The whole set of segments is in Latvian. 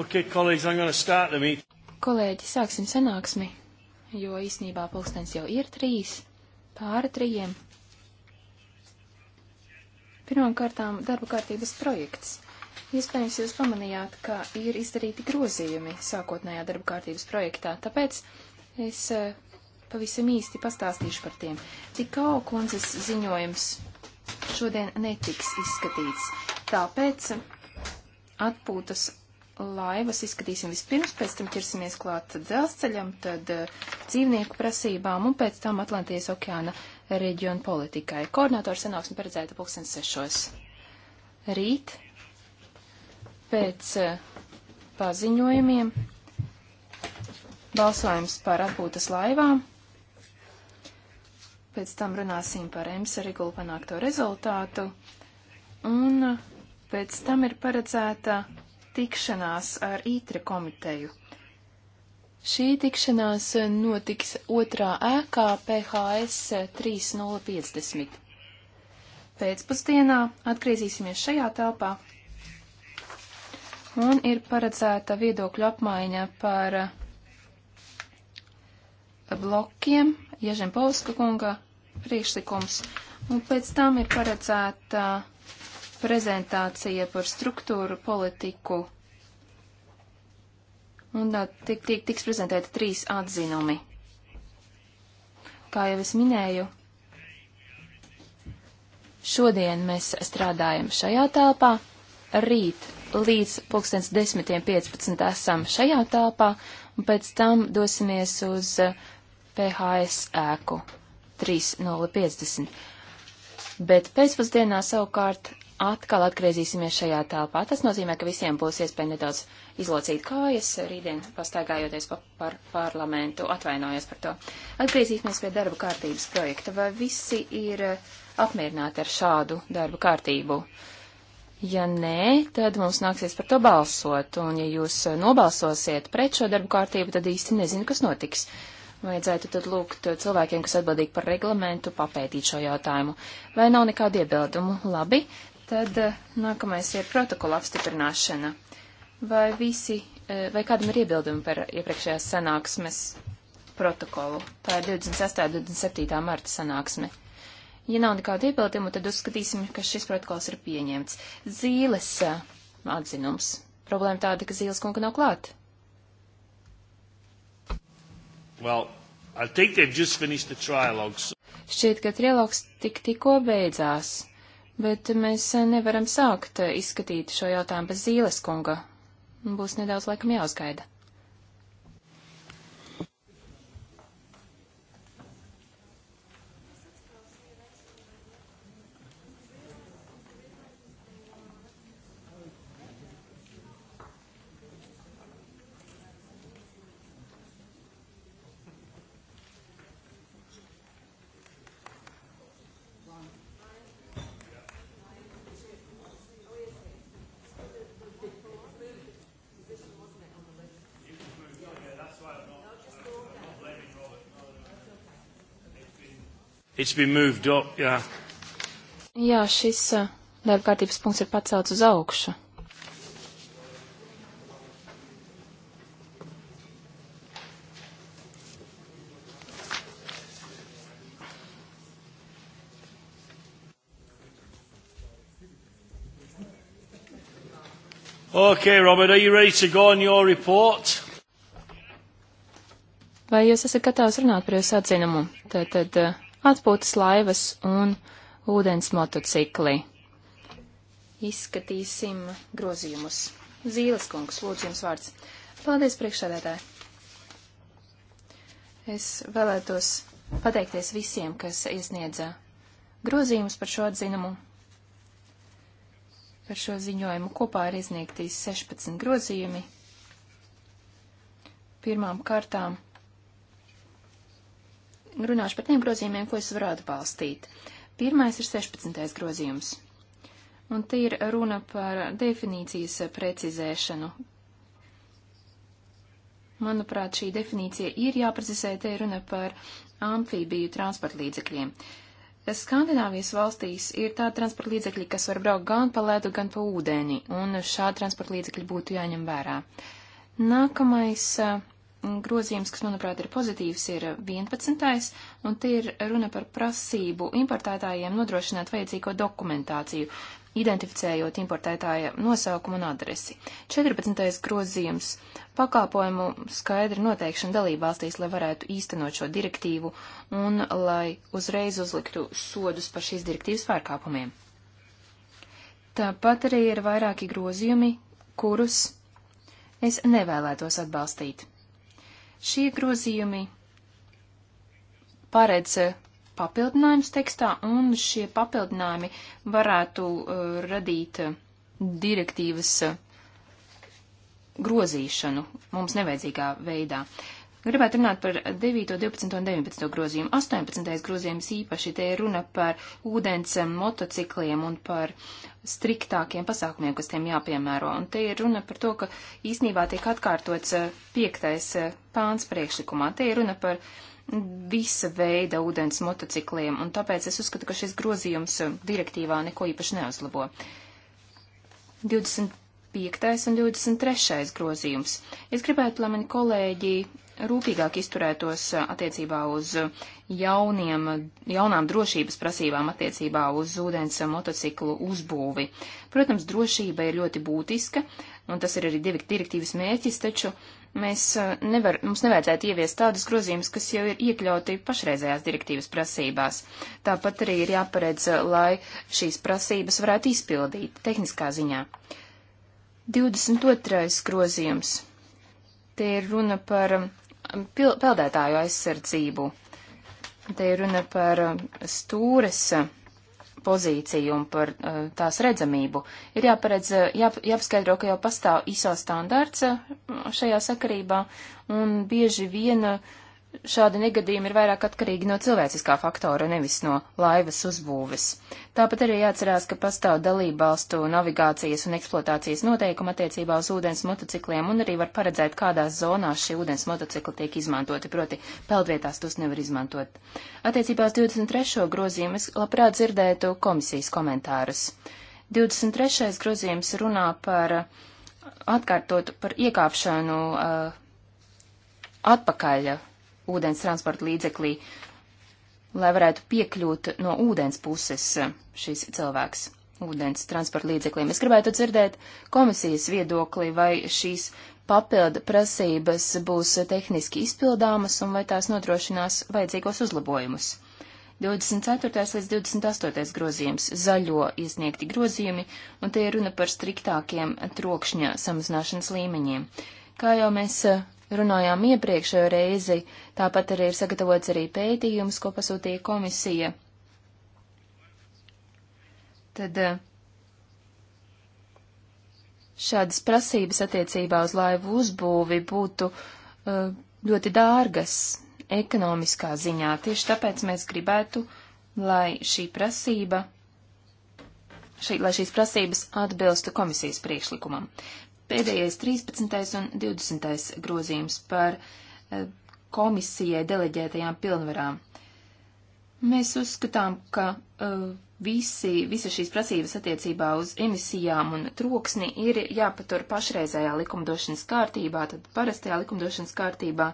Okay, colleagues, I'm gonna start the meet. Kolēģi, sāksim sanāksmi, jo īsnībā pulkstens jau ir trīs, pāri trījiem. Pirmām kārtām darba kārtības projekts. Iespējams, jūs pamanījāt, ka ir izdarīti grozījumi sākotnējā darba kārtības projektā, tāpēc es eh, pavisam īsti pastāstīšu par tiem. Tikau kundzes ziņojums šodien netiks izskatīts, tāpēc atpūtas laivas izskatīsim vispirms, pēc tam ķersimies klāt dzelzceļam, tad eh, dzīvnieku prasībām un pēc tam Atlantijas okeāna reģionu politikai. Koordinātori sanāksme paredzēta pulkstens sešos. Rīt pēc eh, paziņojumiem balsojums par atpūtas laivām. Pēc tam runāsim par EMSA regulu panākto rezultātu. Un eh, pēc tam ir paredzēta tikšanās ar ITRE komiteju. Šī tikšanās notiks otrā ēkā PHS 3050. Pēcpusdienā atgriezīsimies šajā telpā un ir paredzēta viedokļu apmaiņa par blokiem, Ježem Pauska kunga priekšlikums, un pēc tam ir paredzēta uh, prezentācija par struktūru politiku. Un tik, tik, tiks prezentēti trīs atzinumi. Kā jau es minēju, šodien mēs strādājam šajā telpā, rīt līdz 2015 esam šajā telpā, un pēc tam dosimies uz PHS ēku 3.050. Bet pēcpusdienā savukārt atkal atgriezīsimies šajā telpā. Tas nozīmē, ka visiem būs iespēja nedaudz izlocīt kājas rītdien, pastaigājoties pa par parlamentu. Atvainojos par to. Atgriezīsimies pie darba kārtības projekta. Vai visi ir eh, apmierināti ar šādu darba kārtību? Ja nē, tad mums nāksies par to balsot, un ja jūs nobalsosiet pret šo darbu kārtību, tad īsti nezinu, kas notiks. Vajadzētu tad lūgt cilvēkiem, kas atbildīgi par reglamentu, papētīt šo jautājumu. Vai nav nekādu iebildumu? Labi, Tad eh, nākamais ir protokola apstiprināšana. Vai visi, eh, vai kādam ir iebildumi par iepriekšējās sanāksmes protokolu? Tā ir 26. un 27. marta sanāksme. Ja nav nekādu iebildumu, tad uzskatīsim, ka šis protokols ir pieņemts. Zīles eh, atzinums. Problēma tāda, ka zīles kunga nav klāt. Well, I think they've just finished the trialogues. Šķiet, ka trialogs tik tikko beidzās bet mēs eh, nevaram sākt eh, izskatīt šo jautājumu bez Zīles kunga. Būs nedaudz laikam jāuzgaida. It's been moved up, yeah. Jā, šis uh, darba kārtības punkts ir pacelts uz augšu. Okay, Robert, are you ready to go on your report? Vai jūs esat gatavs runāt par jūsu atzinumu? Tātad. Uh, atpūtas laivas un ūdens motocikli. Izskatīsim grozījumus. Zīles kungs, lūdzu jums vārds. Paldies, priekšsēdētāji. Es vēlētos pateikties visiem, kas iesniedza grozījumus par šo atzinumu. Par šo ziņojumu kopā ir izniegtīs 16 grozījumi. Pirmām kārtām runāšu par tiem grozījumiem, ko es varu atbalstīt. Pirmais ir 16. grozījums. Un te ir runa par definīcijas precizēšanu. Manuprāt, šī definīcija ir jāprecizē, te ir runa par amfībiju transporta līdzekļiem. Skandināvijas valstīs ir tādi transporta līdzekļi, kas var braukt gan pa ledu, gan pa ūdeni, un šādi transporta līdzekļi būtu jāņem vērā. Nākamais uh, grozījums, kas, manuprāt, ir pozitīvs, ir 11. un tie ir runa par prasību importētājiem nodrošināt vajadzīgo dokumentāciju, identificējot importētāja nosaukumu un adresi. 14. grozījums - pakāpojumu skaidra noteikšana dalībvalstīs, lai varētu īstenot šo direktīvu un lai uzreiz uzliktu sodus par šīs direktīvas pārkāpumiem. Tāpat arī ir vairāki grozījumi, kurus es nevēlētos atbalstīt. Šie grozījumi paredz papildinājums tekstā, un šie papildinājumi varētu uh, radīt direktīvas uh, grozīšanu mums nevajadzīgā veidā. Uh, Gribētu runāt par 9, 12 un 19 grozījumu. 18. grozījums īpaši te ir runa par ūdens motocikliem un par striktākiem pasākumiem, kas tiem jāpiemēro. Un te ir runa par to, ka īsnībā tiek atkārtots eh, piektais eh, pāns priekšlikumā. Te ir runa par visa veida ūdens motocikliem, un tāpēc es uzskatu, ka šis grozījums eh, direktīvā neko īpaši neuzlabo. 20. 5. un 23. grozījums. Es gribētu, lai mani kolēģi rūpīgāk izturētos attiecībā uz jauniem, jaunām drošības prasībām attiecībā uz ūdens motociklu uzbūvi. Protams, drošība ir ļoti būtiska, un tas ir arī direktīvas mērķis, taču mēs eh, nevar, mums nevajadzētu ieviest tādus grozījumus, kas jau ir iekļauti pašreizējās direktīvas prasībās. Tāpat arī ir jāparedz, eh, lai šīs prasības varētu izpildīt tehniskā ziņā. 22. grozījums. Te ir runa par peldētāju aizsardzību. Te ir runa par um, stūres uh, pozīciju un par uh, tās redzamību. Ir jāparedz, uh, jā, jāpaskaidro, ka jau pastāv ISO standārts šajā sakarībā, un bieži viena uh, šādi negadījumi ir vairāk atkarīgi no cilvēciskā faktora, nevis no laivas uzbūves. Tāpat arī jāatcerās, ka pastāv dalībvalstu navigācijas un eksploatācijas noteikuma attiecībā uz ūdens motocikliem un arī var paredzēt, kādās zonās šie ūdens motocikli tiek izmantoti, proti peldvietās tos nevar izmantot. Attiecībā uz 23. grozījumu es labprāt dzirdētu komisijas komentārus. 23. grozījums runā par atkārtot par iekāpšanu uh, atpakaļ ūdens transporta līdzeklī, lai varētu piekļūt no ūdens puses eh, šis cilvēks ūdens transporta līdzekļiem. Es gribētu dzirdēt komisijas viedokli, vai šīs papildu prasības būs tehniski izpildāmas un vai tās nodrošinās vajadzīgos uzlabojumus. 24. līdz 28. grozījums - zaļo iesniegti grozījumi, un tie runa par striktākiem trokšņa samazināšanas līmeņiem. Kā jau mēs eh, runājām iepriekšējo reizi, tāpat arī ir sagatavots arī pētījums, ko pasūtīja komisija. Tad eh, šādas prasības attiecībā uz laivu uzbūvi būtu eh, ļoti dārgas ekonomiskā ziņā. Tieši tāpēc mēs gribētu, lai šī prasība šī, lai šīs prasības atbilstu komisijas priekšlikumam. Pēdējais 13. un 20. grozījums par e, komisijai deleģētajām pilnvarām. Mēs uzskatām, ka uh, visi, visa šīs prasības attiecībā uz emisijām un troksni ir jāpatur pašreizējā likumdošanas kārtībā, tad parastajā likumdošanas kārtībā.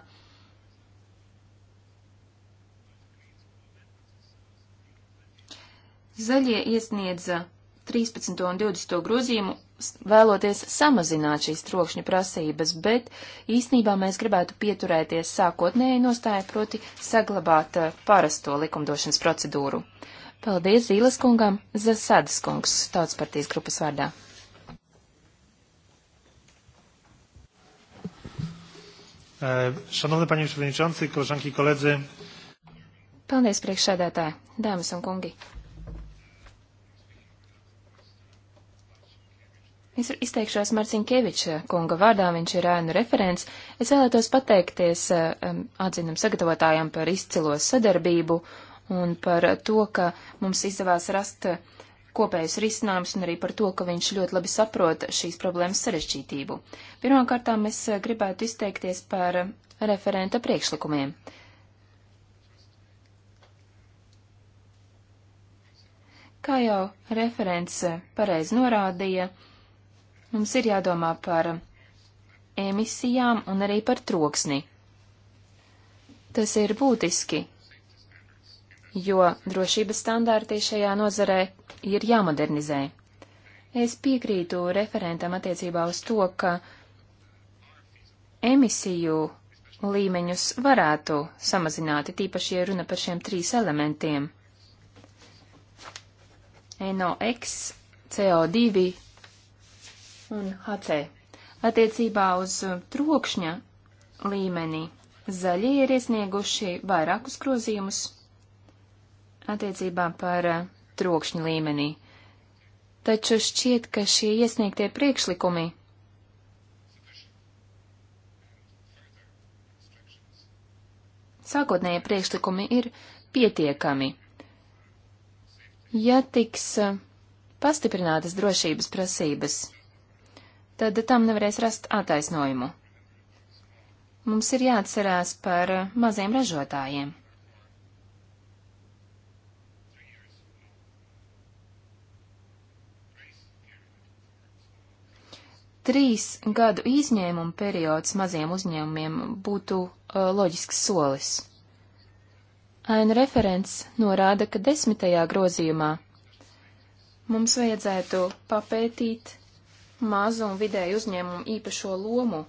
Zaļie iesniedza 13. un 20. grozījumu vēloties samazināt šīs trokšņa prasības, bet īsnībā mēs gribētu pieturēties sākotnēji nostāja proti saglabāt eh, parasto likumdošanas procedūru. Paldies Zīles kungam, Zasadas kungs, Tautas partijas grupas vārdā. Šanovni e, paņemšu viņšanci, kolšanki koledzi. Paldies priekšsēdētāji, dāmas un kungi. Es izteikšos Marcinkeviča kunga vārdā, viņš ir ēnu referents. Es vēlētos pateikties eh, atzinam sagatavotājiem par izcilo sadarbību un par to, ka mums izdevās rast eh, kopējus risinājumus un arī par to, ka viņš ļoti labi saprot šīs problēmas sarežģītību. Pirmkārtām es eh, gribētu izteikties par referenta priekšlikumiem. Kā jau referents pareizi norādīja, Mums ir jādomā par emisijām un arī par troksni. Tas ir būtiski, jo drošības standārti šajā nozarē ir jāmodernizē. Es piekrītu referentam attiecībā uz to, ka emisiju līmeņus varētu samazināt, tīpaši, ja runa par šiem trīs elementiem. NOx, CO2 un HC. Attiecībā uz trokšņa līmenī zaļie ir iesnieguši vairākus grozījumus attiecībā par eh, trokšņa līmenī, taču šķiet, ka šie iesniegtie priekšlikumi sākotnējie priekšlikumi ir pietiekami. Ja tiks eh, pastiprinātas drošības prasības, tad tam nevarēs rast attaisnojumu. Mums ir jāatcerās par maziem ražotājiem. trīs gadu izņēmuma periods maziem uzņēmumiem būtu uh, loģisks solis. Aina referents norāda, ka desmitajā grozījumā mums vajadzētu papētīt mazu un vidēju uzņēmumu īpašo lomu.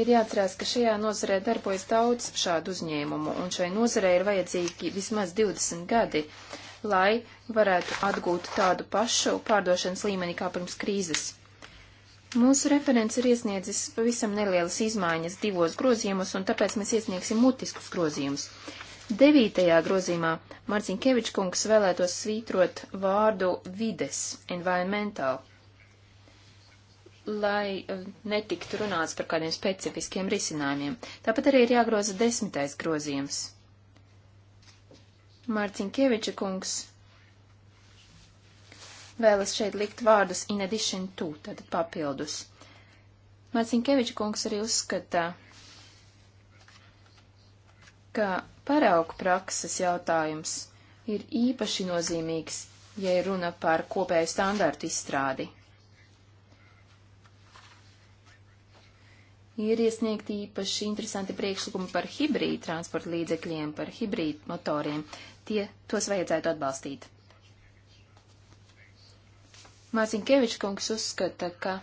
Ir jāatcerās, ka šajā nozarē darbojas daudz šādu uzņēmumu, un šai nozarē ir vajadzīgi vismaz 20 gadi, lai varētu atgūt tādu pašu pārdošanas līmeni kā pirms krīzes. Mūsu referents ir iesniedzis pavisam nelielas izmaiņas divos grozījumos, un tāpēc mēs iesniegsim mutiskus grozījumus. Devītajā grozīmā Marcinkevičs kungs vēlētos svītrot vārdu vides, environmental, lai eh, netiktu runāts par kādiem specifiskiem risinājumiem. Tāpat arī ir jāgroza desmitais grozījums. Marcinkeviča kungs vēlas šeit likt vārdus in addition to, tātad papildus. Marcinkeviča kungs arī uzskata, ka Paraugu prakses jautājums ir īpaši nozīmīgs, ja ir runa par kopēju standartu izstrādi. Ir iesniegti īpaši interesanti priekšlikumi par hibrīdu transporta līdzekļiem, par hibrīdu motoriem. Tie, tos vajadzētu atbalstīt. Mācinkevičs kungs uzskata, ka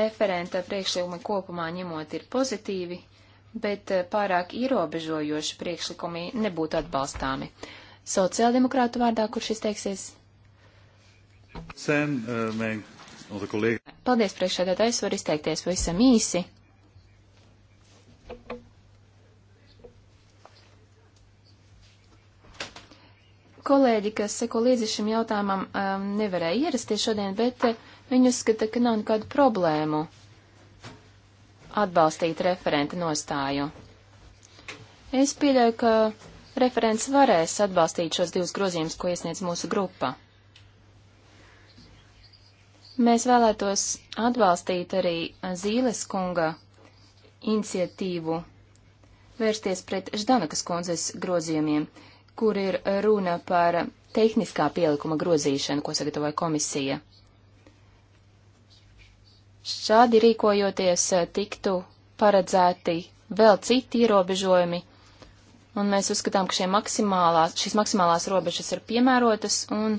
referenta priekšlikumi kopumā ņemot ir pozitīvi, bet eh, pārāk ierobežojoši priekšlikumi nebūtu atbalstāmi. Sociāldemokrātu vārdā, kurš izteiksies? Sen, uh, Paldies, priekšsēdētājs, var izteikties visam īsi. Kolēģi, kas seko līdzi šim jautājumam, um, nevarēja ierasties šodien, bet uh, viņi uzskata, ka nav nekādu problēmu atbalstīt referenta nostāju. Es pieļauju, ka referents varēs atbalstīt šos divus grozījumus, ko iesniedz mūsu grupa. Mēs vēlētos atbalstīt arī Zīles kunga iniciatīvu vērsties pret Ždanakas kundzes grozījumiem, kur ir runa par tehniskā pielikuma grozīšanu, ko sagatavoja komisija. Šādi rīkojoties eh, tiktu paredzēti vēl citi ierobežojumi, un mēs uzskatām, ka maksimālās, šīs maksimālās robežas ir piemērotas, un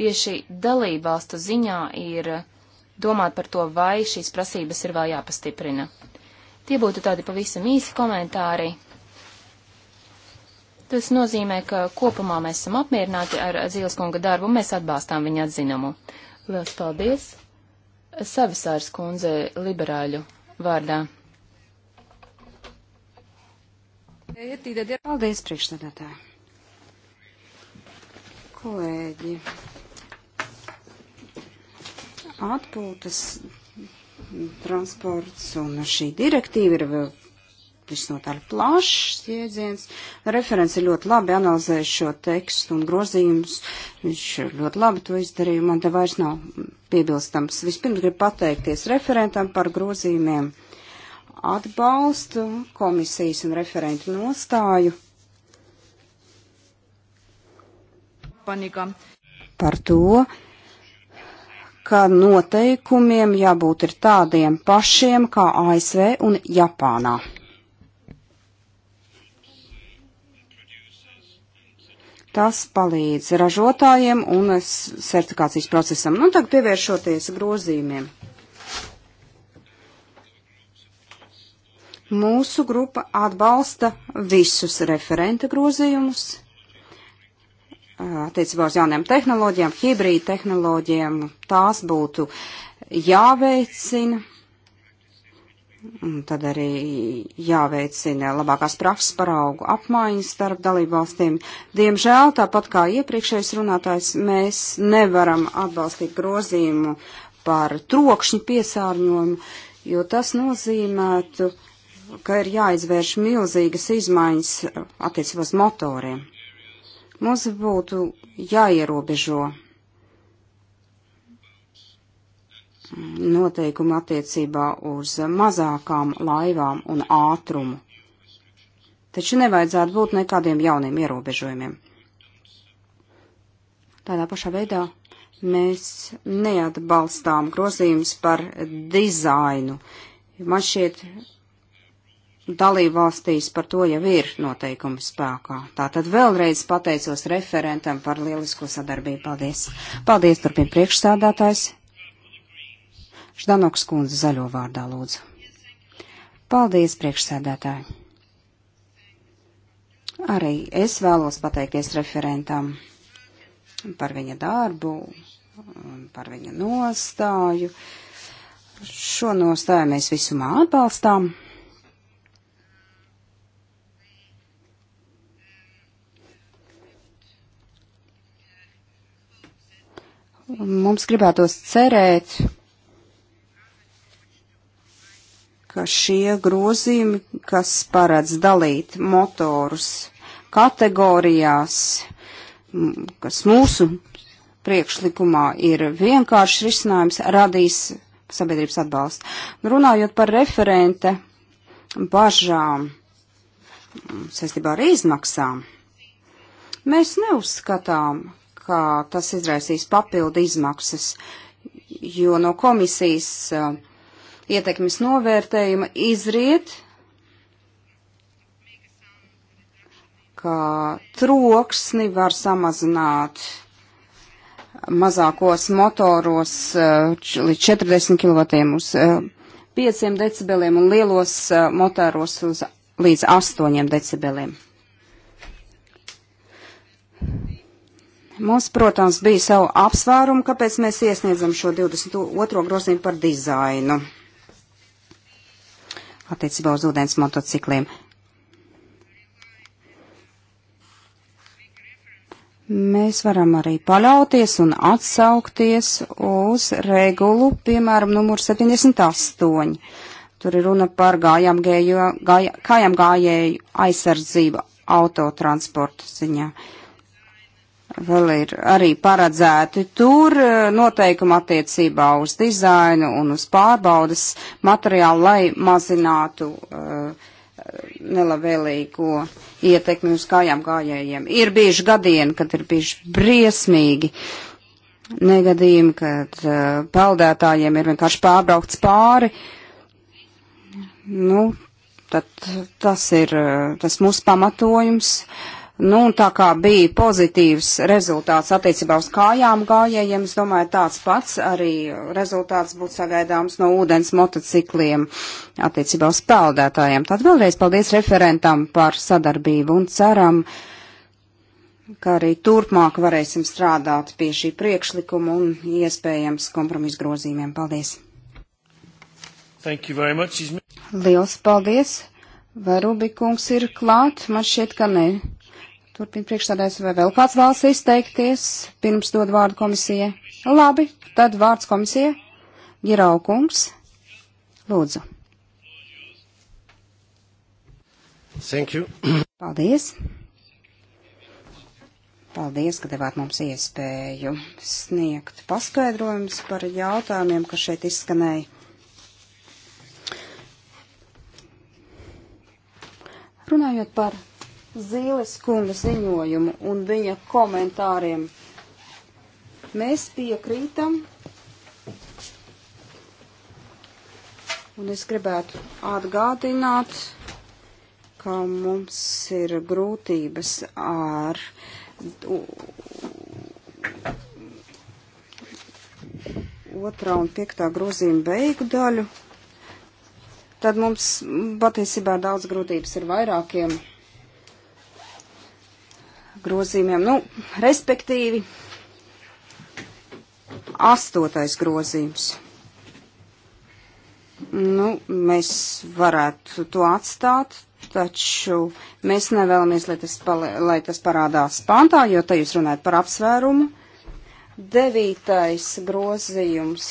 tieši dalībvalstu ziņā ir domāt par to, vai šīs prasības ir vēl jāpastiprina. Tie būtu tādi pavisam īsi komentāri. Tas nozīmē, ka kopumā mēs esam apmierināti ar Zīles kunga darbu, un mēs atbalstām viņa atzinumu. Lielas paldies! Savisārs kundze liberāļu vārdā. Paldies, priekšsēdētāji. Kolēģi, atpūtas transports un šī direktīva ir vēl visnotaļ plašs jēdziens. Referents ir ļoti labi analizējis šo tekstu un grozījumus. Viņš ļoti labi to izdarīja. Man te vairs nav piebilstams. Vispirms gribu pateikties referentam par grozījumiem atbalstu komisijas un referentu nostāju. Panika. Par to, ka noteikumiem jābūt ir tādiem pašiem kā ASV un Japānā. Tas palīdz ražotājiem un sertifikācijas procesam. Nu, tagad pievēršoties grozījumiem. Mūsu grupa atbalsta visus referenta grozījumus attiecībā uz jauniem tehnoloģijām, hibrīda tehnoloģijām. Tās būtu jāveicina Un tad arī jāveicina labākās prakses paraugu apmaiņas starp dalībvalstīm. Diemžēl, tāpat kā iepriekšējais runātājs, mēs nevaram atbalstīt grozījumu par trokšņu piesārņojumu, jo tas nozīmētu, ka ir jāizvērš milzīgas izmaiņas attiecībās motoriem. Mums būtu jāierobežo noteikumi attiecībā uz mazākām laivām un ātrumu. Taču nevajadzētu būt nekādiem jauniem ierobežojumiem. Tādā pašā veidā mēs neatbalstām grozījumus par dizainu. Man šķiet, dalībvalstīs par to jau ir noteikumi spēkā. Tātad vēlreiz pateicos referentam par lielisko sadarbību. Paldies! Paldies, turpin priekšstādātājs! Ždanoks kundze zaļo vārdā lūdzu. Paldies, priekšsēdētāji! Arī es vēlos pateikties referentam par viņa darbu, par viņa nostāju. Šo nostāju mēs visumā atbalstām. Mums gribētos cerēt, ka šie grozījumi, kas paredz dalīt motorus kategorijās, kas mūsu priekšlikumā ir vienkāršs risinājums, radīs sabiedrības atbalstu. Runājot par referente bažām saistībā ar izmaksām, mēs neuzskatām, ka tas izraisīs papildu izmaksas, jo no komisijas uh, ietekmes novērtējuma izriet, ka troksni var samazināt mazākos motoros eh, līdz 40 kW uz 5 eh, decibeliem un lielos eh, motoros uz līdz 8 decibeliem. Mums, protams, bija savu apsvērumu, kāpēc mēs iesniedzam šo 22. grozījumu par dizainu attiecībā uz ūdens motocikliem. Mēs varam arī paļauties un atsaukties uz regulu, piemēram, numur 78. Tur ir runa par gājām gēju, gāj, kājām gājēju aizsardzību autotransportu ziņā. Uh, vēl ir arī paredzēti tur eh, noteikumi attiecībā uz dizainu un uz pārbaudas materiālu, lai mazinātu uh, nelabvēlīgo ietekmi uz kājām gājējiem. Ir bijuši gadieni, kad ir bijuši briesmīgi negadījumi, kad uh, peldētājiem ir vienkārši pārbraukts pāri. Nu, tad tas ir, tas mūsu pamatojums. Uh, Nu, un tā kā bija pozitīvs rezultāts attiecībā uz kājām gājējiem, es domāju, tāds pats arī rezultāts būtu sagaidāms no ūdens motocikliem attiecībā uz peldētājiem. Tad vēlreiz paldies referentam par sadarbību un ceram, ka arī turpmāk varēsim strādāt pie šī priekšlikuma un iespējams kompromisu grozījumiem. Paldies! Liels paldies! Vai Rubikungs ir klāt? Man šķiet, ka ne. Turpin priekšstādājs, vai vēl kāds vēlas izteikties, pirms dod vārdu komisijai? Labi, tad vārds komisijai. Giraukungs, lūdzu. Thank you. Paldies. Paldies, ka devāt mums iespēju sniegt paskaidrojumus par jautājumiem, kas šeit izskanēja. Runājot par Zīles kunga ziņojumu un viņa komentāriem. Mēs piekrītam, un es gribētu atgādināt, ka mums ir grūtības ar otrā un piektā grozījuma beigu daļu, tad mums patiesībā daudz grūtības ar vairākiem grozījumiem. Nu, respektīvi, astotais grozījums. Nu, mēs varētu to atstāt, taču mēs nevēlamies, lai tas, pali, lai tas parādās pantā, jo te jūs runājat par apsvērumu. Devītais grozījums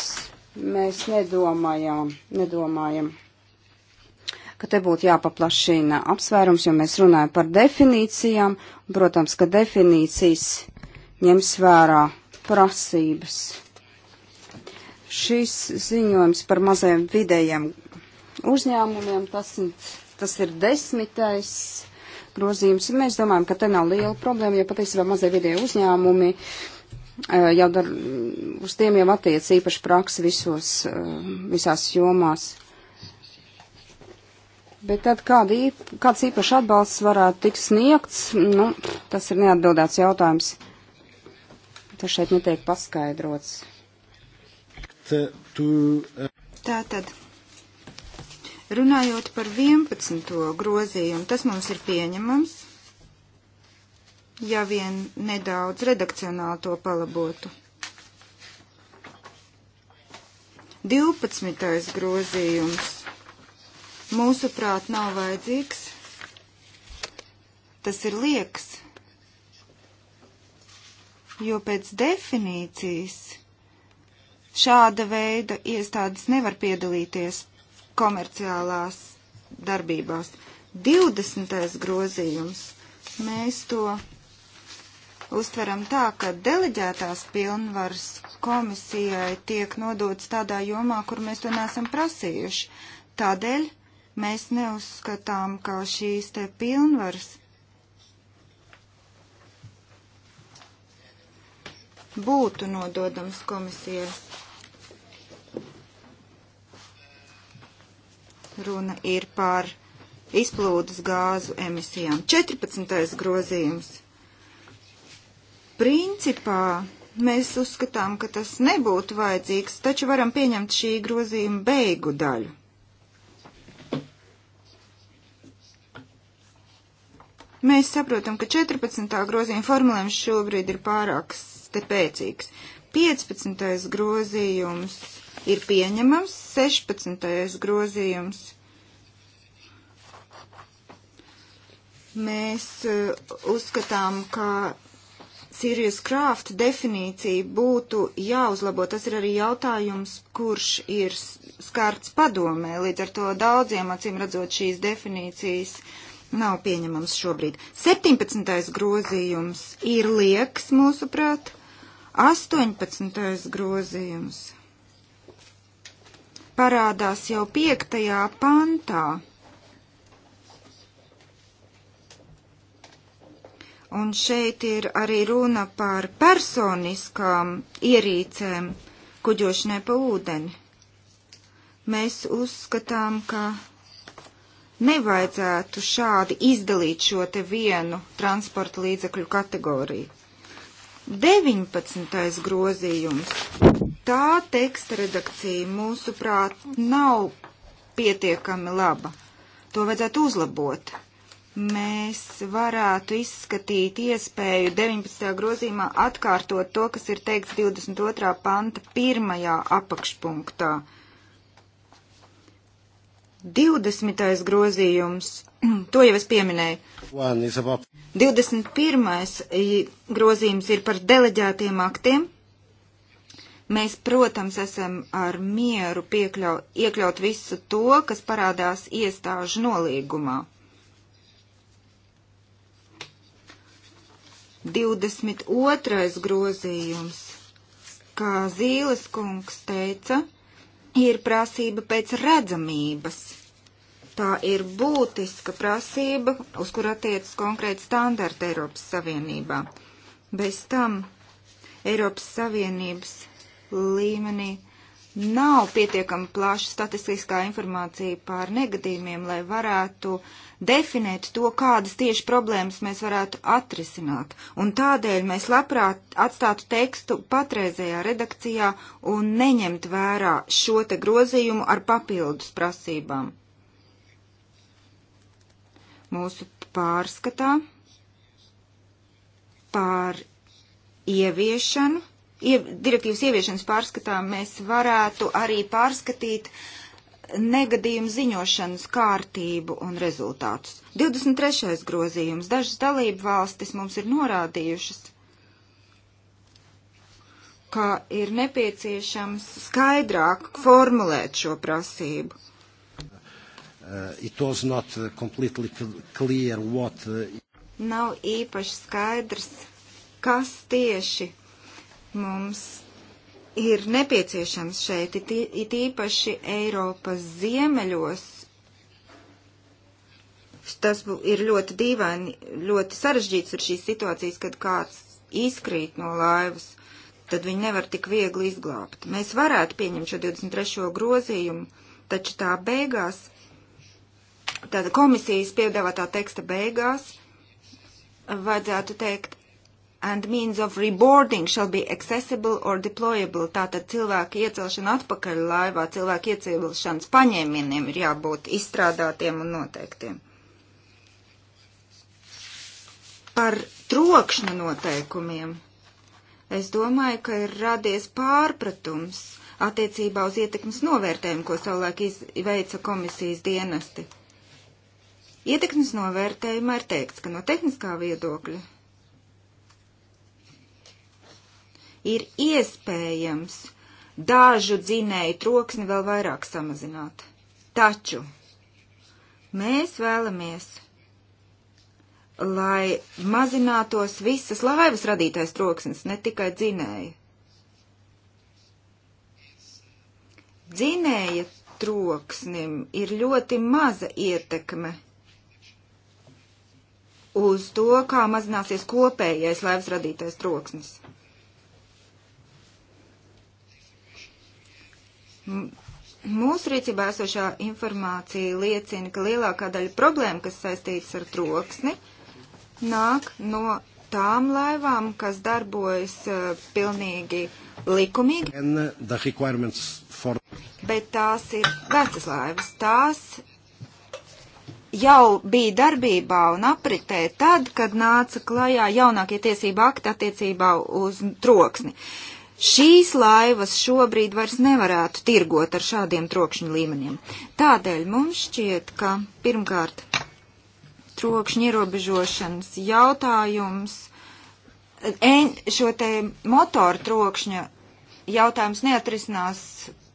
mēs nedomājām, nedomājam ka te būtu jāpaplašina apsvērums, jo mēs runājam par definīcijām. Protams, ka definīcijas ņems vērā prasības. Šis ziņojums par mazajiem vidējiem uzņēmumiem, tas, tas ir desmitais grozījums. Mēs domājam, ka te nav liela problēma, jo patiesībā mazie vidēji uzņēmumi eh, jau dar, uz tiem jau attiec īpaši praksa visos, eh, visās jomās. Bet tad kāda, kāds īpašs atbalsts varētu tikt sniegts, nu, tas ir neatbildēts jautājums. Tas šeit netiek paskaidrots. Eh, Tātad, runājot par 11. grozījumu, tas mums ir pieņemams, ja vien nedaudz redakcionāli to palabotu. 12. grozījums mūsuprāt nav vajadzīgs. Tas ir lieks, jo pēc definīcijas šāda veida iestādes nevar piedalīties komerciālās darbībās. 20. grozījums. Mēs to uztveram tā, ka deleģētās pilnvaras komisijai tiek nodotas tādā jomā, kur mēs to nesam prasījuši. Tādēļ Mēs neuzskatām, ka šīs te pilnvaras būtu nododams komisijai. Runa ir par izplūdes gāzu emisijām. 14. grozījums. Principā mēs uzskatām, ka tas nebūtu vajadzīgs, taču varam pieņemt šī grozījuma beigu daļu. Mēs saprotam, ka 14. grozījuma formulējums šobrīd ir pārāk stepēcīgs. 15. grozījums ir pieņemams, 16. grozījums. Mēs eh, uzskatām, ka Sirius Kraft definīcija būtu jāuzlabo. Tas ir arī jautājums, kurš ir skārts padomē. Līdz ar to daudziem acīm redzot šīs definīcijas nav pieņemams šobrīd. 17. grozījums ir lieks, mūsuprāt. 18. grozījums parādās jau 5. pantā. Un šeit ir arī runa par personiskām ierīcēm kuģošanai pa ūdeni. Mēs uzskatām, ka nevajadzētu šādi izdalīt šo te vienu transporta līdzekļu kategoriju. 19. grozījums. Tā teksta redakcija, mūsuprāt, nav pietiekami laba. To vajadzētu uzlabot. Mēs varētu izskatīt iespēju 19. grozījumā atkārtot to, kas ir teikts 22. panta pirmajā apakšpunktā. Uh, 20. grozījums, to jau es pieminēju. 21. grozījums ir par deleģētiem aktiem. Mēs, protams, esam ar mieru piekļaut, iekļaut visu to, kas parādās iestāžu nolīgumā. 22. grozījums, kā Zīles kungs teica, ir prasība pēc redzamības. Tā ir būtiska prasība, uz kur attiecas konkrēti standarti Eiropas Savienībā. Bez tam Eiropas Savienības līmenī nav pietiekami plaša statistiskā informācija par negadījumiem, lai varētu definēt to, kādas tieši problēmas mēs varētu atrisināt. Un tādēļ mēs labprāt atstātu tekstu patreizējā redakcijā un neņemt vērā šo te grozījumu ar papildus prasībām. Mūsu pārskatā par ieviešanu direktīvas ieviešanas pārskatām mēs varētu arī pārskatīt negadījumu ziņošanas kārtību un rezultātus. 23. grozījums. Dažas dalību valstis mums ir norādījušas, ka ir nepieciešams skaidrāk formulēt šo prasību. Uh, uh, uh Nav īpaši skaidrs, kas tieši Mums ir nepieciešams šeit, it īpaši Eiropas ziemeļos. Tas ir ļoti dīvaini, ļoti sarežģīts ir šīs situācijas, kad kāds izkrīt no laivas, tad viņi nevar tik viegli izglābt. Mēs varētu pieņemt šo 23. grozījumu, taču tā beigās, tāda komisijas piedāvātā teksta beigās, vajadzētu teikt and means of reboarding shall be accessible or deployable. Tātad cilvēku iecelšana atpakaļ laivā, cilvēku iecelšanas paņēmieniem ir jābūt izstrādātiem un noteiktiem. Par trokšņa noteikumiem. Es domāju, ka ir radies pārpratums attiecībā uz ietekmes novērtējumu, ko savulaik veica komisijas dienesti. Ietekmes novērtējumā ir teikts, ka no tehniskā viedokļa ir iespējams dažu dzinēju troksni vēl vairāk samazināt. Taču mēs vēlamies, lai mazinātos visas laivas radītais troksnis, ne tikai dzinēja. Dzinēja troksnim ir ļoti maza ietekme uz to, kā mazināsies kopējais laivas radītais troksnis. Mūsu rīcībā esošā informācija liecina, ka lielākā daļa problēma, kas saistītas ar troksni, nāk no tām laivām, kas darbojas uh, pilnīgi likumīgi. For... Bet tās ir vecas laivas. Tās jau bija darbībā un apritē tad, kad nāca klajā jaunākie tiesība akti attiecībā uz troksni. Uh, Šīs laivas šobrīd vairs nevarētu tirgot ar šādiem trokšņu līmeniem. Tādēļ mums šķiet, ka pirmkārt trokšņa ierobežošanas jautājums, e, šo te motoru trokšņa jautājums neatrisinās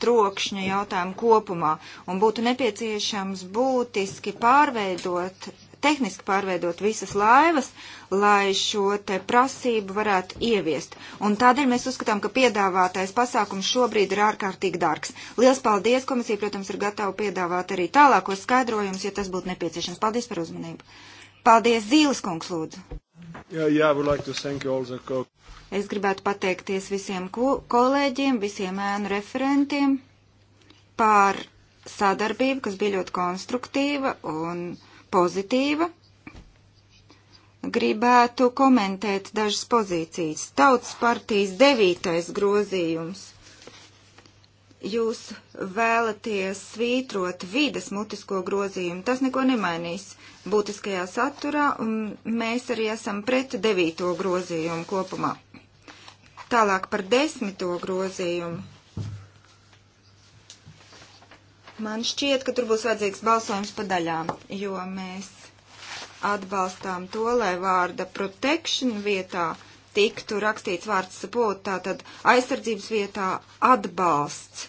trokšņa jautājumu kopumā, un būtu nepieciešams būtiski pārveidot tehniski pārveidot visas laivas, lai šo te prasību varētu ieviest. Un tādēļ mēs uzskatām, ka piedāvātais pasākums šobrīd ir ārkārtīgi dārgs. Lielas paldies! Komisija, protams, ir gatava piedāvāt arī tālākos skaidrojumus, ja tas būtu nepieciešams. Paldies par uzmanību! Paldies, Zīles kungs, lūdzu! Yeah, yeah, like es gribētu pateikties visiem ko kolēģiem, visiem ēnu referentiem par sadarbību, kas bija ļoti konstruktīva un pozitīva. Gribētu komentēt dažas pozīcijas. Tautas partijas devītais grozījums. Jūs vēlaties svītrot vides mutisko grozījumu. Tas neko nemainīs būtiskajā saturā, un mēs arī esam pret devīto grozījumu kopumā. Tālāk par desmito grozījumu Man šķiet, ka tur būs vajadzīgs balsojums pa daļām, jo mēs atbalstām to, lai vārda protection vietā tiktu rakstīts vārds support, tātad aizsardzības vietā atbalsts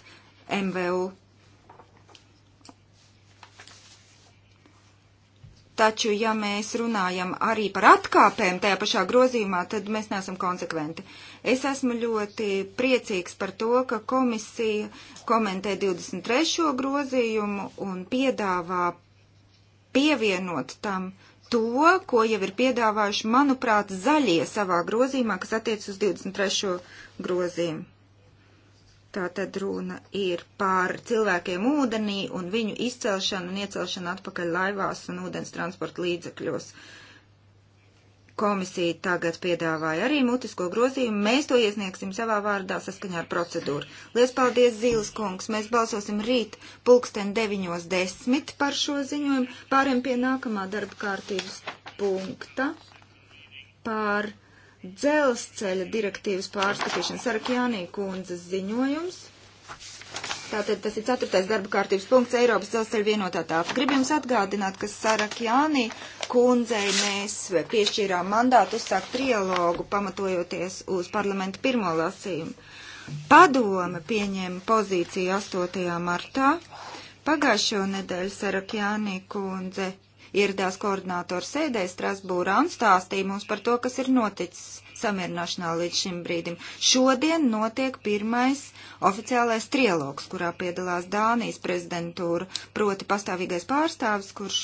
MVU. Taču, ja mēs runājam arī par atkāpēm tajā pašā grozījumā, tad mēs neesam konsekventi. Uh, Es esmu ļoti priecīgs par to, ka komisija komentē 23. grozījumu un piedāvā pievienot tam to, ko jau ir piedāvājuši, manuprāt, zaļie savā grozījumā, kas attiec uz 23. grozījumu. Tā tad runa ir par cilvēkiem ūdenī un viņu izcelšanu un iecelšanu atpakaļ laivās un ūdens transporta līdzekļos. Uh, Komisija tagad piedāvāja arī mutisko grozījumu. Mēs to iesniegsim savā vārdā saskaņā ar procedūru. Lies paldies, Zīles kungs. Mēs balsosim rīt pulksten 9.10 par šo ziņojumu. Pāriem pie nākamā darba kārtības punkta par dzelzceļa direktīvas pārskatīšanu. Sarakjānī kundzes ziņojums. Tātad tas ir ceturtais darba kārtības punkts Eiropas dzelzceļa vienotā tāpa. Gribu jums atgādināt, ka Sarakjāni kundzei mēs piešķīrām mandātu uzsākt trialogu, pamatojoties uz parlamentu pirmo lasījumu. Padome pieņēma pozīciju 8. martā. Pagājušo nedēļu Sarakjāni kundze ieradās koordinātoru sēdē Strasbūrā un stāstīja mums par to, kas ir noticis samierināšanā līdz šim brīdim. Šodien notiek pirmais oficiālais trialogs, kurā piedalās Dānijas prezidentūra, proti pastāvīgais pārstāvis, kurš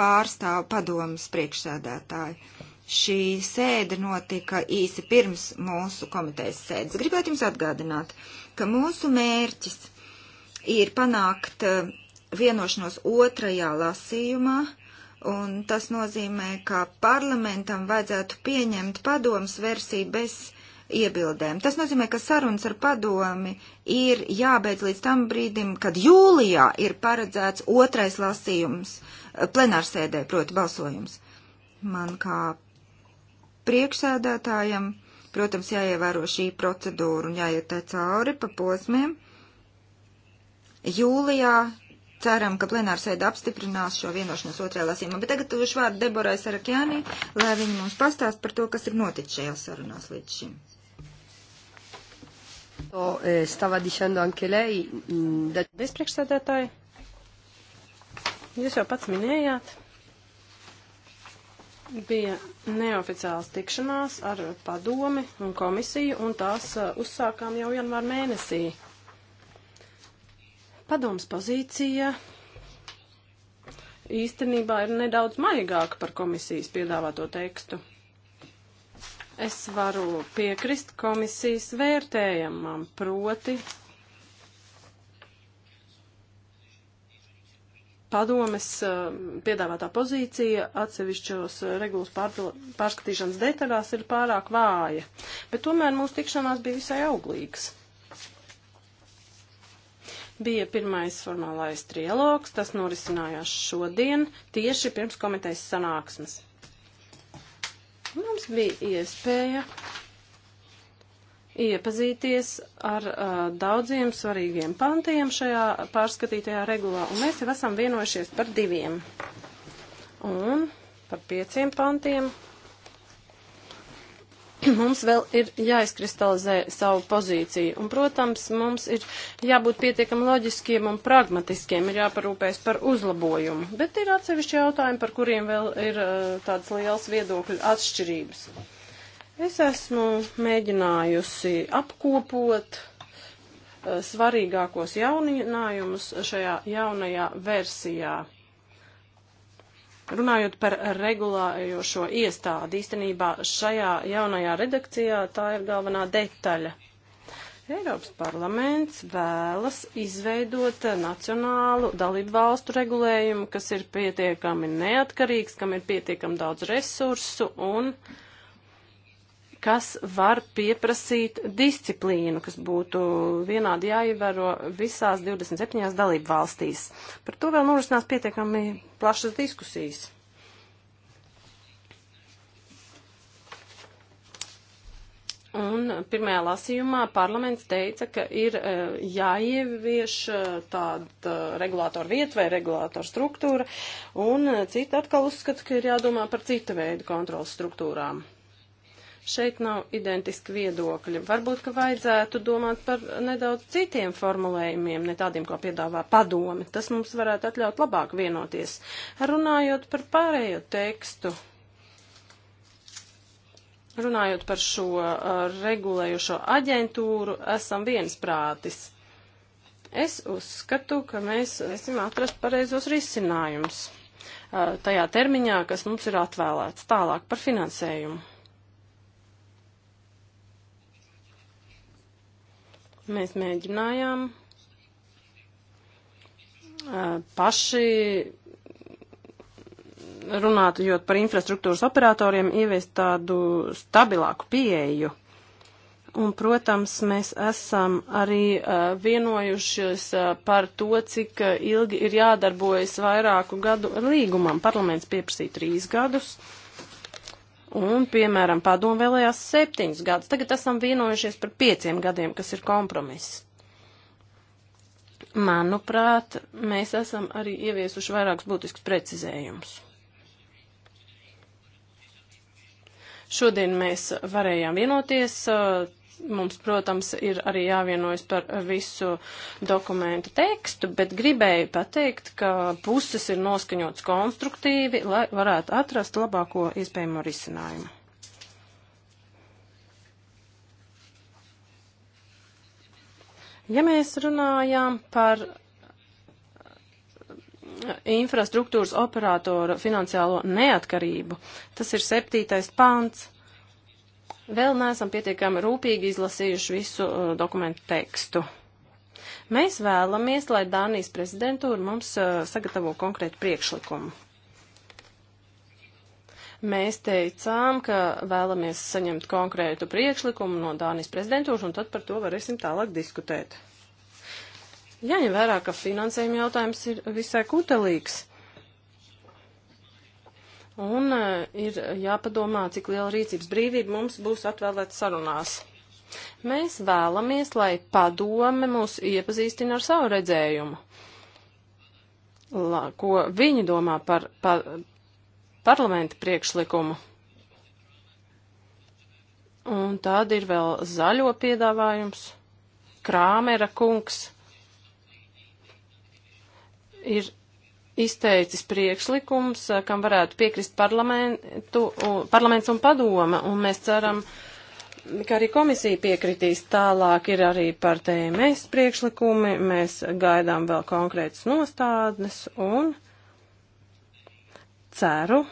pārstāv padomas priekšsēdētāju. Šī sēde notika īsi pirms mūsu komitejas sēdes. Gribētu jums atgādināt, ka mūsu mērķis ir panākt eh, vienošanos otrajā lasījumā Un tas nozīmē, ka parlamentam vajadzētu pieņemt padomas versiju bez iebildēm. Tas nozīmē, ka sarunas ar padomi ir jābeidz līdz tam brīdim, kad jūlijā ir paredzēts otrais lasījums eh, plenārsēdē, proti balsojums. Man kā priekšsēdētājam, protams, jāievēro šī procedūra un jāiet tā cauri pa posmiem. Jūlijā ceram, ka plenārsēda apstiprinās šo vienošanos otrajā lasījumā. Bet tagad došu vārdu Deborai Sarakjānī, lai viņi mums pastāst par to, kas ir noticis šajās sarunās līdz šim. E, mm, Bezpriekšsēdētāji, jūs jau pats minējāt, bija neoficiāls tikšanās ar padomi un komisiju, un tās e, uzsākām jau janvāra mēnesī. Padoms pozīcija īstenībā ir nedaudz maigāka par komisijas piedāvāto tekstu. Es varu piekrist komisijas vērtējumam, proti padomes um, piedāvātā pozīcija atsevišķos uh, regulas pārskatīšanas detaļās ir pārāk vāja, bet tomēr mūsu tikšanās bija visai auglīgs. Bija pirmais formālais trialogs, tas norisinājās šodien, tieši pirms komitejas sanāksmes. Mums bija iespēja iepazīties ar uh, daudziem svarīgiem pantiem šajā pārskatītajā regulā, un mēs jau esam vienojušies par diviem. Un par pieciem pantiem mums vēl ir jāizkristalizē savu pozīciju. Un, protams, mums ir jābūt pietiekami loģiskiem un pragmatiskiem, ir jāparūpēs par uzlabojumu. Bet ir atsevišķi jautājumi, par kuriem vēl ir eh, tādas liels viedokļu atšķirības. Es esmu mēģinājusi apkopot eh, svarīgākos jauninājumus šajā jaunajā versijā. Runājot par regulējošo iestādi, īstenībā šajā jaunajā redakcijā tā ir galvenā detaļa. Eiropas parlaments vēlas izveidot nacionālu dalību valstu regulējumu, kas ir pietiekami neatkarīgs, kam ir pietiekami daudz resursu un uh, kas var pieprasīt disciplīnu, kas būtu vienādi jāievēro visās 27 dalību valstīs. Par to vēl norisinās pietiekami plašas diskusijas. Un pirmajā lasījumā parlaments teica, ka ir e, jāievieš e, tāda e, regulātora vieta vai regulātora struktūra, un cita atkal uzskata, ka ir jādomā par cita veida kontrolas struktūrām. Šeit nav identiski viedokļi. Varbūt, ka vajadzētu domāt par nedaudz citiem formulējumiem, ne tādiem, ko piedāvā padome. Tas mums varētu atļaut labāk vienoties. Runājot par pārējo tekstu, runājot par šo uh, regulējušo aģentūru, esam viensprātis. Es uzskatu, ka mēs esam atrast pareizos risinājumus uh, tajā termiņā, kas mums ir atvēlēts tālāk par finansējumu. Mēs mēģinājām paši runāt par infrastruktūras operatoriem, ieviest tādu stabilāku pieeju. Un, protams, mēs esam arī uh, vienojušies uh, par to, cik uh, ilgi ir jādarbojas vairāku gadu līgumam. Parlaments pieprasīja trīs gadus. Uh, Un, piemēram, padomu vēlējās septiņus gadus. Tagad esam vienojušies par pieciem gadiem, kas ir kompromiss. Manuprāt, mēs esam arī ieviesuši vairākus būtiskus precizējumus. Šodien mēs varējām vienoties, Mums, protams, ir arī jāvienojas par visu dokumentu tekstu, bet gribēju pateikt, ka puses ir noskaņots konstruktīvi, lai varētu atrast labāko iespējamo risinājumu. Ja mēs runājām par infrastruktūras operātora finansiālo neatkarību. Tas ir septītais pants. Vēl neesam pietiekami rūpīgi izlasījuši visu uh, dokumentu tekstu. Mēs vēlamies, lai Dānijas prezidentūra mums uh, sagatavo konkrētu priekšlikumu. Mēs teicām, ka vēlamies saņemt konkrētu priekšlikumu no Dānijas prezidentūras, un tad par to varēsim tālāk diskutēt. Jāņem vērā, ka finansējuma jautājums ir visai kutelīgs un e, ir jāpadomā, cik liela rīcības brīvība mums būs atvēlēta sarunās. Mēs vēlamies, lai padome mūs iepazīstina ar savu redzējumu, la, ko viņi domā par pa, parlamenta priekšlikumu. Un tāda ir vēl zaļo piedāvājums. Krāmera kungs ir izteicis priekšlikums, eh, kam varētu piekrist parlaments un padoma, un mēs ceram, ka arī komisija piekritīs. Tālāk ir arī par TMS priekšlikumi, mēs gaidām vēl konkrētas nostādnes un ceru,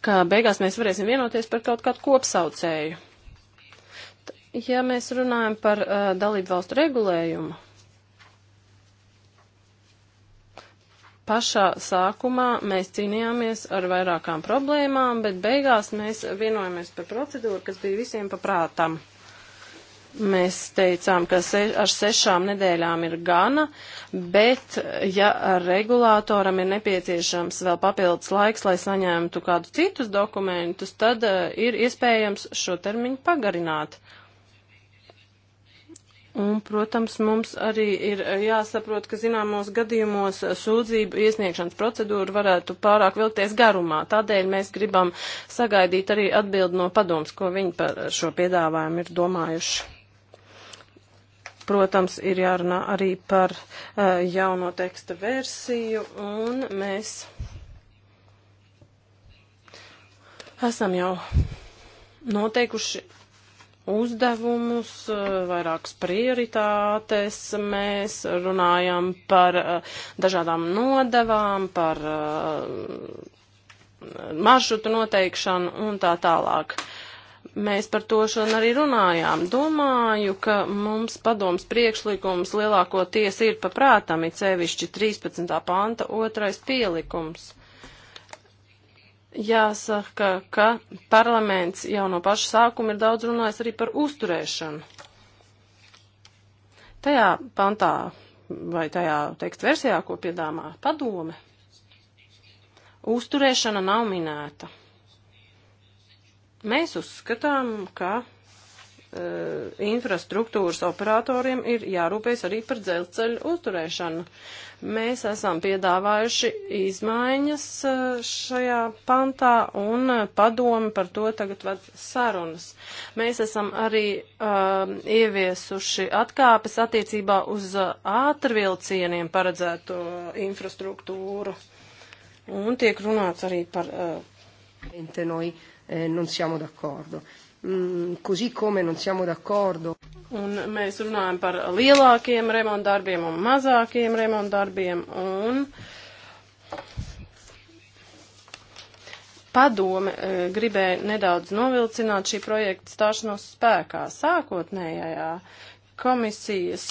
ka beigās mēs varēsim vienoties par kaut kādu kopsaucēju. Ja mēs runājam par uh, dalību valstu regulējumu, pašā sākumā mēs cīnījāmies ar vairākām problēmām, bet beigās mēs vienojamies par procedūru, kas bija visiem paprātam. Mēs teicām, ka se, ar sešām nedēļām ir gana, bet ja regulātoram ir nepieciešams vēl papildus laiks, lai saņemtu kādu citus dokumentus, tad uh, ir iespējams šo termiņu pagarināt. Uh, Un, protams, mums arī ir eh, jāsaprot, ka zināmos gadījumos sūdzību iesniegšanas procedūra varētu pārāk vilkties garumā. Tādēļ mēs gribam sagaidīt arī atbildi no padoms, ko viņi par šo piedāvājumu ir domājuši. Protams, ir jārunā arī par uh, jauno teksta versiju, un mēs esam jau noteikuši uzdevumus, eh, vairākas prioritātes. Mēs runājam par eh, dažādām nodevām, par eh, maršrutu noteikšanu un tā tālāk. Mēs par to šodien arī runājām. Domāju, ka mums padoms priekšlikums lielākoties ir paprātami, cevišķi 13. panta otrais pielikums. Jāsaka, ka parlaments jau no paša sākuma ir daudz runājis arī par uzturēšanu. Tajā pantā vai tajā tekstu versijā, ko piedāvā padome, uzturēšana nav minēta. Mēs uzskatām, ka Eh, infrastruktūras operatoriem ir jārūpējas arī par dzelzceļu uzturēšanu. Mēs esam piedāvājuši izmaiņas eh, šajā pantā un eh, padomi par to tagad ved sarunas. Mēs esam arī um, ieviesuši atkāpes attiecībā uz ātrvilcieniem paredzēto infrastruktūru un tiek runāts arī par. Uh, Noi, eh, non siamo d'accordo. Eh, mm, così come non siamo d'accordo. Un mēs runājam par lielākiem remontdarbiem un mazākiem remontdarbiem un padome e, gribēja nedaudz novilcināt šī projekta stāšanos spēkā. Sākotnējajā komisijas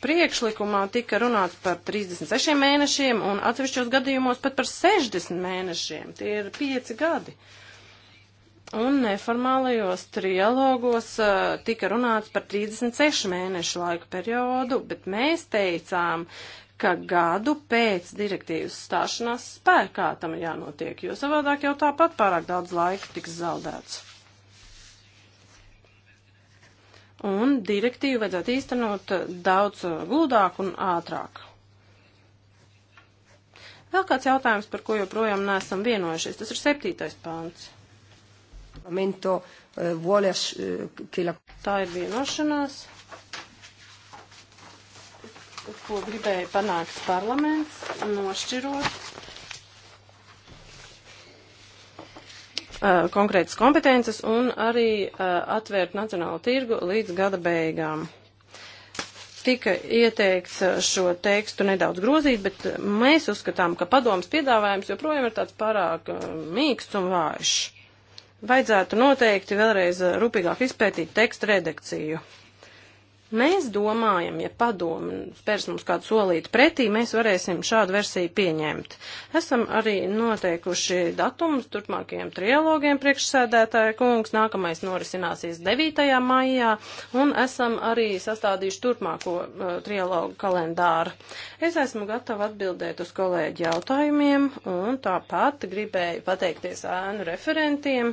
priekšlikumā tika runāts par 36 mēnešiem un atsevišķos gadījumos pat par 60 mēnešiem. Tie ir 5 gadi. Uh, Un neformālajos trialogos uh, tika runāts par 36 mēnešu laika periodu, bet mēs teicām, ka gadu pēc direktīvas stāšanās spēkā tam jānotiek, jo savādāk jau tāpat pārāk daudz laika tiks zaudēts. Un direktīvu vajadzētu īstenot eh, daudz eh, gludāk un ātrāk. Vēl kāds jautājums, par ko joprojām neesam vienojušies, tas ir septītais pāns. Eh, eh, Tā ir vienošanās, ko gribēja panākt parlaments, nošķirot eh, konkrētas kompetences un arī uh, atvērt nacionālu tirgu līdz gada beigām. Tika ieteikts šo tekstu nedaudz grozīt, bet mēs uzskatām, ka padomas piedāvājums joprojām ir tāds pārāk mīksts un vājš. Vajadzētu noteikti vēlreiz eh, rūpīgāk izpētīt tekstu redakciju. Mēs domājam, ja padomu spērs mums kādu solīti pretī, mēs varēsim šādu versiju pieņemt. Esam arī noteikuši datumus turpmākajiem trialogiem priekšsēdētāja kungs, nākamais norisināsies 9. maijā, un esam arī sastādījuši turpmāko uh, trialogu kalendāru. Es esmu gatava atbildēt uz kolēģi jautājumiem, un tāpat gribēju pateikties ēnu referentiem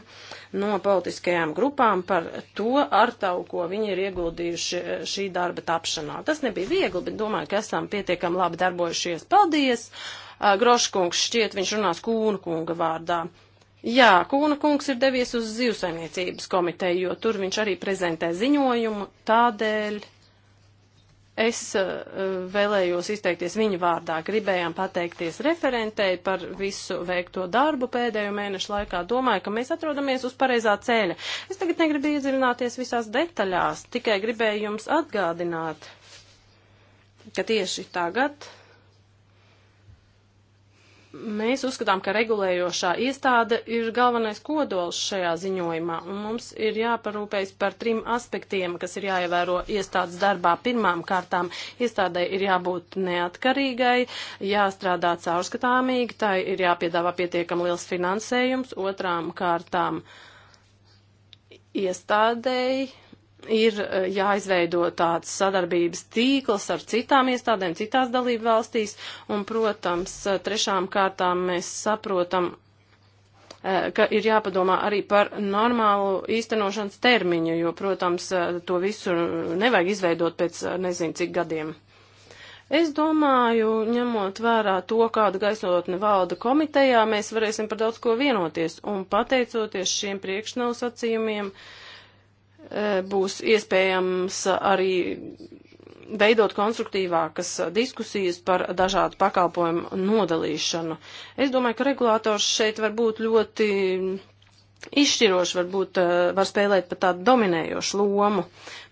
no politiskajām grupām par to ar tavu, ko viņi ir ieguldījuši šī darba tapšanā. Tas nebija viegli, bet domāju, ka esam pietiekami labi darbojušies. Paldies! Groškungs šķiet, viņš runās Kūnu kunga vārdā. Jā, Kūna kungs ir devies uz zivsaimniecības komiteju, jo tur viņš arī prezentē ziņojumu, tādēļ Es eh, vēlējos izteikties viņu vārdā. Gribējām pateikties referentei par visu veikto darbu pēdējo mēnešu laikā. Domāju, ka mēs atrodamies uz pareizā ceļa. Es tagad negribu iedziļināties visās detaļās, tikai gribēju jums atgādināt, ka tieši tagad Mēs uzskatām, ka regulējošā iestāde ir galvenais kodols šajā ziņojumā, un mums ir jāparūpējas par trim aspektiem, kas ir jāievēro iestādes darbā. Pirmām kārtām iestādē ir jābūt neatkarīgai, jāstrādā caurskatāmīgi, tai ir jāpiedāvā pietiekam liels finansējums, otrām kārtām iestādēji ir eh, jāizveido tāds sadarbības tīkls ar citām iestādēm, citās dalību valstīs, un, protams, eh, trešām kārtām mēs saprotam, eh, ka ir jāpadomā arī par normālu īstenošanas termiņu, jo, protams, to visu nevajag izveidot pēc nezinu cik gadiem. Es domāju, ņemot vērā to, kāda gaisotne valda komitejā, mēs varēsim par daudz ko vienoties, un pateicoties šiem priekšnosacījumiem, uh, E, būs iespējams arī veidot konstruktīvākas diskusijas par dažādu pakalpojumu nodalīšanu. Es domāju, ka regulātors šeit var būt ļoti izšķiroši, varbūt e, var spēlēt pat tādu dominējošu lomu.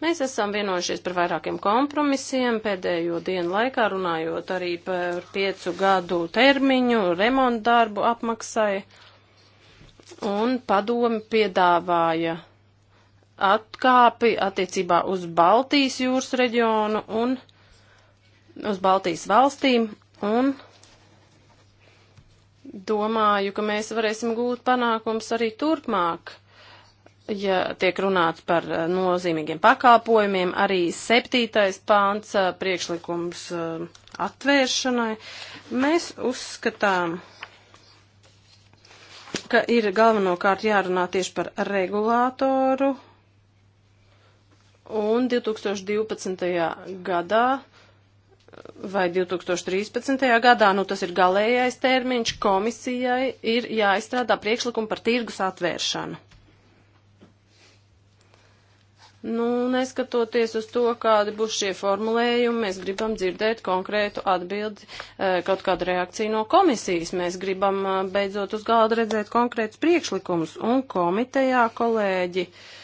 Mēs esam vienojušies par vairākiem kompromisiem pēdējo dienu laikā, runājot arī par piecu gadu termiņu, remontdarbu apmaksai, un padomi piedāvāja atkāpi attiecībā uz Baltijas jūras reģionu un uz Baltijas valstīm un domāju, ka mēs varēsim gūt panākums arī turpmāk, ja tiek runāts par eh, nozīmīgiem pakalpojumiem, arī septītais pāns eh, priekšlikums eh, atvēršanai. Mēs uzskatām, ka ir galvenokārt jārunā tieši par regulātoru Un 2012. gadā vai 2013. gadā, nu tas ir galējais termiņš, komisijai ir jāizstrādā priekšlikumi par tirgus atvēršanu. Nu, neskatoties uz to, kādi būs šie formulējumi, mēs gribam dzirdēt konkrētu atbildi, e, kaut kādu reakciju no komisijas. Mēs gribam e, beidzot uz galda redzēt konkrētus priekšlikumus un komitejā kolēģi. Uh,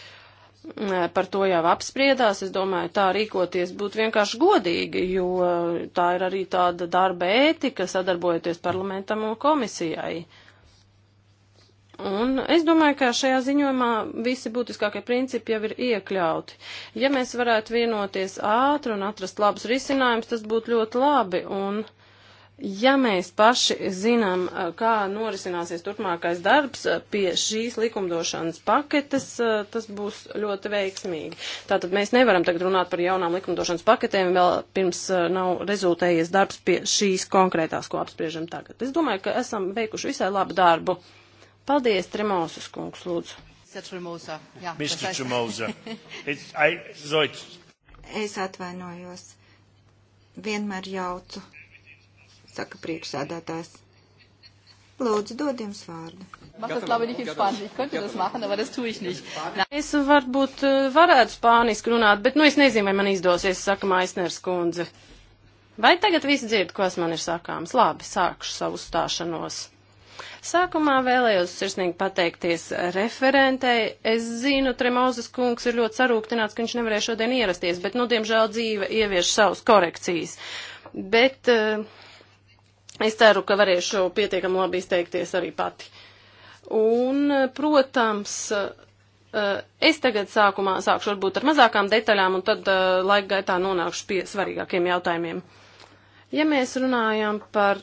par to jau apspriedās. Es domāju, tā rīkoties būtu vienkārši godīgi, jo tā ir arī tāda darba ētika, sadarbojoties parlamentam un komisijai. Un es domāju, ka šajā ziņojumā visi būtiskākie principi jau ir iekļauti. Ja mēs varētu vienoties ātri un atrast labus risinājumus, tas būtu ļoti labi. Un uh, Ja mēs paši zinām, kā norisināsies turpmākais darbs pie šīs likumdošanas paketes, tas būs ļoti veiksmīgi. Tātad mēs nevaram tagad runāt par jaunām likumdošanas paketēm, vēl pirms nav rezultējies darbs pie šīs konkrētās, ko apspriežam tagad. Es domāju, ka esam veikuši visai labu darbu. Paldies, Tremosas kungs, lūdzu. Mr. Tremosa, es atvainojos. Vienmēr jaucu saka priekšsēdētājs. Lūdzu, dod jums vārdu. Es varbūt eh, varētu spāniski runāt, bet nu es nezinu, vai man izdosies, saka Maisners kundze. Vai tagad viss dzird, kas man ir sakāms? Labi, sākšu savu stāšanos. Sākumā vēlējos sirsnīgi pateikties referentei. Es zinu, Tremauzes kungs ir ļoti sarūktināts, ka viņš nevarēja šodien ierasties, bet, nu, diemžēl dzīve ievieš savus korekcijas. Bet uh, Es ceru, ka varēšu pietiekami labi izteikties arī pati. Un, protams, eh, es tagad sākumā sākšu varbūt ar mazākām detaļām un tad eh, laika gaitā nonākšu pie svarīgākiem jautājumiem. Ja mēs runājam par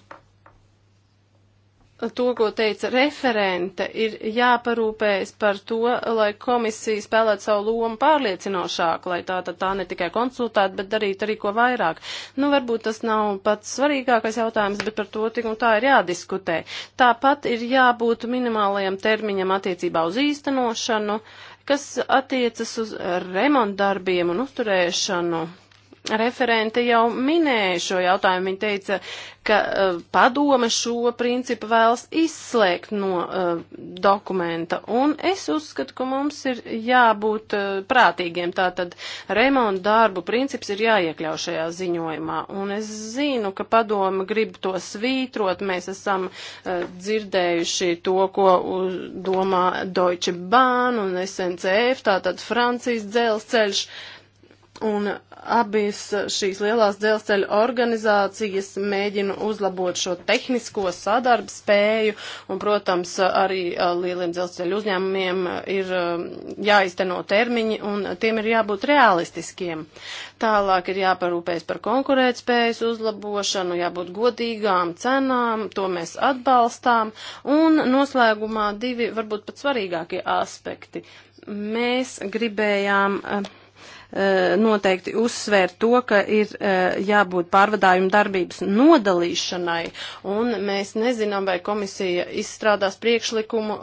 to, ko teica referente, ir jāparūpējas par to, lai komisija spēlētu savu lomu pārliecinošāk, lai tā, tā, tā ne tikai konsultētu, bet darītu arī ko vairāk. Nu, varbūt tas nav pats svarīgākais jautājums, bet par to tik un tā ir jādiskutē. Tāpat ir jābūt minimālajam termiņam attiecībā uz īstenošanu, kas attiecas uz remontdarbiem un uzturēšanu Referente jau minēja šo jautājumu. Viņa teica, ka uh, padome šo principu vēlas izslēgt no uh, dokumenta. Un es uzskatu, ka mums ir jābūt uh, prātīgiem. Tātad remontu darbu princips ir jāiekļau šajā ziņojumā. Un es zinu, ka padome grib to svītrot. Mēs esam uh, dzirdējuši to, ko uz, domā Deutsche Bahn un SNCF, tātad Francijas dzelzceļš. Uh, Un abas šīs lielās dzelzceļa organizācijas mēģina uzlabot šo tehnisko sadarbu spēju, un, protams, arī lieliem dzelzceļa uzņēmumiem ir jāizteno termiņi, un tiem ir jābūt realistiskiem. Tālāk ir jāparūpējas par konkurētspējas uzlabošanu, jābūt godīgām cenām, to mēs atbalstām, un noslēgumā divi varbūt pat svarīgākie aspekti. Mēs gribējām uh, Eh, noteikti uzsvērt to, ka ir eh, jābūt pārvadājuma darbības nodalīšanai, un mēs nezinām, vai komisija izstrādās priekšlikumu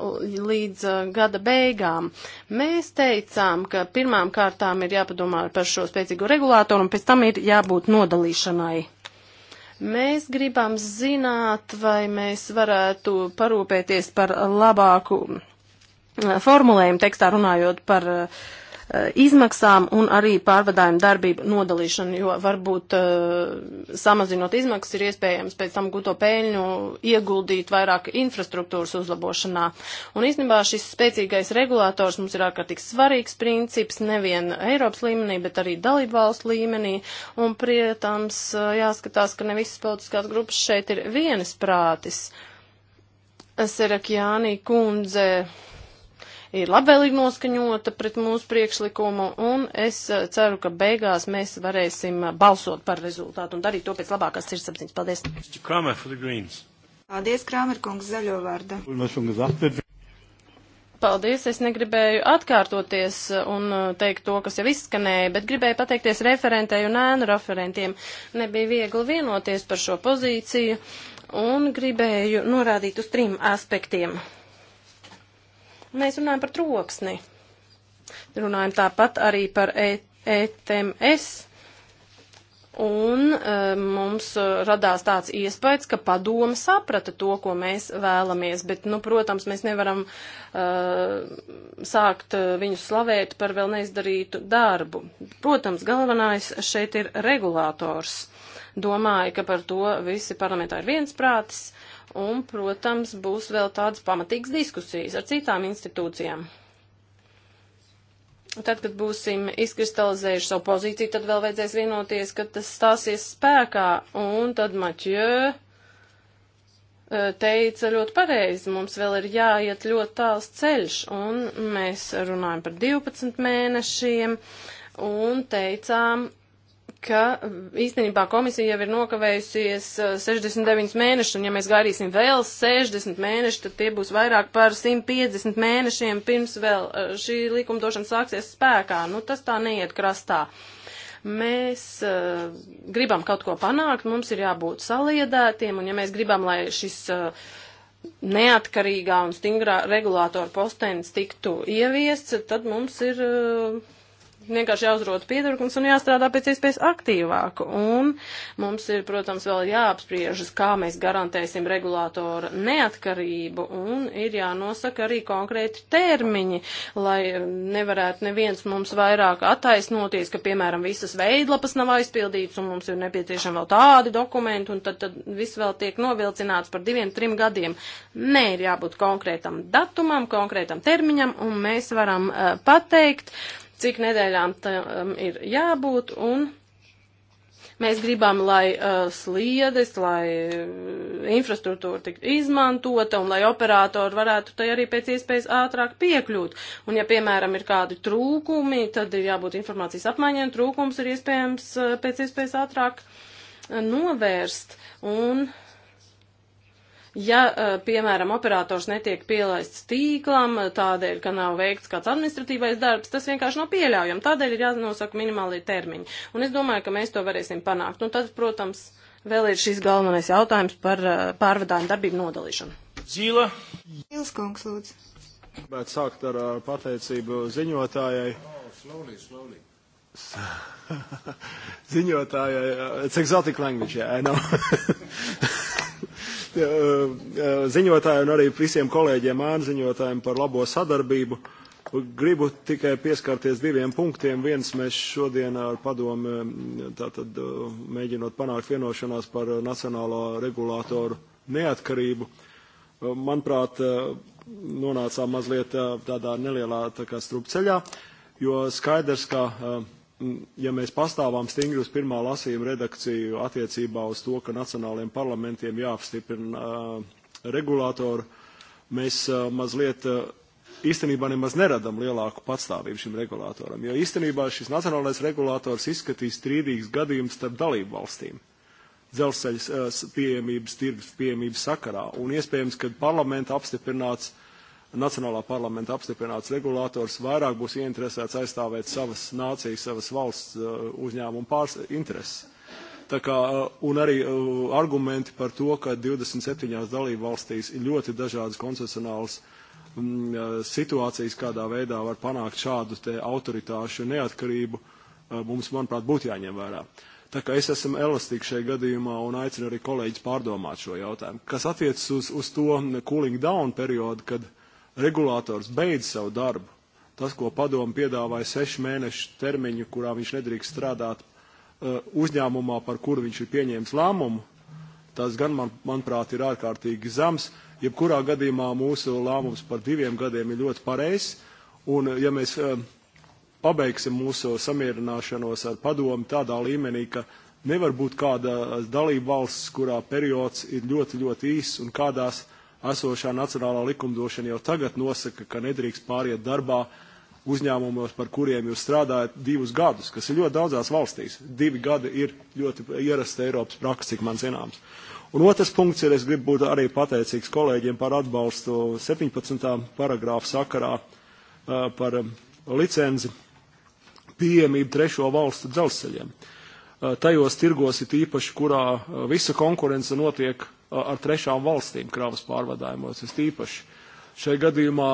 līdz eh, gada beigām. Mēs teicām, ka pirmām kārtām ir jāpadomā par šo spēcīgo regulātoru, un pēc tam ir jābūt nodalīšanai. Mēs gribam zināt, vai mēs varētu parūpēties par labāku formulējumu tekstā runājot par uh, Eh, izmaksām un arī pārvadājumu darbību nodalīšanu, jo varbūt eh, samazinot izmaksas ir iespējams pēc tam gūto peļņu ieguldīt vairāk infrastruktūras uzlabošanā. Un īstenībā šis spēcīgais regulators mums ir ārkārtīgi svarīgs princips nevien Eiropas līmenī, bet arī dalību valstu līmenī. Un, protams, eh, jāskatās, ka ne visas politiskās grupas šeit ir vienas prātis. Serakjānī kundze ir labvēlīgi noskaņota pret mūsu priekšlikumu, un es uh, ceru, ka beigās mēs varēsim uh, balsot par rezultātu un darīt to pēc labākās sirdsapziņas. Paldies! Paldies, Krāmer kungs, zaļo vārda. Paldies, es negribēju atkārtoties uh, un teikt to, kas jau izskanēja, bet gribēju pateikties referentei un ēnu referentiem. Nebija viegli vienoties par šo pozīciju un gribēju norādīt uz trim aspektiem. Mēs runājam par troksni. Runājam tāpat arī par e ETMS. Un e, mums e, radās tāds iespējas, ka padoma saprata to, ko mēs vēlamies, bet, nu, protams, mēs nevaram e, sākt e, viņus slavēt par vēl neizdarītu darbu. Protams, galvenais šeit ir regulators. Domāju, ka par to visi parlamentā ir viensprātis. E, un, protams, būs vēl tādas pamatīgas diskusijas ar citām institūcijām. Tad, kad būsim izkristalizējuši savu pozīciju, tad vēl vajadzēs vienoties, ka tas stāsies spēkā, un tad Maķē eh, teica ļoti pareizi, mums vēl ir jāiet ļoti tāls ceļš, un mēs runājam par 12 mēnešiem, un teicām, ka īstenībā komisija jau ir nokavējusies 69 uh, mēnešus, un ja mēs gaidīsim vēl 60 mēnešus, tad tie būs vairāk par 150 mēnešiem pirms vēl uh, šī likumdošana sāksies spēkā. Nu, tas tā neiet krastā. Mēs uh, gribam kaut ko panākt, mums ir jābūt saliedētiem, un ja mēs gribam, lai šis uh, neatkarīgā un stingrā regulātora postenis tiktu ieviests, tad mums ir uh, vienkārši jāuzrod piedarkums un jāstrādā pēc iespējas aktīvāk. Un mums ir, protams, vēl jāapspriežas, kā mēs garantēsim regulātora neatkarību un ir jānosaka arī konkrēti termiņi, lai nevarētu neviens mums vairāk attaisnoties, ka, piemēram, visas veidlapas nav aizpildītas un mums ir nepieciešami vēl tādi dokumenti un tad, tad viss vēl tiek novilcināts par diviem, trim gadiem. Nē, ir jābūt konkrētam datumam, konkrētam termiņam un mēs varam uh, pateikt, uh, cik nedēļām tam ir jābūt, un mēs gribam, lai uh, sliedes, lai uh, infrastruktūra tiktu izmantota un lai operatori varētu tai arī pēc iespējas ātrāk piekļūt. Un ja, piemēram, ir kādi trūkumi, tad ir jābūt informācijas apmaiņai, un trūkums ir iespējams uh, pēc iespējas ātrāk uh, novērst. Un, uh, Ja, eh, piemēram, operators netiek pielaists tīklam, eh, tādēļ, ka nav veikts kāds administratīvais darbs, tas vienkārši nav pieļaujami. Tādēļ ir jānosaka minimālie termiņi. Un es domāju, ka mēs to varēsim panākt. Un nu, tad, protams, vēl ir šis galvenais jautājums par eh, pārvadājumu darbību nodalīšanu. Zīla. Zīles kungs, lūdzu. Bet sākt ar pateicību ziņotājai. Oh, slowly, slowly. ziņotājai, it's exotic language, yeah, I know. Uh, uh, ziņotāju un arī visiem kolēģiem ānziņotājiem par labo sadarbību. Gribu tikai pieskarties diviem punktiem. Viens mēs šodien ar padomu tātad uh, mēģinot panākt vienošanās par nacionālo regulātoru neatkarību. Manuprāt, nonācām mazliet tādā nelielā tā kā strupceļā, jo skaidrs, ka ja mēs pastāvām stingri uz pirmā lasījuma redakciju attiecībā uz to, ka nacionāliem parlamentiem jāapstiprina uh, regulātoru, mēs uh, mazliet uh, īstenībā nemaz neradam lielāku patstāvību šim regulātoram, jo īstenībā šis nacionālais regulātors izskatīs strīdīgs gadījums starp dalību valstīm dzelzceļa pieejamības, tirgus pieejamības sakarā, un iespējams, ka parlamenta apstiprināts uh, Nacionālā parlamenta apstiprināts regulators vairāk būs ieinteresēts aizstāvēt savas nācijas, savas valsts uh, uzņēmumu pārs intereses. Tā kā, uh, un arī uh, argumenti par to, ka 27 dalību valstīs ir ļoti dažādas koncesionālas mm, uh, situācijas, kādā veidā var panākt šādu te autoritāšu neatkarību, uh, mums, manuprāt, būtu jāņem vērā. Tā kā es esmu elastīgs šajā gadījumā un aicinu arī kolēģis pārdomāt šo jautājumu. Kas attiecas uz, uz to cooling down periodu, kad uh, regulators beidz savu darbu. Tas, ko padomu piedāvāja sešu mēnešu termiņu, kurā viņš nedrīkst strādāt uh, uzņēmumā, par kuru viņš ir pieņēmis lēmumu, tas gan, man, manuprāt, ir ārkārtīgi zems. Jebkurā gadījumā mūsu lēmums par diviem gadiem ir ļoti pareizs, un uh, ja mēs uh, pabeigsim mūsu samierināšanos ar padomu tādā līmenī, ka nevar būt kāda dalība valsts, kurā periods ir ļoti, ļoti īss un kādās uh, esošā nacionālā likumdošana jau tagad nosaka, ka nedrīkst pāriet darbā uzņēmumos, par kuriem jūs strādājat divus gadus, kas ir ļoti daudzās valstīs. Divi gadi ir ļoti ierasta Eiropas praksa, cik man zināms. Un otrs punkts ir, es gribu būt arī pateicīgs kolēģiem par atbalstu 17. paragrāfu sakarā par licenzi pieejamību trešo valstu dzelzceļiem. Tajos tirgos ir īpaši, kurā visa konkurence notiek ar trešām valstīm kravas pārvadājumos. Es tīpaši šajā gadījumā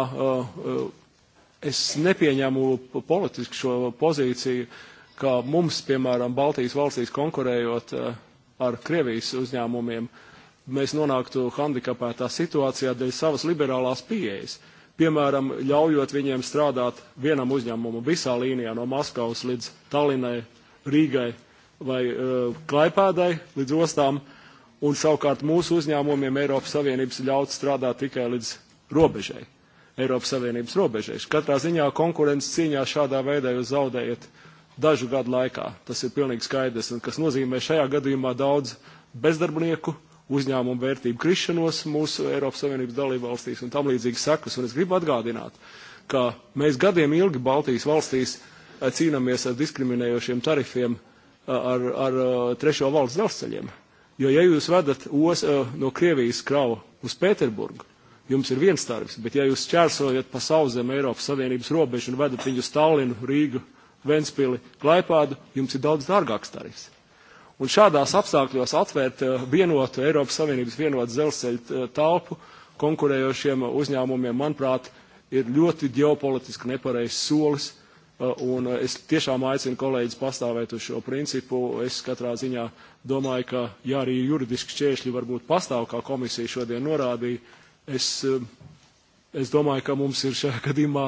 es nepieņemu politisku šo pozīciju, ka mums, piemēram, Baltijas valstīs konkurējot ar Krievijas uzņēmumiem, mēs nonāktu handikapētā situācijā dēļ savas liberālās pieejas. Piemēram, ļaujot viņiem strādāt vienam uzņēmumam visā līnijā no Maskavas līdz Talinai, Rīgai vai uh, Klaipēdai līdz ostām, uh, un savukārt mūsu uzņēmumiem Eiropas Savienības ļaut strādāt tikai līdz robežai, Eiropas Savienības robežai. Katrā ziņā konkurences cīņā šādā veidā jūs zaudējat dažu gadu laikā. Tas ir pilnīgi skaidrs, un kas nozīmē šajā gadījumā daudz bezdarbnieku, uzņēmumu vērtību krišanos mūsu Eiropas Savienības dalībvalstīs un tam līdzīgas sekas. Un es gribu atgādināt, ka mēs gadiem ilgi Baltijas valstīs eh, cīnāmies ar diskriminējošiem tarifiem eh, ar, ar, ar eh, trešo valsts dzelzceļiem. Jo, ja jūs vedat os, eh, no Krievijas kravu uz Pēterburgu, jums ir viens targs, bet ja jūs čērsojat pa sauzem Eiropas Savienības robežu un vedat viņu uz Tallinu, Rīgu, Ventspili, Klaipādu, jums ir daudz dārgāks tarifs. Un šādās apstākļos atvērt eh, vienotu Eiropas Savienības vienotu dzelzceļu eh, telpu konkurējošiem uzņēmumiem, manuprāt, ir ļoti ģeopolitiski nepareizs solis Eh, un eh, es tiešām aicinu kolēģis pastāvēt uz šo principu. Es katrā ziņā domāju, ka, ja arī juridiski šķēršļi varbūt pastāv, kā komisija šodien norādīja, es, eh, es domāju, ka mums ir šajā gadījumā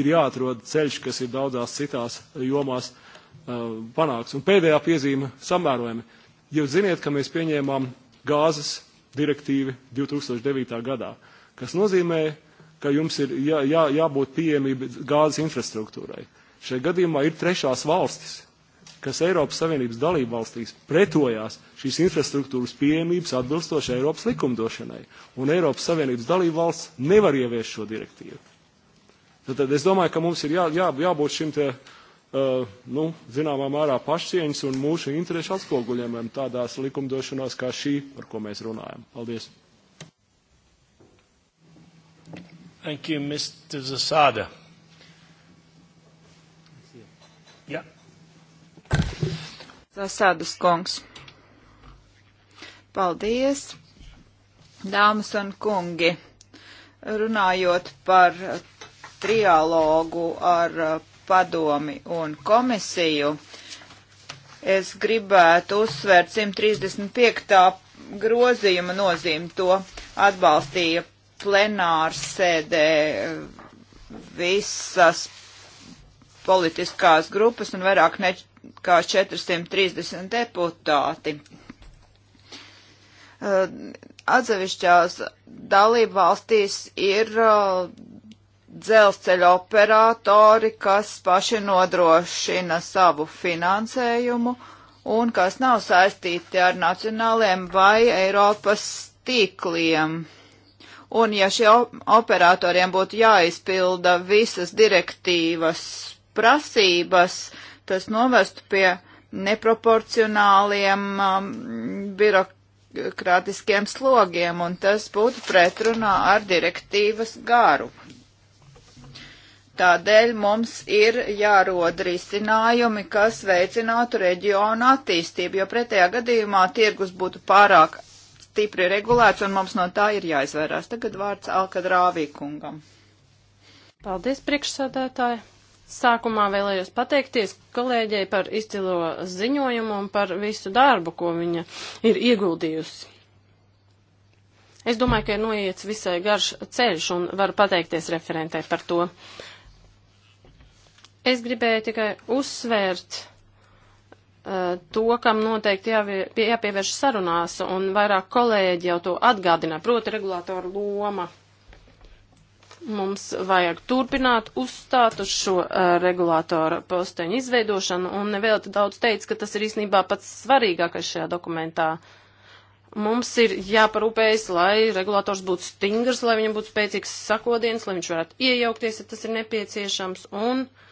ir jāatrod ceļš, kas ir daudzās citās jomās uh, panāks. Un pēdējā piezīme - samērojami. Jūs ziniet, ka mēs pieņēmām gāzes direktīvi 2009. gadā, kas nozīmē, ka jums ir jā, jā, jābūt pieejamība gāzes infrastruktūrai. Uh, Šajā gadījumā ir trešās valstis, kas Eiropas Savienības dalībvalstīs pretojās šīs infrastruktūras pieejamības atbilstoši Eiropas likumdošanai, un Eiropas Savienības dalībvalsts nevar ieviest šo direktīvu. Nu, tad es domāju, ka mums ir jā, jā, jābūt šim te, uh, nu, zināmā mērā pašcieņas un mūsu interešu atspoguļiem tādās likumdošanās kā šī, par ko mēs runājam. Paldies. Thank you, Mr. Zasada. Zasadus kungs. Paldies, dāmas un kungi. Runājot par trialogu ar uh, padomi un komisiju, es gribētu uzsvērt 135. grozījuma nozīmi. To atbalstīja plenārsēdē uh, visas politiskās grupas un vairāk ne kā 430 deputāti. Atsevišķās dalību valstīs ir dzelzceļa operatori, kas paši nodrošina savu finansējumu un kas nav saistīti ar nacionāliem vai Eiropas tīkliem. Un ja šiem operatoriem būtu jāizpilda visas direktīvas prasības, uh, tas novestu pie neproporcionāliem um, birokrātiskiem slogiem, un tas būtu pretrunā ar direktīvas garu. Tādēļ mums ir jārod risinājumi, kas veicinātu reģionu attīstību, jo pretējā gadījumā tirgus būtu pārāk stipri regulēts, un mums no tā ir jāizvairās. Tagad vārds Alkadrāvī kungam. Paldies, priekšsēdētāji! Sākumā vēlējos pateikties kolēģei par izcilo ziņojumu un par visu darbu, ko viņa ir ieguldījusi. Es domāju, ka ir noiets visai garš ceļš un varu pateikties referentē par to. Es gribēju tikai uzsvērt uh, to, kam noteikti jāvie, jāpievērš sarunās, un vairāk kolēģi jau to atgādināja, proti regulātoru loma mums vajag turpināt uzstāt uz šo uh, regulātora posteņu izveidošanu, un nevēl te daudz teica, ka tas ir īstenībā pats svarīgākais šajā dokumentā. Mums ir jāparūpējas, lai regulators būtu stingrs, lai viņam būtu spēcīgs sakodiens, lai viņš varētu iejaukties, ja tas ir nepieciešams, un uh,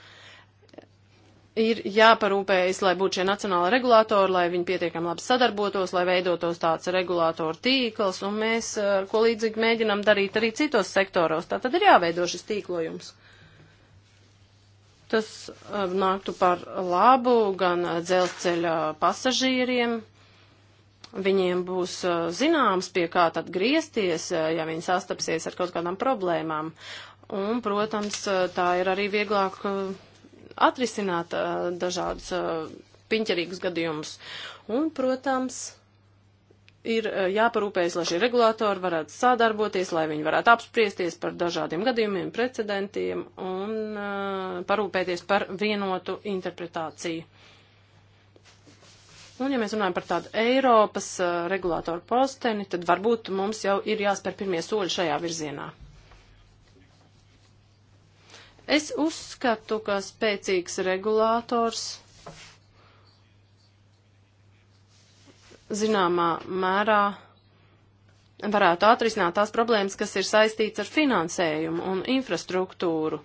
ir jāparūpējas, lai būtu šie nacionāli regulātori, lai viņi pietiekami labi sadarbotos, lai veidotos tāds regulātoru tīkls, un mēs eh, ko līdzīgi mēģinām darīt arī citos sektoros. Tā tad ir jāveido šis tīklojums. Tas eh, nāktu par labu gan eh, dzelzceļa pasažīriem, viņiem būs zināms, pie kā tad griezties, ja viņi sastapsies ar kaut kādām problēmām. Un, protams, tā ir arī vieglāk atrisināt uh, dažādus uh, piņķerīgus gadījumus. Un, protams, ir jāparūpējas, lai šie regulātori varētu sadarboties, lai viņi varētu apspriesties par dažādiem gadījumiem, precedentiem un uh, parūpēties par vienotu interpretāciju. Un, ja mēs runājam par tādu Eiropas uh, regulātoru posteni, tad varbūt mums jau ir jāspēr pirmie soļi šajā virzienā. Es uzskatu, ka spēcīgs regulators zināmā mērā varētu atrisināt tās problēmas, kas ir saistīts ar finansējumu un infrastruktūru.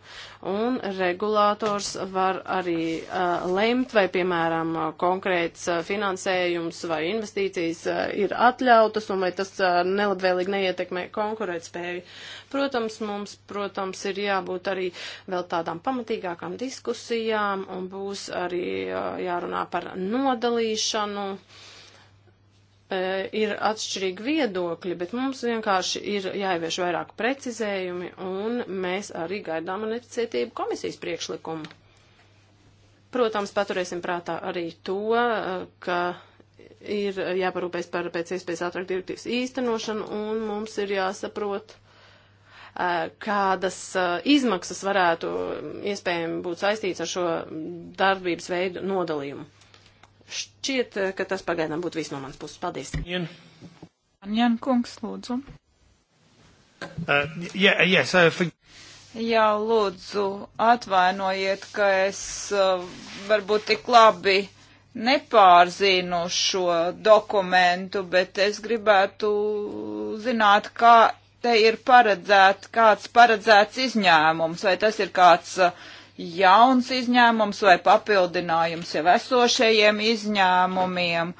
Un regulators var arī uh, lemt, vai, piemēram, uh, konkrēts uh, finansējums vai investīcijas uh, ir atļautas un vai tas uh, nelabvēlīgi neietekmē konkurētspēju. Protams, mums, protams, ir jābūt arī vēl tādām pamatīgākām diskusijām un būs arī uh, jārunā par nodalīšanu. Uh, E, ir atšķirīgi viedokļi, bet mums vienkārši ir jāievieš vairāk precizējumi, un mēs arī gaidām ar nepacietību komisijas priekšlikumu. Protams, paturēsim prātā arī to, e, ka ir jāparūpēs par pēc iespējas ātrāk direktīvas īstenošanu, un mums ir jāsaprot, e, kādas izmaksas varētu iespējami būt saistīts ar šo darbības veidu nodalījumu. Šķiet, eh, ka tas pagaidām būtu viss no manas puses. Paldies. Jan. Jan kungs, lūdzu. Uh, yeah, uh, yes, uh, for... Jā, lūdzu, atvainojiet, ka es uh, varbūt tik labi nepārzinu šo dokumentu, bet es gribētu zināt, kā te ir paredzēts, kāds paredzēts izņēmums, vai tas ir kāds uh, jauns izņēmums vai papildinājums jau esošajiem izņēmumiem.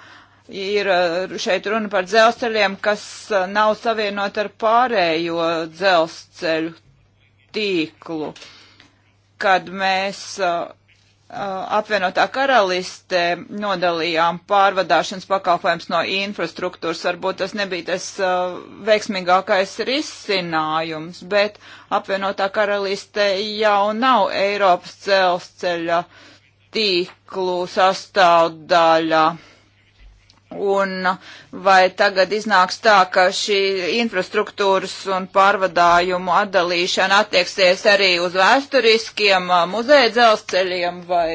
Ir eh, šeit runa par dzelzceļiem, kas eh, nav savienot ar pārējo dzelzceļu tīklu. Kad mēs uh, Uh, apvienotā karalistē nodalījām pārvadāšanas pakalpojums no infrastruktūras. Varbūt tas nebija tas uh, veiksmīgākais risinājums, bet apvienotā karalistē jau nav Eiropas celsceļa tīklu sastāvdaļa. Un vai tagad iznāks tā, ka šī infrastruktūras un pārvadājumu atdalīšana attieksies arī uz vēsturiskiem muzeja dzelzceļiem vai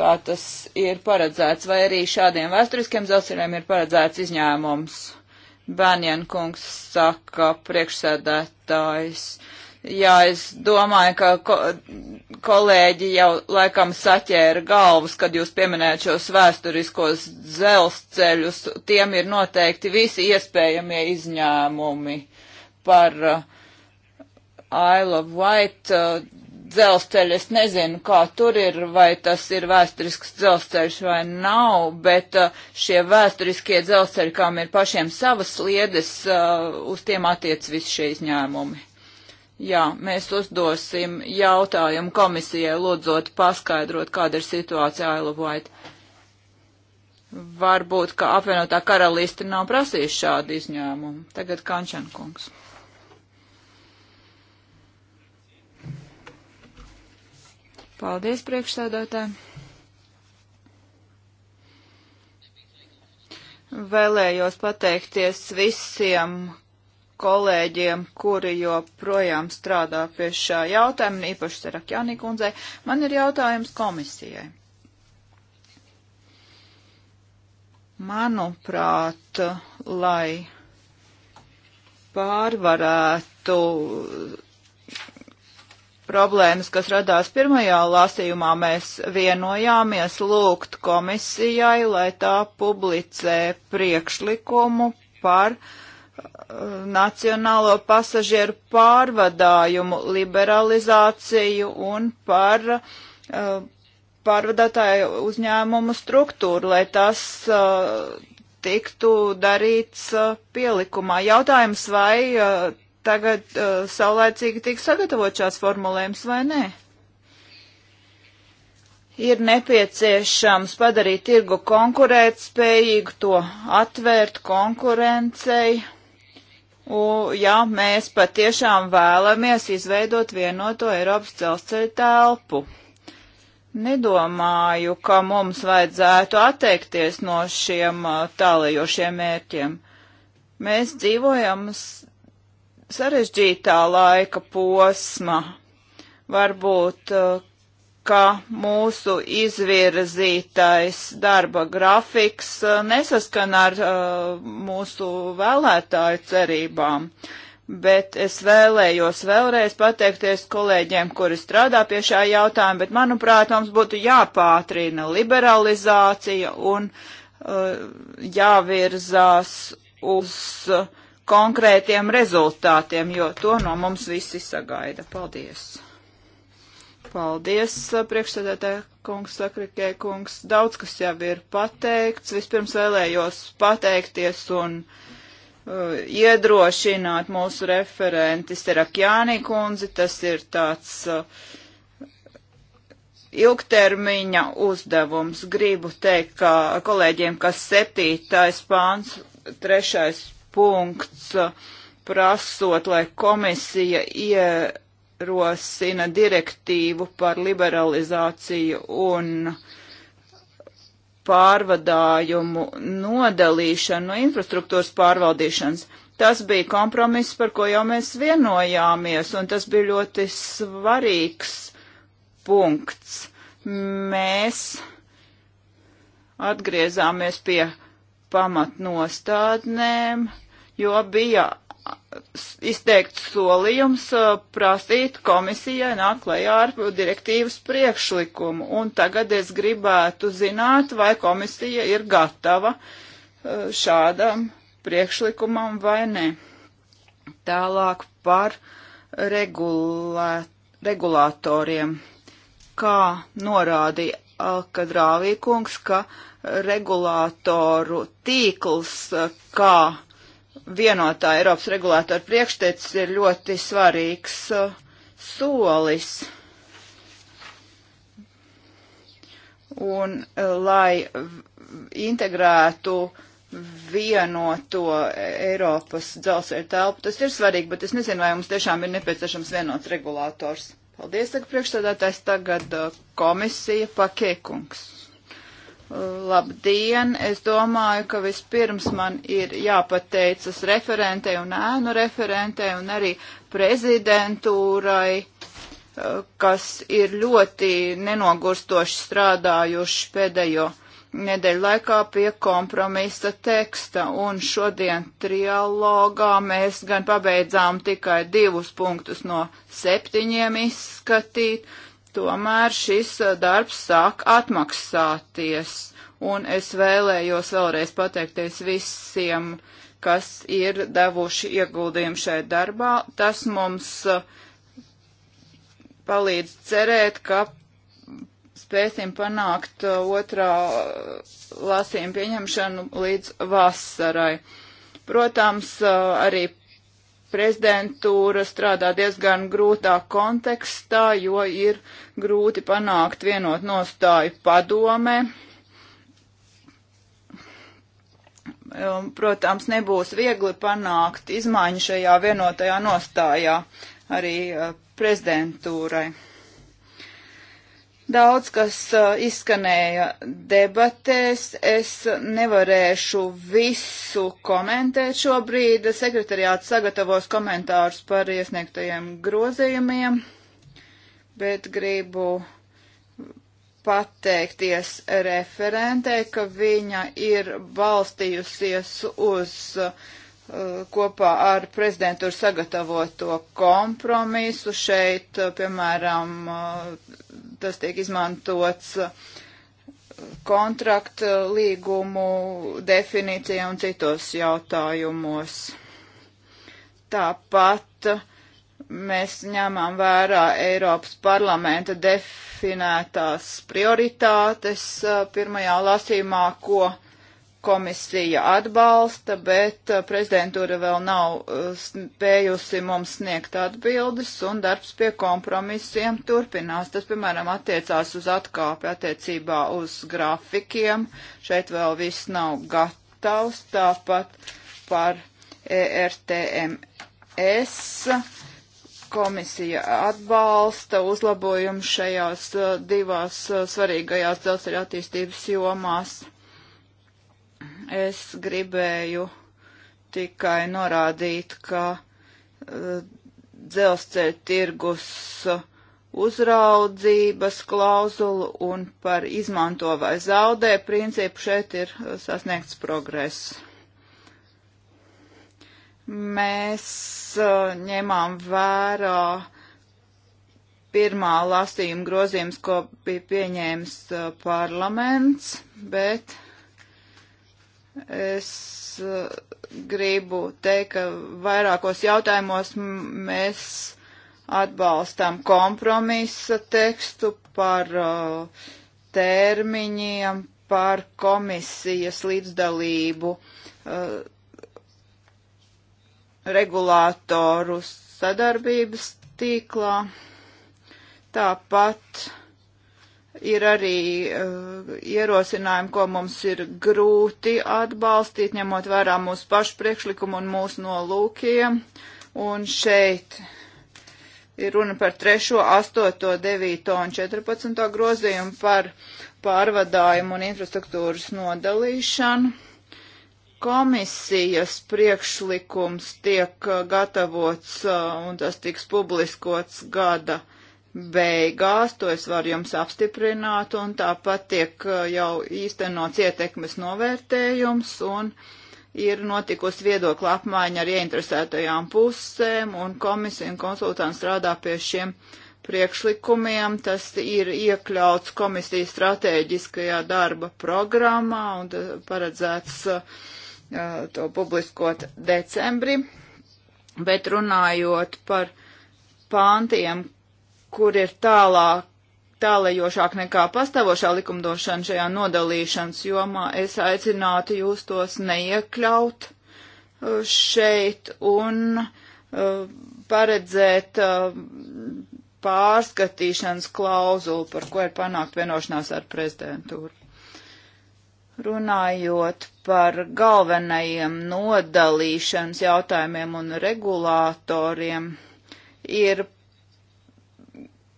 kā tas ir paredzēts, vai arī šādiem vēsturiskiem dzelzceļiem ir paredzēts izņēmums? Bēnien kungs saka priekšsēdētājs. Uh, Jā, es domāju, ka ko, kolēģi jau laikam saķēra galvas, kad jūs pieminējat šos vēsturiskos dzelzceļus. Tiem ir noteikti visi iespējamie izņēmumi par uh, Isle of Wight uh, dzelzceļu. Es nezinu, kā tur ir, vai tas ir vēsturisks dzelzceļš vai nav, bet uh, šie vēsturiskie dzelzceļi, kam ir pašiem savas sliedes, uh, uz tiem attiec visi šie izņēmumi. Jā, mēs uzdosim jautājumu komisijai, lūdzot paskaidrot, kāda ir situācija Ailovaita. Varbūt, ka apvienotā karaliste nav prasījusi šādu izņēmumu. Tagad Kančankungs. Paldies, priekšsēdētāji. Vēlējos pateikties visiem kolēģiem, kuri joprojām strādā pie šā jautājuma, īpaši Sarakjānī kundzei. Man ir jautājums komisijai. Manuprāt, lai pārvarētu problēmas, kas radās pirmajā lasījumā, mēs vienojāmies lūgt komisijai, lai tā publicē priekšlikumu par uh, nacionālo pasažieru pārvadājumu liberalizāciju un par uh, pārvadātāju uzņēmumu struktūru, lai tas uh, tiktu darīts uh, pielikumā. Jautājums, vai tagad saulēcīgi tiks sagatavot šās formulējums vai nē? ir nepieciešams padarīt tirgu konkurētspējīgu, to atvērt konkurencei U, ja mēs patiešām vēlamies izveidot vienoto Eiropas dzelzceļa telpu. Nedomāju, ka mums vajadzētu atteikties no šiem uh, tālējošiem mērķiem. Mēs dzīvojam sarežģītā laika posma. Varbūt uh, ka mūsu izvirzītais darba grafiks uh, nesaskan ar uh, mūsu vēlētāju cerībām. Bet es vēlējos vēlreiz pateikties kolēģiem, kuri strādā pie šā jautājuma, bet manuprāt, mums būtu jāpātrina liberalizācija un uh, jāvirzās uz konkrētiem rezultātiem, jo to no mums visi sagaida. Paldies! Paldies, priekšsēdētāja kungs, sakrikē kungs. Daudz kas jau ir pateikts. Vispirms vēlējos pateikties un uh, iedrošināt mūsu referenti Serakjānī kundzi. Tas ir tāds uh, ilgtermiņa uzdevums. Gribu teikt, ka kolēģiem, kas septītais pāns, trešais punkts, uh, prasot, lai komisija ie. Ja, rosina direktīvu par liberalizāciju un pārvadājumu nodalīšanu no infrastruktūras pārvaldīšanas. Tas bija kompromiss, par ko jau mēs vienojāmies, un tas bija ļoti svarīgs punkts. Mēs atgriezāmies pie pamatnostādnēm, jo bija izteikt solījums prasīt komisijai nāk klajā ar direktīvas priekšlikumu. Un tagad es gribētu zināt, vai komisija ir gatava šādam priekšlikumam vai nē. Tālāk par regulē, regulātoriem. Kā norādīja Alkadrāvīkungs, ka regulātoru tīkls kā vienotā Eiropas regulātora priekšteicis ir ļoti svarīgs uh, solis. Un uh, lai integrētu vienoto Eiropas dzelzceļa telpu, tas ir svarīgi, bet es nezinu, vai mums tiešām ir nepieciešams vienots regulators. Paldies, saka priekšstādātājs, tagad uh, komisija pakiekungs. Labdien! Es domāju, ka vispirms man ir jāpateicas referentei un ēnu referentei un arī prezidentūrai, kas ir ļoti nenogurstoši strādājuši pēdējo nedēļu laikā pie kompromisa teksta, un šodien trialogā mēs gan pabeidzām tikai divus punktus no septiņiem izskatīt, tomēr šis eh, darbs sāk atmaksāties. Un es vēlējos vēlreiz pateikties visiem, kas ir devuši ieguldījumu šai darbā. Tas mums eh, palīdz cerēt, ka spēsim panākt eh, otrā lasījuma pieņemšanu līdz vasarai. Protams, arī prezidentūra strādā diezgan grūtā kontekstā, jo ir grūti panākt vienot nostāju padome. Um, protams, nebūs viegli panākt izmaiņu šajā vienotajā nostājā arī uh, prezidentūrai. Daudz, kas uh, izskanēja debatēs, es nevarēšu visu komentēt šobrīd. Sekretariāts sagatavos komentārus par iesniegtajiem grozījumiem, bet gribu pateikties referentei, ka viņa ir balstījusies uz uh, kopā ar prezidentūru sagatavoto kompromisu šeit, uh, piemēram, tas tiek izmantots uh, kontraktu līgumu definīcijā un citos jautājumos. Tāpat uh, mēs ņemam vērā Eiropas parlamenta definētās prioritātes uh, pirmajā lasīmā, ko komisija atbalsta, bet uh, prezidentūra vēl nav uh, spējusi mums sniegt atbildes un darbs pie kompromisiem turpinās. Tas, piemēram, attiecās uz atkāpi attiecībā uz grafikiem. Šeit vēl viss nav gatavs, tāpat par ERTMS. Komisija atbalsta uzlabojumu šajās uh, divās svarīgajās dzelzceļa attīstības jomās. Es gribēju tikai norādīt, ka uh, dzelzceļa tirgus eh, uzraudzības klauzulu un par izmanto vai zaudē principu šeit ir eh, sasniegts progress. Mēs uh, ņemām vērā pirmā lasījuma grozījums, ko bija pieņēmis uh, parlaments, bet Es eh, gribu teikt, ka vairākos jautājumos mēs atbalstām kompromisa tekstu par eh, termiņiem, par komisijas līdzdalību eh, regulātoru sadarbības tīklā. Tāpat ir arī uh, ierosinājumi, ko mums ir grūti atbalstīt, ņemot vērā mūsu pašu priekšlikumu un mūsu nolūkiem. Un šeit ir runa par 3, 8, 9 un 14 grozījumu par pārvadājumu un infrastruktūras nodalīšanu. Komisijas priekšlikums tiek uh, gatavots uh, un tas tiks publiskots gada uh, beigās, to es varu jums apstiprināt, un tāpat tiek uh, jau īstenots ietekmes novērtējums, un ir notikusi viedokļa apmaiņa ar ieinteresētajām pusēm, un komisija un konsultanti strādā pie šiem priekšlikumiem. Tas ir iekļauts komisijas stratēģiskajā darba programmā un paredzēts uh, to publiskot decembri. Bet runājot par pāntiem, kur ir tālāk, tālējošāk nekā pastāvošā likumdošana šajā nodalīšanas jomā, es aicinātu jūs tos neiekļaut uh, šeit un uh, paredzēt uh, pārskatīšanas klauzulu, par ko ir panākt vienošanās ar prezidentūru. Runājot par galvenajiem nodalīšanas jautājumiem un regulātoriem, ir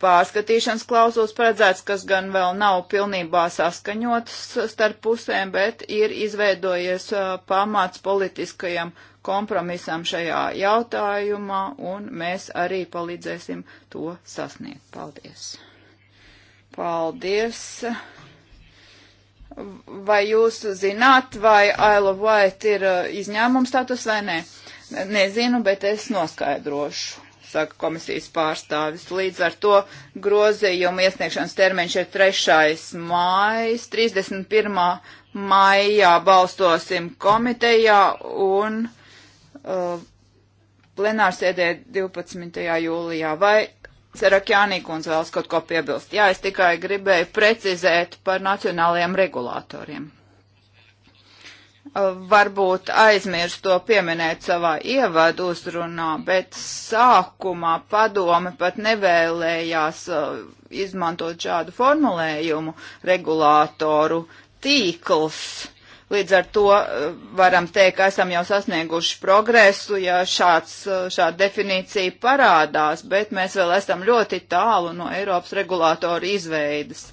pārskatīšanas klauzulas paredzēts, kas gan vēl nav pilnībā saskaņotas starp pusēm, bet ir izveidojies pamāts politiskajam kompromisam šajā jautājumā, un mēs arī palīdzēsim to sasniegt. Paldies! Paldies! Vai jūs zināt, vai Aila White ir izņēmums status vai nē? Nezinu, bet es noskaidrošu saka komisijas pārstāvis. Līdz ar to grozījumu iesniegšanas termiņš ir 3. mājas, 31. maijā balstosim komitejā un uh, plenārsēdē 12. jūlijā. Vai Cerakjānī kundze vēlas kaut ko piebilst? Jā, es tikai gribēju precizēt par nacionālajiem regulātoriem varbūt aizmirst to pieminēt savā ievadu uzrunā, bet sākumā padome pat nevēlējās uh, izmantot šādu formulējumu regulātoru tīkls. Līdz ar to uh, varam teikt, ka esam jau sasnieguši progresu, ja šāds, uh, šāda definīcija parādās, bet mēs vēl esam ļoti tālu no Eiropas regulātoru izveidas.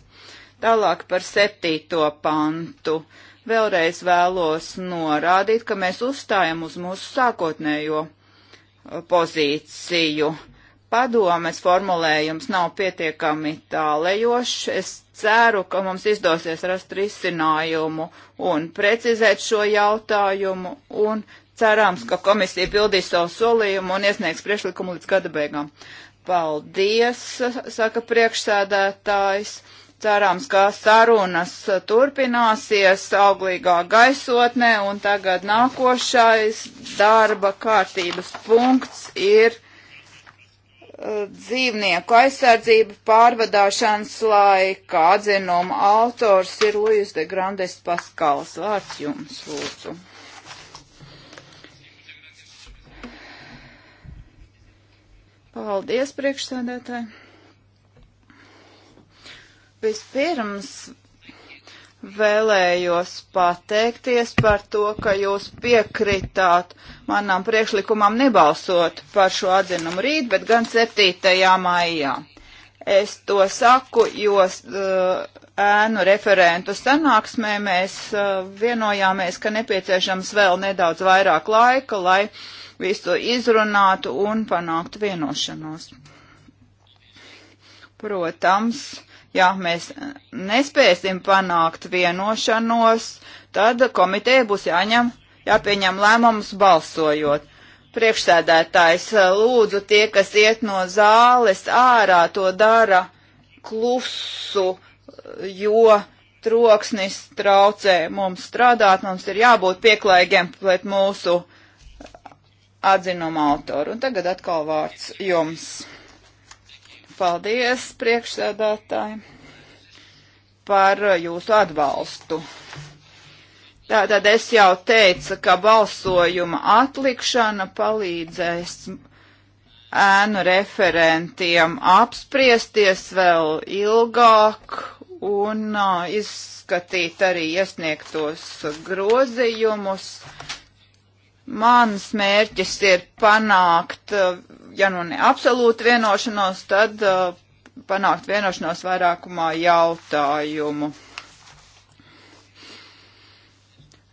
Tālāk par septīto pantu. Uh, Vēlreiz vēlos norādīt, ka mēs uzstājam uz mūsu sākotnējo uh, pozīciju. Padomes formulējums nav pietiekami tālējošs. Es ceru, ka mums izdosies rast risinājumu un precizēt šo jautājumu un cerams, ka komisija pildīs savu solījumu un iesniegs priekšlikumu līdz gada beigām. Paldies, saka priekšsēdētājs. Cerams, ka sarunas turpināsies auglīgā gaisotnē, un tagad nākošais darba kārtības punkts ir uh, dzīvnieku aizsardzība pārvadāšanas laika. Atzinuma autors ir Luis de Grandes Paskals. Vārds jums, lūdzu. Paldies, priekšsēdētāji. Vispirms vēlējos pateikties par to, ka jūs piekritāt manām priekšlikumam nebalsot par šo atzinumu rīt, bet gan 7. maijā. Es to saku, jo uh, ēnu referentu sanāksmē mēs uh, vienojāmies, ka nepieciešams vēl nedaudz vairāk laika, lai visu izrunātu un panāktu vienošanos. Protams, Ja mēs nespēsim panākt vienošanos, tad komiteja būs jāņem, jāpieņem lēmums balsojot. Priekšsēdētājs lūdzu tie, kas iet no zāles ārā, to dara klusu, jo troksnis traucē mums strādāt, mums ir jābūt pieklājīgiem pret mūsu atzinumu autoru. Un tagad atkal vārds jums. Paldies, priekšsēdētāji, par jūsu atbalstu. Tātad es jau teicu, ka balsojuma atlikšana palīdzēs ēnu referentiem apspriesties vēl ilgāk un uh, izskatīt arī iesniegtos grozījumus. Mans mērķis ir panākt uh, ja nu ne absolūti vienošanos, tad uh, panākt vienošanos vairākumā jautājumu.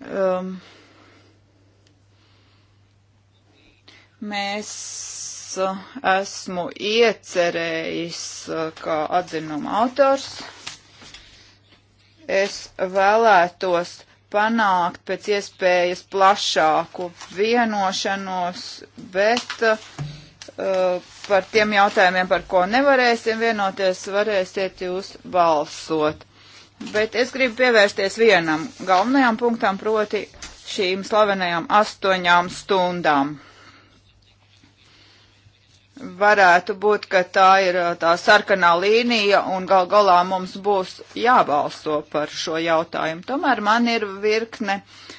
Um, mēs uh, esmu iecerējis uh, kā atzinuma autors. Es vēlētos panākt pēc iespējas plašāku vienošanos, bet uh, Eh, par tiem jautājumiem, par ko nevarēsim vienoties, varēsiet jūs balsot. Bet es gribu pievērsties vienam galvenajam punktam, proti šīm slavenajām astoņām stundām. Varētu būt, ka tā ir eh, tā sarkanā līnija un gal galā mums būs jābalso par šo jautājumu. Tomēr man ir virkne uh,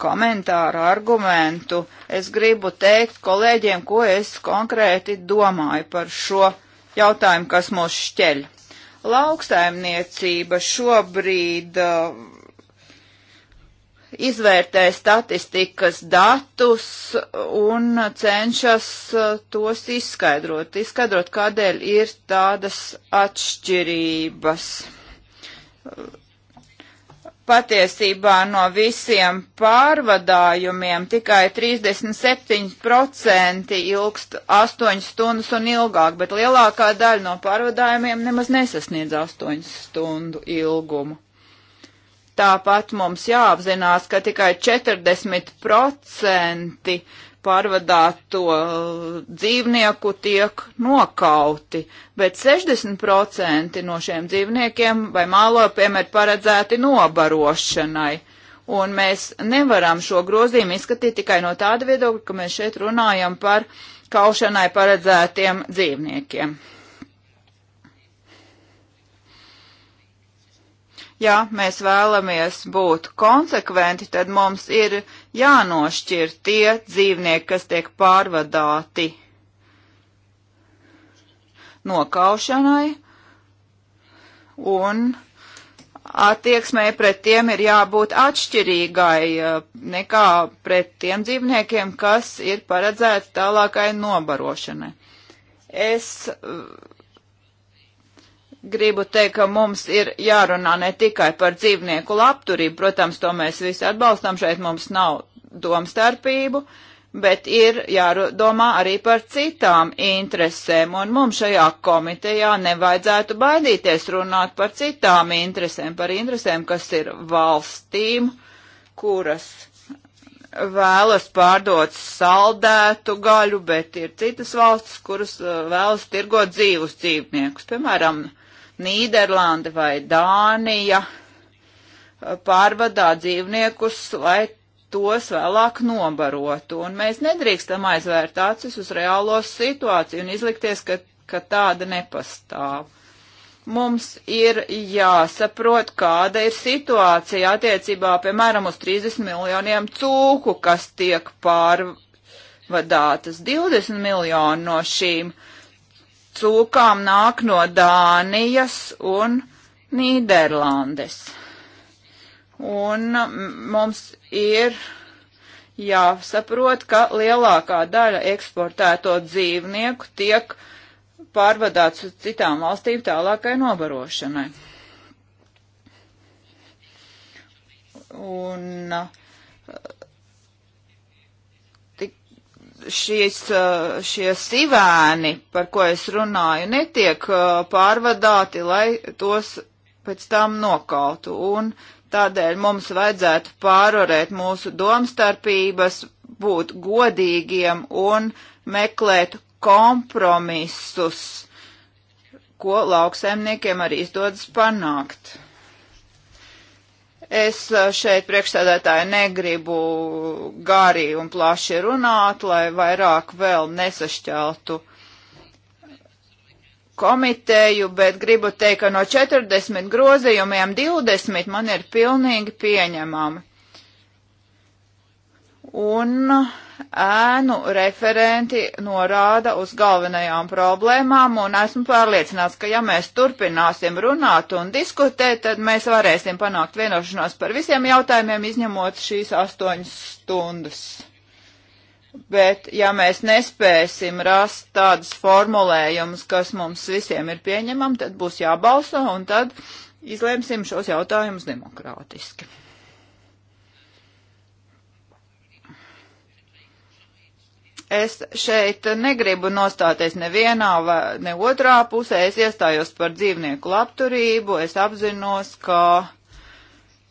komentāru, argumentu. Es gribu teikt kolēģiem, ko es konkrēti domāju par šo jautājumu, kas mūs šķeļ. Lauksaimniecība šobrīd uh, izvērtē statistikas datus un cenšas uh, tos izskaidrot, izskaidrot, kādēļ ir tādas atšķirības patiesībā no visiem pārvadājumiem tikai 37% ilgst 8 stundas un ilgāk, bet lielākā daļa no pārvadājumiem nemaz nesasniedz 8 stundu ilgumu. Tāpat mums jāapzinās, ka tikai 40% pārvadāto uh, dzīvnieku tiek nokauti, bet 60% no šiem dzīvniekiem vai mālopiem ir paredzēti nobarošanai. Un mēs nevaram šo grozījumu izskatīt tikai no tāda viedokļa, ka mēs šeit runājam par kaušanai paredzētiem dzīvniekiem. Ja mēs vēlamies būt konsekventi, tad mums ir jānošķir tie dzīvnieki, kas tiek pārvadāti nokaušanai, un attieksmē pret tiem ir jābūt atšķirīgai eh, nekā pret tiem dzīvniekiem, kas ir paredzēti tālākai nobarošanai. Es gribu teikt, ka mums ir jārunā ne tikai par dzīvnieku labturību, protams, to mēs visi atbalstam, šeit mums nav domstarpību, bet ir jādomā arī par citām interesēm, un mums šajā komitejā nevajadzētu baidīties runāt par citām interesēm, par interesēm, kas ir valstīm, kuras vēlas pārdot saldētu gaļu, bet ir citas valstis, kuras uh, vēlas tirgot dzīvus dzīvniekus. Piemēram, Nīderlanda vai Dānija pārvadā dzīvniekus, lai tos vēlāk nobarotu. Un mēs nedrīkstam aizvērt acis uz reālo situāciju un izlikties, ka, ka tāda nepastāv. Mums ir jāsaprot, kāda ir situācija attiecībā, piemēram, uz 30 miljoniem cūku, kas tiek pārvadātas. 20 miljoni no šīm uh, cūkām nāk no Dānijas un Nīderlandes. Un mums ir jāsaprot, ka lielākā daļa eksportēto dzīvnieku tiek pārvadāts uz citām valstīm tālākai nobarošanai. Un uh, šīs, šie sivēni, par ko es runāju, netiek pārvadāti, lai tos pēc tam nokautu. Un tādēļ mums vajadzētu pārvarēt mūsu domstarpības, būt godīgiem un meklēt kompromisus, ko lauksaimniekiem arī izdodas panākt. Es uh, šeit priekšsēdētāji negribu gārī un plaši runāt, lai vairāk vēl nesašķeltu komiteju, bet gribu teikt, ka no 40 grozījumiem 20 man ir pilnīgi pieņemami. Un uh, ēnu referenti norāda uz galvenajām problēmām, un esmu pārliecināts, ka ja mēs turpināsim runāt un diskutēt, tad mēs varēsim panākt vienošanos par visiem jautājumiem, izņemot šīs astoņas stundas. Bet ja mēs nespēsim rast tādas formulējumus, kas mums visiem ir pieņemam, tad būs jābalso, un tad izlēmsim šos jautājumus demokrātiski. Es šeit negribu nostāties nevienā vai ne otrā pusē. Es iestājos par dzīvnieku labturību. Es apzinos, ka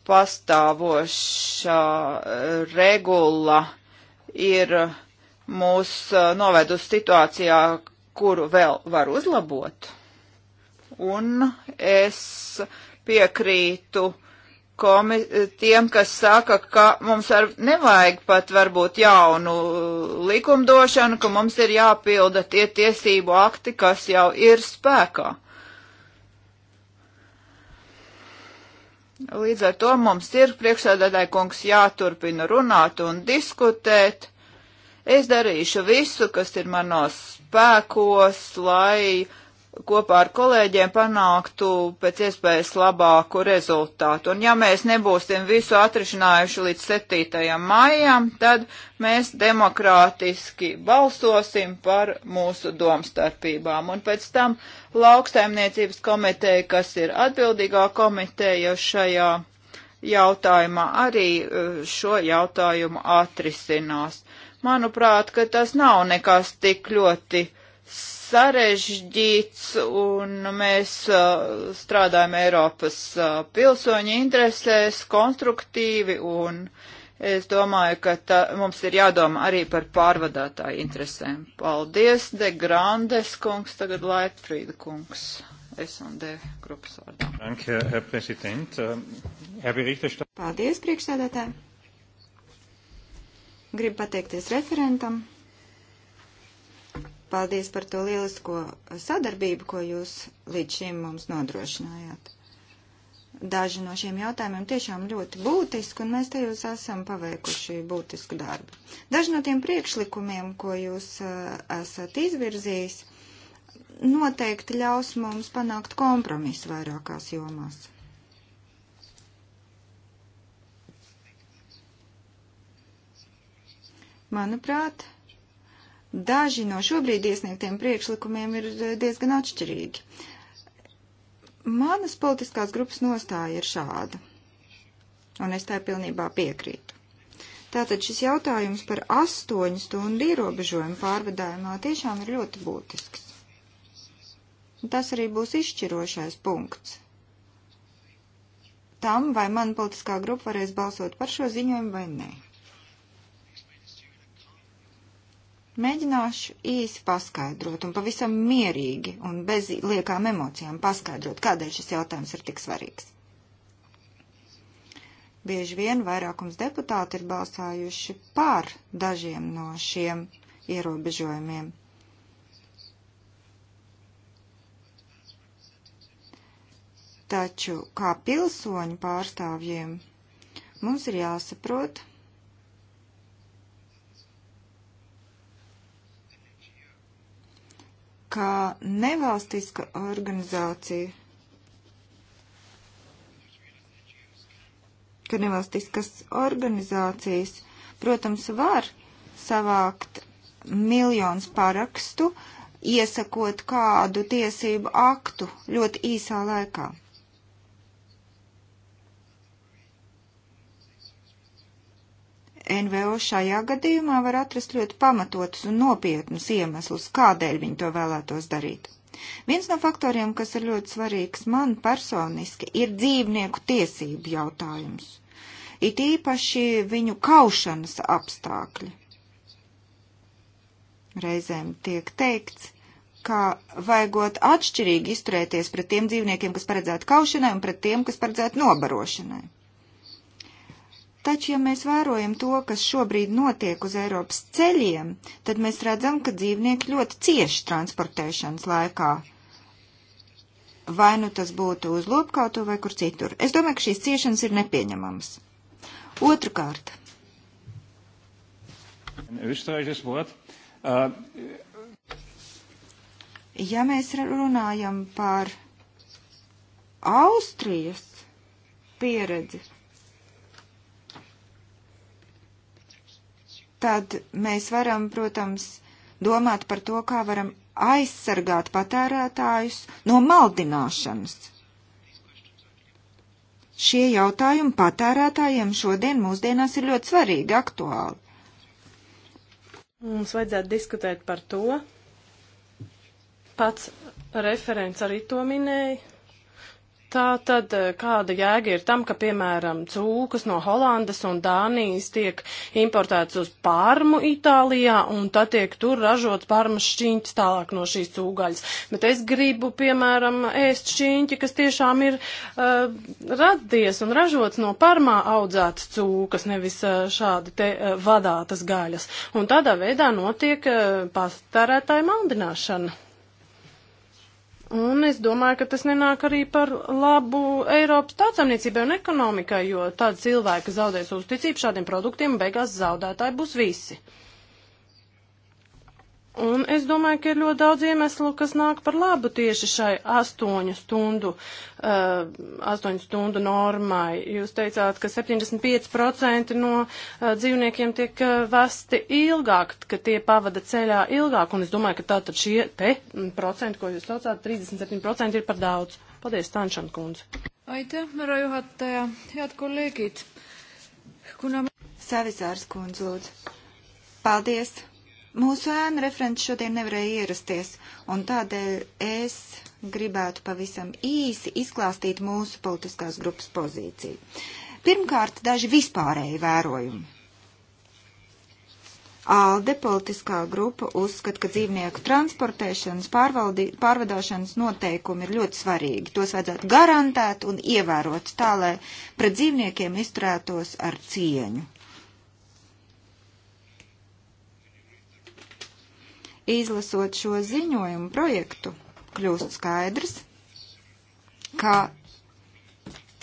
pastāvošā regula ir mūs eh, novedusi situācijā, kuru vēl var uzlabot. Un es piekrītu uh, komi tiem, kas saka, ka mums ar, nevajag pat varbūt jaunu likumdošanu, ka mums ir jāpilda tie tiesību akti, kas jau ir spēkā. Līdz ar to mums ir priekšsēdētāji kungs jāturpina runāt un diskutēt. Es darīšu visu, kas ir manos spēkos, lai kopā ar kolēģiem panāktu pēc iespējas labāku rezultātu. Un ja mēs nebūsim visu atrišinājuši līdz 7. maijam, tad mēs demokrātiski balsosim par mūsu domstarpībām. Un pēc tam lauksaimniecības komiteja, kas ir atbildīgā komiteja šajā jautājumā, arī eh, šo jautājumu atrisinās. Manuprāt, ka tas nav nekas tik ļoti sarežģīts, un mēs uh, strādājam Eiropas uh, pilsoņu interesēs konstruktīvi, un es domāju, ka tā, mums ir jādomā arī par pārvadātāju interesēm. Paldies, De Grandes kungs, tagad Laitfrīda kungs. SD grupas vārdā. Danke, Herr Präsident. Ähm, Herr Berichterstatter. Paldies, priekšsēdētāji. Gribu pateikties referentam Paldies par to lielisko sadarbību, ko jūs līdz šim mums nodrošinājāt. Daži no šiem jautājumiem tiešām ļoti būtiski, un mēs te jūs esam paveikuši būtisku darbu. Daži no tiem priekšlikumiem, ko jūs esat izvirzījis, noteikti ļaus mums panākt kompromisu vairākās jomās. Manuprāt, Daži no šobrīd iesniegtiem priekšlikumiem ir eh, diezgan atšķirīgi. Manas politiskās grupas nostāja ir šāda, un es tā pilnībā piekrītu. Tātad šis jautājums par astoņu stundu ierobežojumu pārvadājumā tiešām ir ļoti būtisks. Un tas arī būs izšķirošais punkts. Tam, vai mana politiskā grupa varēs balsot par šo ziņojumu vai nē. Mēģināšu īsi paskaidrot un pavisam mierīgi un bez liekām emocijām paskaidrot, kādēļ šis jautājums ir tik svarīgs. Bieži vien vairākums deputāti ir balsājuši par dažiem no šiem ierobežojumiem. Taču kā pilsoņu pārstāvjiem mums ir jāsaprot, kā nevalstiska organizācija, ka nevalstiskas organizācijas, protams, var savākt miljonus parakstu, iesakot kādu tiesību aktu ļoti īsā laikā. NVO šajā gadījumā var atrast ļoti pamatotus un nopietnus iemeslus, kādēļ viņi to vēlētos darīt. Viens no faktoriem, kas ir ļoti svarīgs man personiski, ir dzīvnieku tiesību jautājums. It īpaši viņu kaušanas apstākļi. Reizēm tiek teikts, ka vajagot atšķirīgi izturēties pret tiem dzīvniekiem, kas paredzētu kaušanai un pret tiem, kas paredzētu nobarošanai. Taču, ja mēs vērojam to, kas šobrīd notiek uz Eiropas ceļiem, tad mēs redzam, ka dzīvnieki ļoti cieši transportēšanas laikā. Vai nu tas būtu uz lopkautu vai kur citur. Es domāju, ka šīs ciešanas ir nepieņemamas. Otrakārt. Äh, ja mēs runājam par Austrijas pieredzi, tad mēs varam, protams, domāt par to, kā varam aizsargāt patērētājus no maldināšanas. Šie jautājumi patērētājiem šodien mūsdienās ir ļoti svarīgi, aktuāli. Mums vajadzētu diskutēt par to. Pats referents arī to minēja. Tā tad eh, kāda jēga ir tam, ka, piemēram, cūkas no Holandas un Dānijas tiek importēts uz Parmu Itālijā un tad tiek tur ražots Parmas šķiņķis tālāk no šīs cūgaļas. Bet es gribu, piemēram, ēst šķiņķi, kas tiešām ir uh, radies un ražots no Parmā audzētas cūkas, nevis uh, šādi te uh, vadātas gaļas. Un tādā veidā notiek uh, pastarētāja maldināšana. Un es domāju, ka tas nenāk arī par labu Eiropas tautsamniecībai un ekonomikai, jo tad cilvēki zaudēs uzticību šādiem produktiem un beigās zaudētāji būs visi. Uh, Un es domāju, ka ir ļoti daudz iemeslu, kas nāk par labu tieši šai astoņu stundu, uh, astoņu stundu normai. Jūs teicāt, ka 75% no uh, dzīvniekiem tiek uh, vesti ilgāk, ka tie pavada ceļā ilgāk, un es domāju, ka tātad šie te procenti, ko jūs saucāt, 37% ir par daudz. Paldies, Tanšana kundze. Aitäh, härra juhataja, head kolleegid. Kuna... Savisaars kundze, lūdzu. Paldies. Mūsu ēnu referents šodien nevarēja ierasties, un tādēļ es gribētu pavisam īsi izklāstīt mūsu politiskās grupas pozīciju. Pirmkārt, daži vispārēji vērojumi. ALDE politiskā grupa uzskata, ka dzīvnieku transportēšanas pārvadāšanas noteikumi ir ļoti svarīgi. Tos vajadzētu garantēt un ievērot tā, lai pret dzīvniekiem izturētos ar cieņu. Izlasot šo ziņojumu projektu, kļūst skaidrs, ka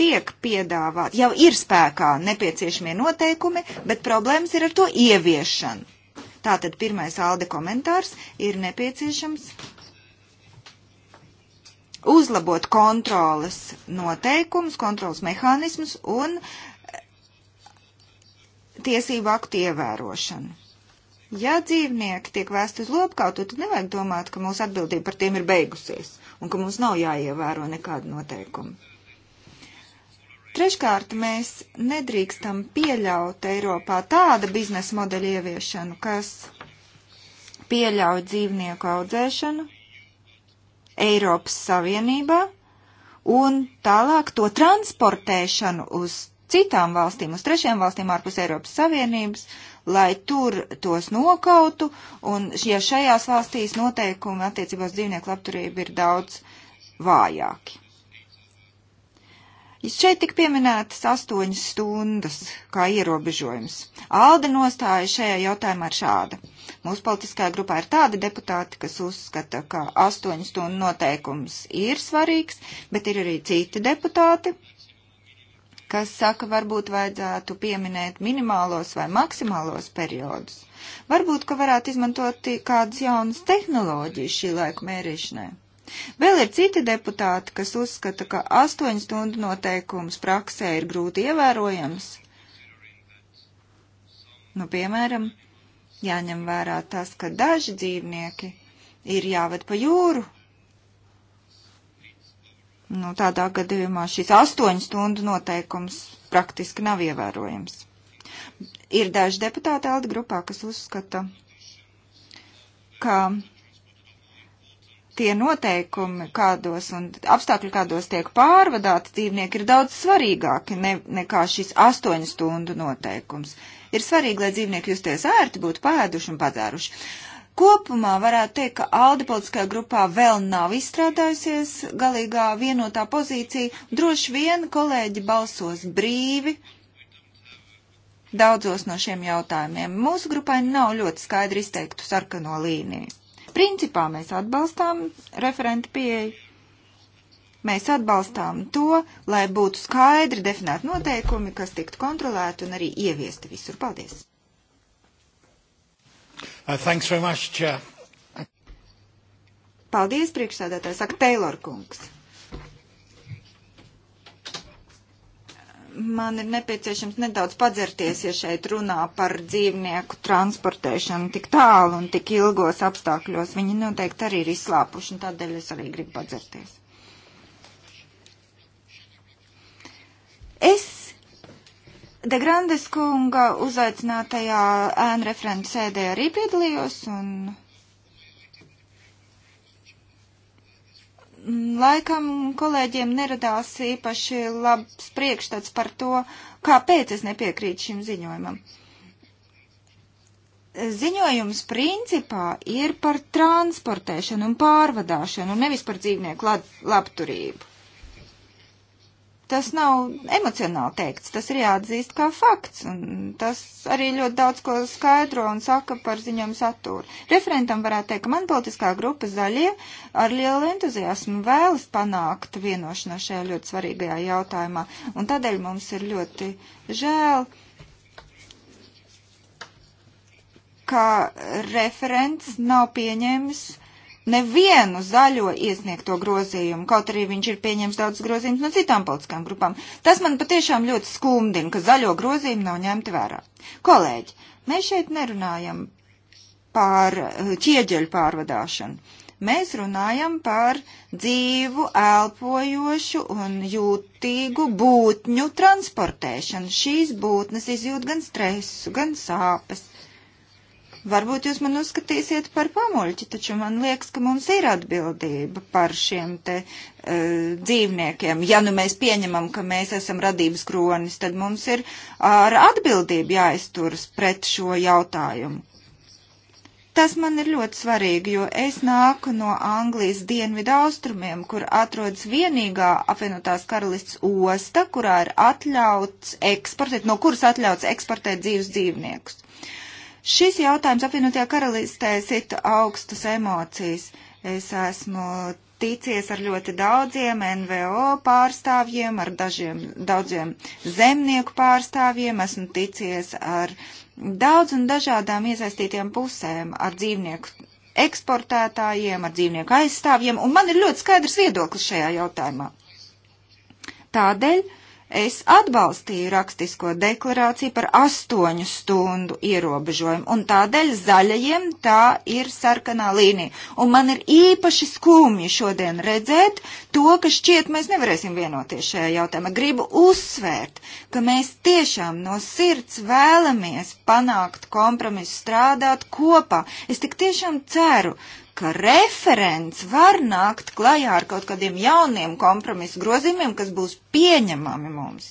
tiek piedāvāt, jau ir spēkā nepieciešamie noteikumi, bet problēmas ir ar to ieviešanu. Tātad pirmais alde komentārs ir nepieciešams uzlabot kontrolas noteikumus, kontrolas mehānismus un tiesību aktu ievērošanu. Ja dzīvnieki tiek vēst uz lopkautu, tad nevajag domāt, ka mūsu atbildība par tiem ir beigusies un ka mums nav jāievēro nekāda noteikuma. Treškārt, mēs nedrīkstam pieļaut Eiropā tāda biznesa modeļa ieviešanu, kas pieļauj dzīvnieku audzēšanu Eiropas Savienībā un tālāk to transportēšanu uz citām valstīm, uz trešajām valstīm ārpus Eiropas Savienības, lai tur tos nokautu, un ja šajās valstīs noteikumi attiecībā uz dzīvnieku labturību ir daudz vājāki. Šeit tik pieminētas astoņas stundas kā ierobežojums. Alde nostāja šajā jautājumā ir šāda. Mūsu politiskajā grupā ir tādi deputāti, kas uzskata, ka astoņu stundu noteikums ir svarīgs, bet ir arī citi deputāti, kas saka, varbūt vajadzētu pieminēt minimālos vai maksimālos periodus. Varbūt, ka varētu izmantot kādas jaunas tehnoloģijas šī laika mērīšanai. Vēl ir citi deputāti, kas uzskata, ka 8 stundu noteikums praksē ir grūti ievērojams. Nu, piemēram, jāņem vērā tas, ka daži dzīvnieki ir jāved pa jūru Nu, tādā gadījumā šis astoņu stundu noteikums praktiski nav ievērojams. Ir daži deputāti Alda grupā, kas uzskata, ka tie noteikumi, kādos un apstākļi, kādos tiek pārvadāti dzīvnieki, ir daudz svarīgāki ne, nekā šis astoņu stundu noteikums. Ir svarīgi, lai dzīvnieki justies ērti, būtu pēduši un padzēruši. Kopumā varētu teikt, ka Alde politiskajā grupā vēl nav izstrādājusies galīgā vienotā pozīcija. Droši vien kolēģi balsos brīvi daudzos no šiem jautājumiem. Mūsu grupai nav ļoti skaidri izteiktu sarkano līniju. Principā mēs atbalstām referenta pieeju. Mēs atbalstām to, lai būtu skaidri definēti noteikumi, kas tiktu kontrolēti un arī ieviesti visur. Paldies! Uh, thanks very much, Chair. Paldies, priekšsēdētāji, saka Taylor kungs. Man ir nepieciešams nedaudz padzerties, ja šeit runā par dzīvnieku transportēšanu tik tālu un tik ilgos apstākļos. Viņi noteikti arī ir izslāpuši, un tādēļ es arī gribu padzerties. Es De Grandes kunga uzaicinātajā ēnu referentu sēdē arī piedalījos un laikam kolēģiem neradās īpaši labs priekšstats par to, kāpēc es nepiekrītu šim ziņojumam. Ziņojums principā ir par transportēšanu un pārvadāšanu, nevis par dzīvnieku labturību tas nav emocionāli teikts, tas ir jāatzīst kā fakts, un tas arī ļoti daudz ko skaidro un saka par ziņojumu saturu. Referentam varētu teikt, ka man politiskā grupa zaļie ar lielu entuziasmu vēlas panākt vienošanos šajā ļoti svarīgajā jautājumā, un tādēļ mums ir ļoti žēl, ka referents nav pieņēmis nevienu zaļo iesniegto grozījumu, kaut arī viņš ir pieņēmis daudz grozījumus no citām politiskām grupām. Tas man patiešām ļoti skumdina, ka zaļo grozījumu nav ņemti vērā. Kolēģi, mēs šeit nerunājam par eh, ķieģeļu pārvadāšanu. Mēs runājam par dzīvu, elpojošu un jūtīgu būtņu transportēšanu. Šīs būtnes izjūt gan stresu, gan sāpes. Varbūt jūs man uzskatīsiet par pamuļķi, taču man liekas, ka mums ir atbildība par šiem te uh, dzīvniekiem. Ja nu mēs pieņemam, ka mēs esam radības kronis, tad mums ir ar atbildību jāizturas pret šo jautājumu. Tas man ir ļoti svarīgi, jo es nāku no Anglijas dienvidu austrumiem, kur atrodas vienīgā apvienotās karalists osta, kurā ir atļauts eksportēt, no kuras atļauts eksportēt dzīves dzīvniekus. Šis jautājums apvienotajā karalistē sita augstas emocijas. Es esmu ticies ar ļoti daudziem NVO pārstāvjiem, ar dažiem, daudziem zemnieku pārstāvjiem, esmu ticies ar daudz un dažādām iesaistītiem pusēm, ar dzīvnieku eksportētājiem, ar dzīvnieku aizstāvjiem, un man ir ļoti skaidrs viedoklis šajā jautājumā. Tādēļ Es atbalstīju rakstisko deklarāciju par astoņu stundu ierobežojumu, un tādēļ zaļajiem tā ir sarkanā līnija. Un man ir īpaši skumji šodien redzēt to, ka šķiet mēs nevarēsim vienoties šajā jautājumā. Gribu uzsvērt, ka mēs tiešām no sirds vēlamies panākt kompromisu, strādāt kopā. Es tik tiešām ceru, uh, ka referents var nākt klajā ar kaut kādiem jauniem kompromisu grozījumiem, kas būs pieņemami mums,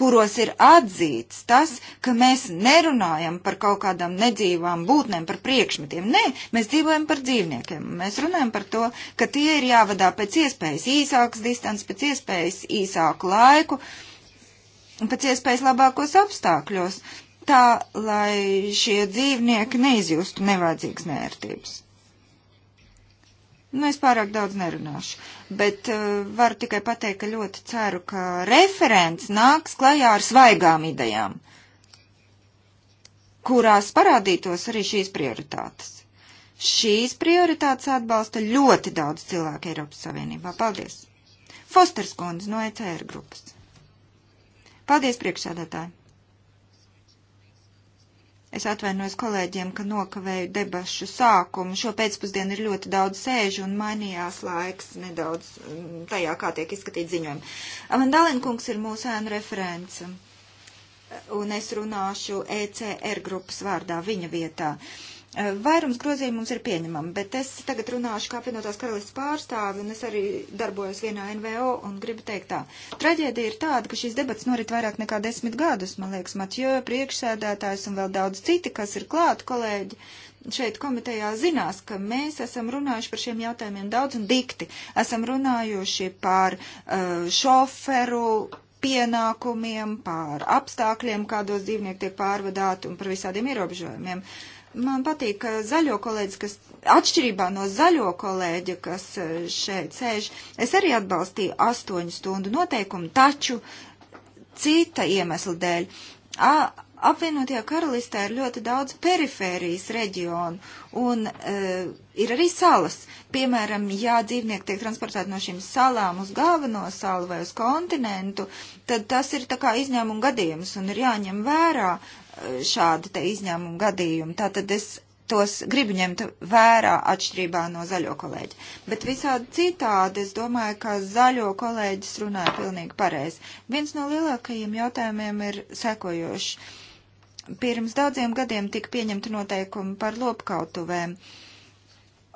kuros ir atzīts tas, ka mēs nerunājam par kaut kādām nedzīvām būtnēm, par priekšmetiem. Nē, mēs dzīvojam par dzīvniekiem. Mēs runājam par to, ka tie ir jāvadā pēc iespējas īsākas distances, pēc iespējas īsāku laiku, pēc iespējas labākos apstākļos, tā, lai šie dzīvnieki neizjustu nevajadzīgas nērtības. Nu, es pārāk daudz nerunāšu, bet uh, varu tikai pateikt, ka ļoti ceru, ka referents nāks klajā ar svaigām idejām, kurās parādītos arī šīs prioritātes. Šīs prioritātes atbalsta ļoti daudz cilvēku Eiropas Savienībā. Paldies! Fosters kundze no ECR grupas. Paldies, priekšsēdētāji! Es atvainojos kolēģiem, ka nokavēju debašu sākumu. Šo pēcpusdienu ir ļoti daudz sēžu un mainījās laiks nedaudz mm, tajā, kā tiek izskatīt ziņojumi. Amandālinkungs ir mūsu ēnu referents. Un es runāšu ECR grupas vārdā viņa vietā. Uh, Vairums grozījumu mums ir pieņemama, bet es tagad runāšu kā apvienotās karalistas pārstāvi, un es arī darbojos vienā NVO, un gribu teikt tā. Traģēdija ir tāda, ka šīs debats norit vairāk nekā desmit gadus, man liekas, Matjo, priekšsēdētājs un vēl daudz citi, kas ir klāt, kolēģi šeit komitejā zinās, ka mēs esam runājuši par šiem jautājumiem daudz un dikti. Esam runājuši par uh, šoferu pienākumiem, par apstākļiem, kādos dzīvnieki tiek pārvadāti un par visādiem ierobežojumiem. Uh, Man patīk zaļo kolēģis, kas atšķirībā no zaļo kolēģa, kas eh, šeit sēž, es arī atbalstīju astoņu stundu noteikumu, taču cita iemesla dēļ. A, apvienotajā karalistē ir ļoti daudz perifērijas reģionu un e, ir arī salas. Piemēram, ja dzīvnieki tiek transportēti no šīm salām uz galveno salu vai uz kontinentu, tad tas ir tā kā izņēmuma gadījums un ir jāņem vērā šādu te izņēmumu gadījumu. Tātad es tos gribu ņemt vērā atšķirībā no zaļo kolēģi. Bet visādi citādi es domāju, ka zaļo kolēģis runāja pilnīgi pareizi. Viens no lielākajiem jautājumiem ir sekojošs. Pirms daudziem gadiem tika pieņemta noteikumi par lopkautuvēm. Uh,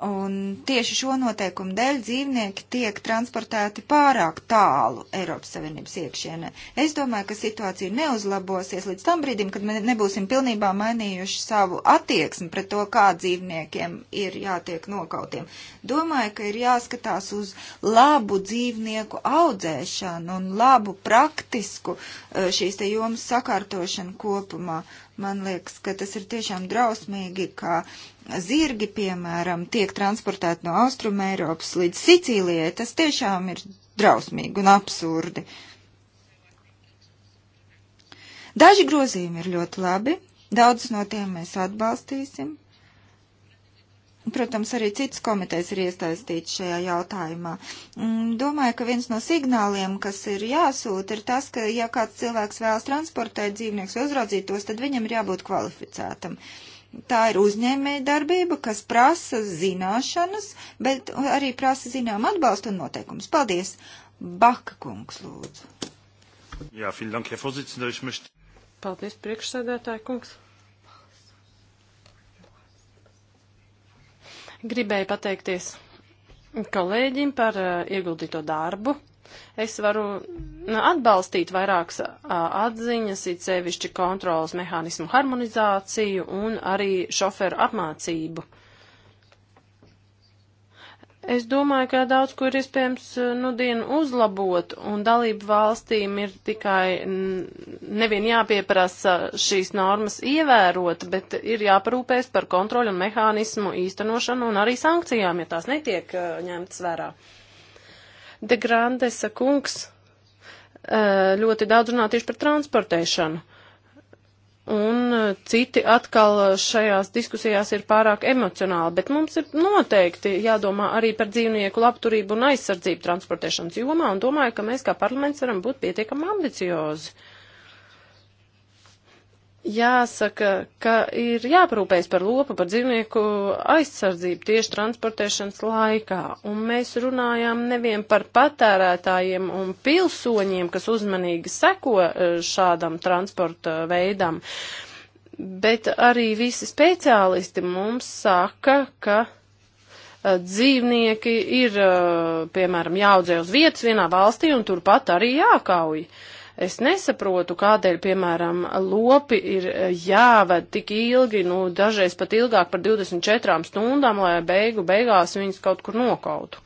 Un tieši šo noteikumu dēļ dzīvnieki tiek transportēti pārāk tālu Eiropas Savienības iekšienē. Es domāju, ka situācija neuzlabosies līdz tam brīdim, kad mēs nebūsim pilnībā mainījuši savu attieksmi pret to, kā dzīvniekiem ir jātiek nokautiem. Domāju, ka ir jāskatās uz labu dzīvnieku audzēšanu un labu praktisku eh, šīs te jomas sakārtošanu kopumā. Man liekas, ka tas ir tiešām drausmīgi, ka zirgi, piemēram, tiek transportēti no Austrum Eiropas līdz Sicīlijai, tas tiešām ir drausmīgi un absurdi. Daži grozījumi ir ļoti labi, daudz no tiem mēs atbalstīsim. Protams, arī citas komitejas ir iesaistīts šajā jautājumā. Mm, domāju, ka viens no signāliem, kas ir jāsūta, ir tas, ka ja kāds cilvēks vēlas transportēt dzīvniekus vai uzraudzīt tos, tad viņam ir jābūt kvalificētam. Uh, tā ir uzņēmēja darbība, kas prasa zināšanas, bet arī prasa zinām atbalstu un noteikumus. Paldies! Baka kungs, lūdzu. Jā, Dank, Herr ich möchte... Paldies, priekšsēdētāji kungs. Gribēju pateikties kolēģim par uh, ieguldīto darbu. Es varu atbalstīt vairākas atziņas, it sevišķi kontrolas mehānismu harmonizāciju un arī šoferu apmācību. Es domāju, ka daudz ko ir iespējams nu dienu uzlabot, un dalību valstīm ir tikai nevien jāpieprasa šīs normas ievērot, bet ir jāparūpēs par kontroļu un mehānismu īstenošanu un arī sankcijām, ja tās netiek ņemtas vērā. De Grandesa kungs eh, ļoti daudz runā tieši par transportēšanu. Un eh, citi atkal šajās diskusijās ir pārāk emocionāli, bet mums ir noteikti jādomā arī par dzīvnieku labturību un aizsardzību transportēšanas jomā, un domāju, ka mēs kā parlaments varam būt pietiekami ambiciozi. Uh, jāsaka, ka ir jāparūpējas par lopu, par dzīvnieku aizsardzību tieši transportēšanas laikā. Un mēs runājām nevien par patērētājiem un pilsoņiem, kas uzmanīgi seko e, šādam transporta e, veidam, bet arī visi speciālisti mums saka, ka e, dzīvnieki ir, piemēram, jāaudzē uz vietas vienā valstī un turpat arī jākauj. Uh, Es nesaprotu, kādēļ, piemēram, lopi ir eh, jāved tik ilgi, nu, dažreiz pat ilgāk par 24 stundām, lai beigu beigās viņus kaut kur nokautu.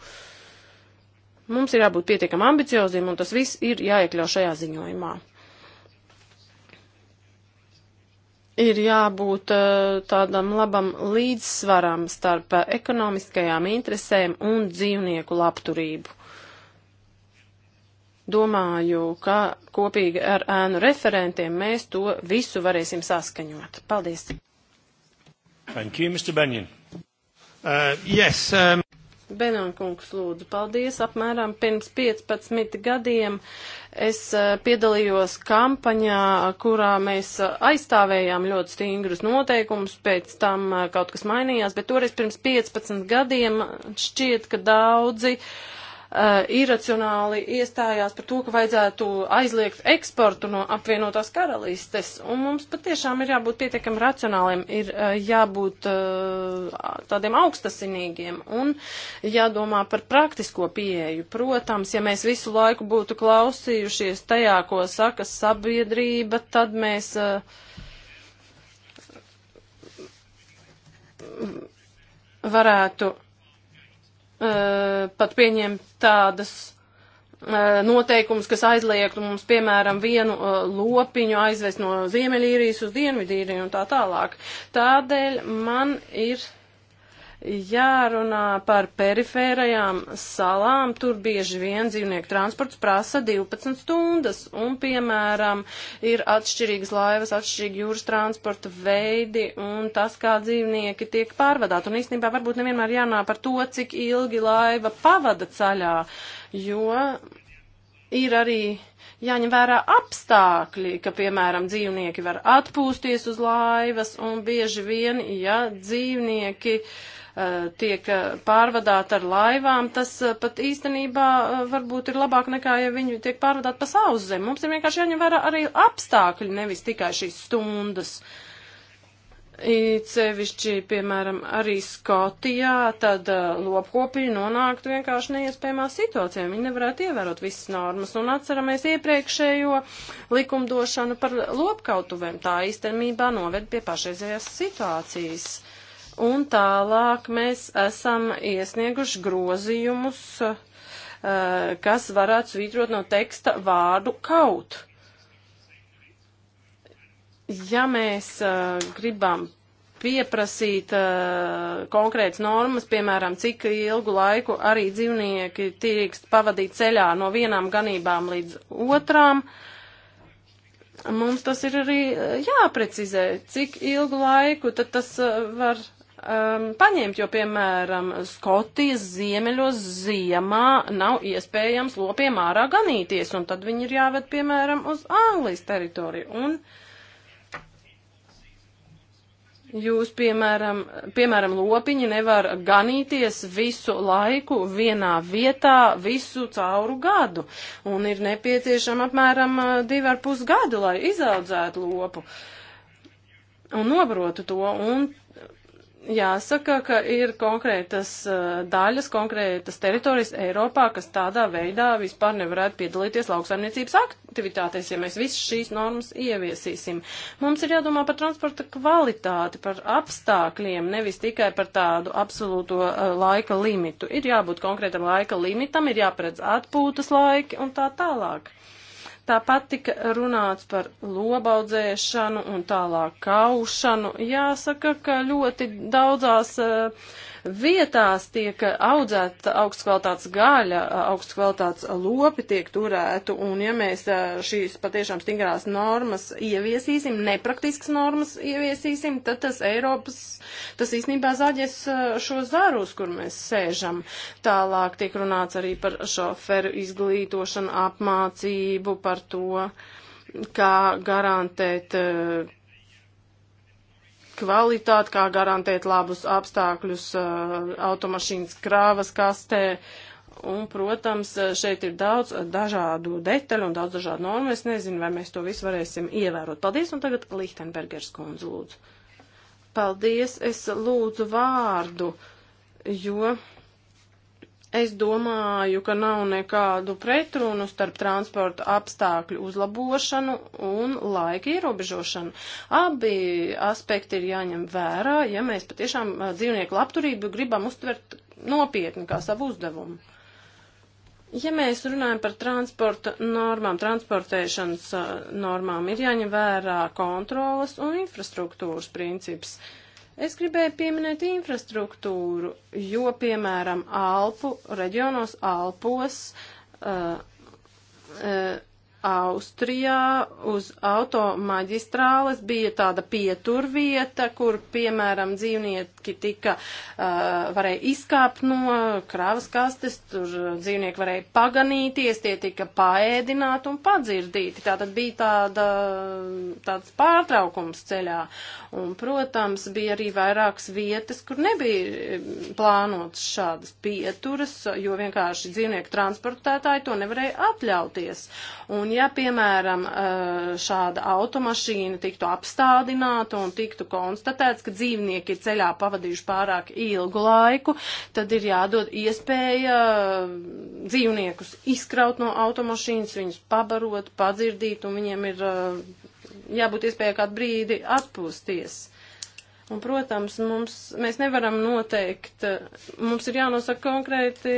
Mums ir jābūt pietiekam ambicioziem, un tas viss ir jāiekļau šajā ziņojumā. ir jābūt eh, tādam labam līdzsvaram starp eh, ekonomiskajām interesēm un dzīvnieku labturību. Domāju, ka kopīgi ar ēnu referentiem mēs to visu varēsim saskaņot. Paldies! Thank you, Mr. Benjen. Uh, yes, um... Benankungs lūdzu, paldies. Apmēram pirms 15 gadiem es uh, piedalījos kampaņā, kurā mēs uh, aizstāvējām ļoti stingrus noteikumus, pēc tam uh, kaut kas mainījās, bet toreiz pirms 15 gadiem šķiet, ka daudzi uh, uh, iracionāli iestājās par to, ka vajadzētu aizliegt eksportu no apvienotās karalistes. Un mums patiešām ir jābūt pietiekam racionāliem, ir uh, jābūt uh, tādiem augstasinīgiem un jādomā par praktisko pieeju. Protams, ja mēs visu laiku būtu klausījušies tajā, ko saka sabiedrība, tad mēs. Uh, varētu Eh, pat pieņemt tādas eh, noteikumus, kas aizliegtu mums, piemēram, vienu uh, lopiņu aizvest no Ziemeļīrijas uz Dienvidīriju un tā tālāk. Tādēļ man ir Jārunā par perifērajām salām, tur bieži vien dzīvnieku transports prasa 12 stundas, un, piemēram, ir atšķirīgas laivas, atšķirīgi jūras transporta veidi, un tas, kā dzīvnieki tiek pārvadāti. Un īstenībā varbūt nevienmēr jārunā par to, cik ilgi laiva pavada ceļā, jo ir arī jāņem vērā apstākļi, ka, piemēram, dzīvnieki var atpūsties uz laivas, un bieži vien, ja dzīvnieki uh, Eh, tiek eh, pārvadāti ar laivām, tas eh, pat īstenībā varbūt ir labāk nekā, ja viņi tiek pārvadāti pa sauszemi. Mums ir vienkārši jāņem vērā arī apstākļi, nevis tikai šīs stundas. Īcevišķi, piemēram, arī Skotijā, tad uh, lopkopļi nonāktu vienkārši neiespējamā situācijā. Viņi nevarētu ievērot visas normas. Un atceramies iepriekšējo likumdošanu par lopkautuvēm. Tā īstenībā noved pie pašreizējās situācijas. Uh, Un tālāk mēs esam iesnieguši grozījumus, eh, kas varētu svītrot no teksta vārdu kaut. Ja mēs eh, gribam pieprasīt uh, eh, konkrētas normas, piemēram, cik ilgu laiku arī dzīvnieki tiekst pavadīt ceļā no vienām ganībām līdz otrām. Mums tas ir arī jāprecizē, cik ilgu laiku tad tas uh, var um, paņemt, jo, piemēram, Skotijas ziemeļos ziemā nav iespējams lopiem ārā ganīties, un tad viņi ir jāved, piemēram, uz Anglijas teritoriju. Un, uh, Jūs, piemēram, piemēram, lopiņi nevar ganīties visu laiku vienā vietā visu cauru gadu, un ir nepieciešama apmēram uh, divi ar pus gadu, lai izaudzētu lopu un nobrotu to, un jāsaka, ka ir konkrētas eh, daļas, konkrētas teritorijas Eiropā, kas tādā veidā vispār nevarētu piedalīties lauksaimniecības aktivitātēs, ja mēs visas šīs normas ieviesīsim. Mums ir jādomā par transporta kvalitāti, par apstākļiem, nevis tikai par tādu absolūto eh, laika limitu. Ir jābūt konkrētam laika limitam, ir jāparedz atpūtas laiki un tā tālāk. Tāpat tika runāts par lobaudzēšanu un tālāk kaušanu. Jāsaka, ka ļoti daudzās uh, Vietās tiek audzēta augsts kvalitātes gaļa, augsts kvalitātes lopi tiek turētu, un ja mēs šīs patiešām stingrās normas ieviesīsim, nepraktiskas normas ieviesīsim, tad tas Eiropas, tas īstenībā zaģēs šo zarus, kur mēs sēžam. Tālāk tiek runāts arī par šoferu izglītošanu, apmācību, par to kā garantēt uh, kvalitāti, kā garantēt labus apstākļus uh, automašīnas krāvas kastē. Un, protams, uh, šeit ir daudz uh, dažādu detaļu un daudz dažādu normu. Es nezinu, vai mēs to visu varēsim ievērot. Paldies, un tagad Lichtenbergers kundze lūdzu. Paldies, es lūdzu vārdu, jo Es domāju, ka nav nekādu pretrunu starp transporta apstākļu uzlabošanu un laika ierobežošanu. Abi aspekti ir jāņem vērā, ja mēs patiešām dzīvnieku labturību gribam uztvert nopietni kā savu uzdevumu. Ja mēs runājam par transporta normām, transportēšanas normām, ir jāņem vērā kontrolas un infrastruktūras princips. Uh, Es gribēju pieminēt infrastruktūru, jo, piemēram, Alpu reģionos, Alpos, uh, uh, Austrijā uz automaģistrāles bija tāda pieturvieta, kur, piemēram, dzīvnieki tika, uh, varēja izkāpt no krāvas kastes, tur dzīvnieki varēja paganīties, tie tika paēdināti un padzirdīti. Tātad bija tāda, tāds pārtraukums ceļā. Un, protams, bija arī vairākas vietas, kur nebija plānotas šādas pieturas, jo vienkārši dzīvnieku transportētāji to nevarēja atļauties. Un Un ja, piemēram, šāda automašīna tiktu apstādināta un tiktu konstatēts, ka dzīvnieki ir ceļā pavadījuši pārāk ilgu laiku, tad ir jādod iespēja dzīvniekus izkraut no automašīnas, viņus pabarot, padzirdīt, un viņiem ir jābūt iespējai kādu brīdi atpūsties. Un, protams, mums, mēs nevaram noteikt, mums ir jānosaka konkrēti,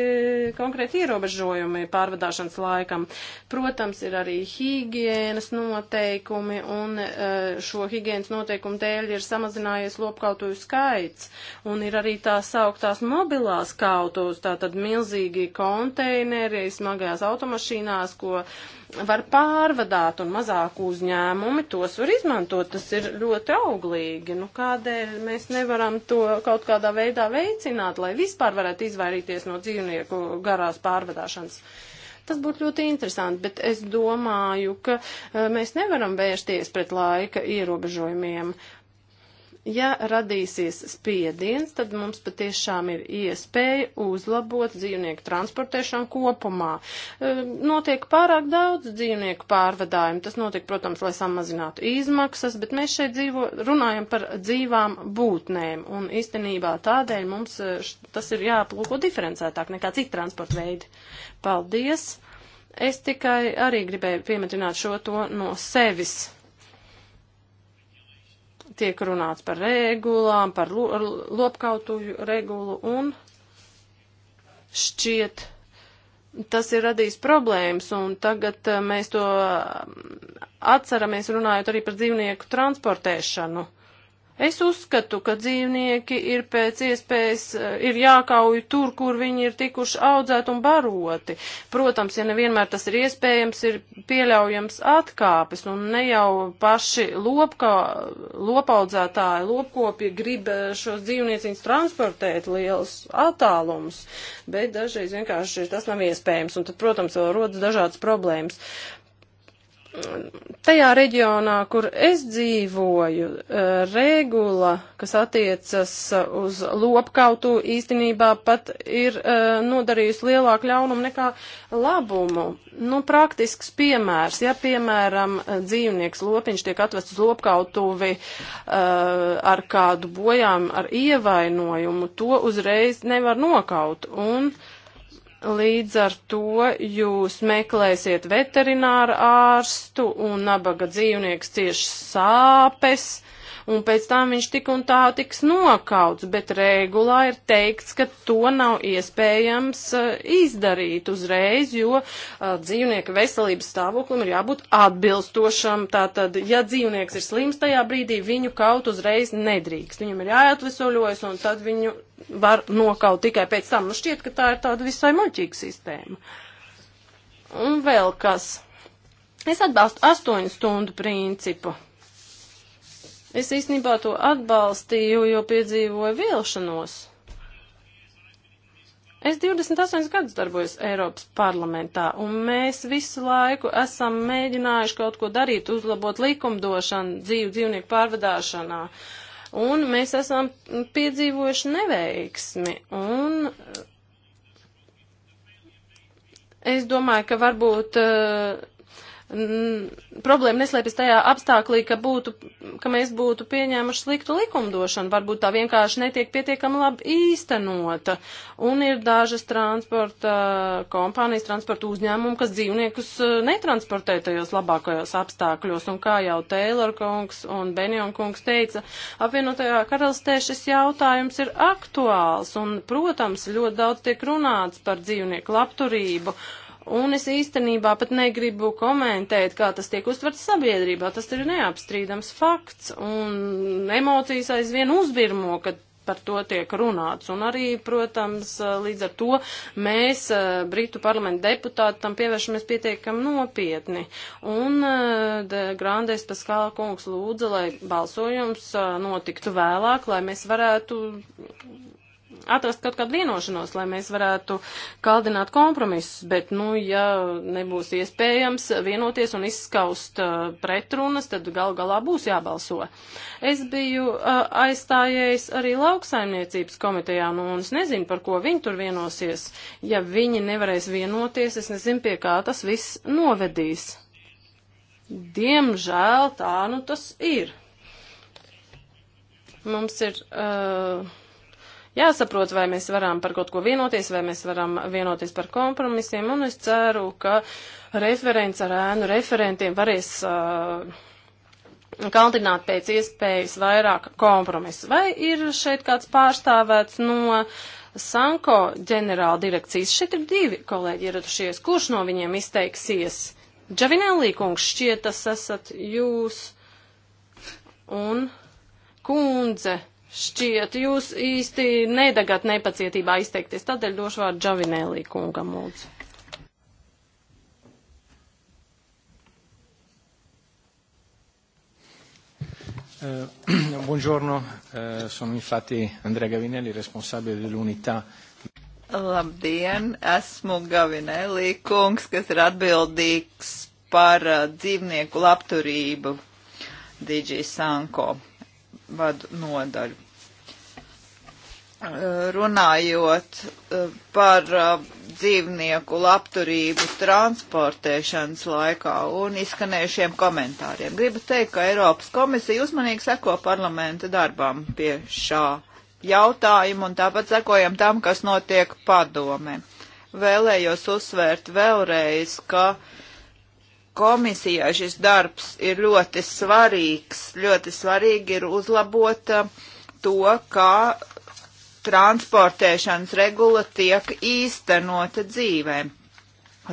konkrēti ierobežojumi pārvadāšanas laikam. Protams, ir arī higienas noteikumi, un eh, šo higienas noteikumu dēļ ir samazinājies lopkautuju skaits, un ir arī tā sauktās mobilās kautos, tātad milzīgi konteineri smagajās automašīnās, ko uh, var pārvadāt un mazāk uzņēmumi tos var izmantot. Tas ir ļoti auglīgi. Nu, kādēļ mēs nevaram to kaut kādā veidā veicināt, lai vispār varētu izvairīties no dzīvnieku garās pārvadāšanas? Tas būtu ļoti interesanti, bet es domāju, ka eh, mēs nevaram vērsties pret laika ierobežojumiem. Uh, Ja radīsies spiediens, tad mums patiešām ir iespēja uzlabot dzīvnieku transportēšanu kopumā. E, notiek pārāk daudz dzīvnieku pārvadājumu. Tas notiek, protams, lai samazinātu izmaksas, bet mēs šeit dzīvo, runājam par dzīvām būtnēm. Un īstenībā tādēļ mums e, tas ir jāplūko diferencētāk nekā citi transporta veidi. Paldies! Es tikai arī gribēju piemetināt šo to no sevis tiek runāts par regulām, par lo, lopkautuju regulu un šķiet tas ir radījis problēmas, un tagad eh, mēs to mm, atceramies runājot arī par dzīvnieku transportēšanu. Es uzskatu, ka dzīvnieki ir pēc iespējas, eh, ir jākauj tur, kur viņi ir tikuši audzēti un baroti. Protams, ja nevienmēr tas ir iespējams, ir pieļaujams atkāpes, un ne jau paši lopka, lopaudzētāji, lopkopji grib eh, šos dzīvnieciņus transportēt liels attālums, bet dažreiz vienkārši tas nav iespējams, un tad, protams, vēl rodas dažādas problēmas tajā reģionā, kur es dzīvoju, eh, regula, kas attiecas eh, uz lopkautu, īstenībā pat ir eh, nodarījusi lielāku ļaunumu nekā labumu. Nu, praktisks piemērs, ja, piemēram, dzīvnieks lopiņš tiek atvests uz lopkautuvi ar kādu bojām, ar ievainojumu, to uzreiz nevar nokaut. Un, Līdz ar to jūs meklēsiet veterināru ārstu un nabaga dzīvnieks cieši sāpes, un pēc tam viņš tik un tā tiks nokauts, bet regulā ir teikts, ka to nav iespējams uh, izdarīt uzreiz, jo uh, dzīvnieka veselības stāvoklim ir jābūt atbilstošam. Tātad, ja dzīvnieks ir slims tajā brīdī, viņu kaut uzreiz nedrīkst. Viņam ir jāatvesoļojas, un tad viņu var nokaut tikai pēc tam. Nu šķiet, ka tā ir tāda visai muļķīga sistēma. Un vēl kas. Es atbalstu astoņu stundu principu. Es īstenībā to atbalstīju, jo piedzīvoju vilšanos. Es 28 gadus darbojos Eiropas parlamentā, un mēs visu laiku esam mēģinājuši kaut ko darīt, uzlabot likumdošanu dzīvu dzīvnieku pārvadāšanā. Uh, un mēs esam piedzīvojuši neveiksmi. Un, eh, Es domāju, ka varbūt uh, problēma neslēpjas tajā apstāklī, ka, būtu, ka mēs būtu pieņēmuši sliktu likumdošanu, varbūt tā vienkārši netiek pietiekami labi īstenota. Un ir dažas transporta eh, kompānijas, transporta uzņēmumi, kas dzīvniekus eh, netransportē tajos labākajos apstākļos. Un kā jau Taylor kungs un Benjon kungs teica, apvienotajā karalistē šis jautājums ir aktuāls. Un, protams, ļoti daudz tiek runāts par dzīvnieku labturību Un es īstenībā pat negribu komentēt, kā tas tiek uztverts sabiedrībā. Tas ir neapstrīdams fakts, un emocijas aizvien uzbirmo, kad par to tiek runāts. Un arī, protams, līdz ar to mēs, eh, Britu parlamenta deputāti, tam pievēršamies pietiekam nopietni. Un eh, Grandēs Paskāla kungs lūdza, lai balsojums eh, notiktu vēlāk, lai mēs varētu atrast kaut kādu vienošanos, lai mēs varētu kaldināt kompromisus, bet, nu, ja nebūs iespējams vienoties un izskaust uh, pretrunas, tad gal galā būs jābalso. Es biju uh, aizstājies arī lauksaimniecības komitejā, nu, un es nezinu, par ko viņi tur vienosies. Ja viņi nevarēs vienoties, es nezinu, pie kā tas viss novedīs. Diemžēl tā nu tas ir. Mums ir uh, Jāsaprot, vai mēs varam par kaut ko vienoties, vai mēs varam vienoties par kompromisiem, un es ceru, ka referents ar ēnu referentiem varēs uh, kaldināt pēc iespējas vairāk kompromisu. Vai ir šeit kāds pārstāvēts no Sanko ģenerāla direkcijas? Šeit ir divi kolēģi ieradušies. Kurš no viņiem izteiksies? Džavinēlī kungs, šķiet tas esat jūs un kundze. Šķiet, jūs īsti nedagāt nepacietībā izteikties, tādēļ došu vārdu Džavinēlī kungam lūdzu. Eh, buongiorno, eh, sono infatti Andrea Gavinelli, responsabile dell'unità. Labdien, esmu Gavinelli kungs, kas ir atbildīgs par eh, dzīvnieku labturību Digi Sanko vadu nodaļu. Eh, runājot eh, par eh, dzīvnieku labturību transportēšanas laikā un izskanējušiem komentāriem. Gribu teikt, ka Eiropas komisija uzmanīgi seko parlamenta darbām pie šā jautājuma un tāpat sekojam tam, kas notiek padome. Vēlējos uzsvērt vēlreiz, ka uh, komisijai šis darbs ir ļoti svarīgs. Ļoti svarīgi ir uzlabot uh, to, kā transportēšanas regula tiek īstenota dzīvē.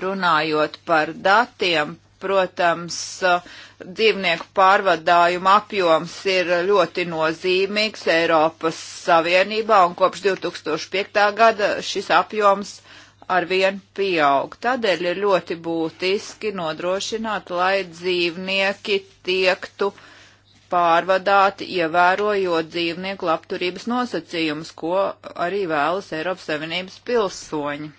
Runājot par datiem, protams, uh, dzīvnieku pārvadājuma apjoms ir ļoti nozīmīgs Eiropas Savienībā, un kopš 2005. gada šis apjoms arvien pieaug. Tādēļ ir ļoti būtiski nodrošināt, lai dzīvnieki tiektu pārvadāti, ievērojot dzīvnieku labturības nosacījumus, ko arī vēlas Eiropas Savienības pilsoņi.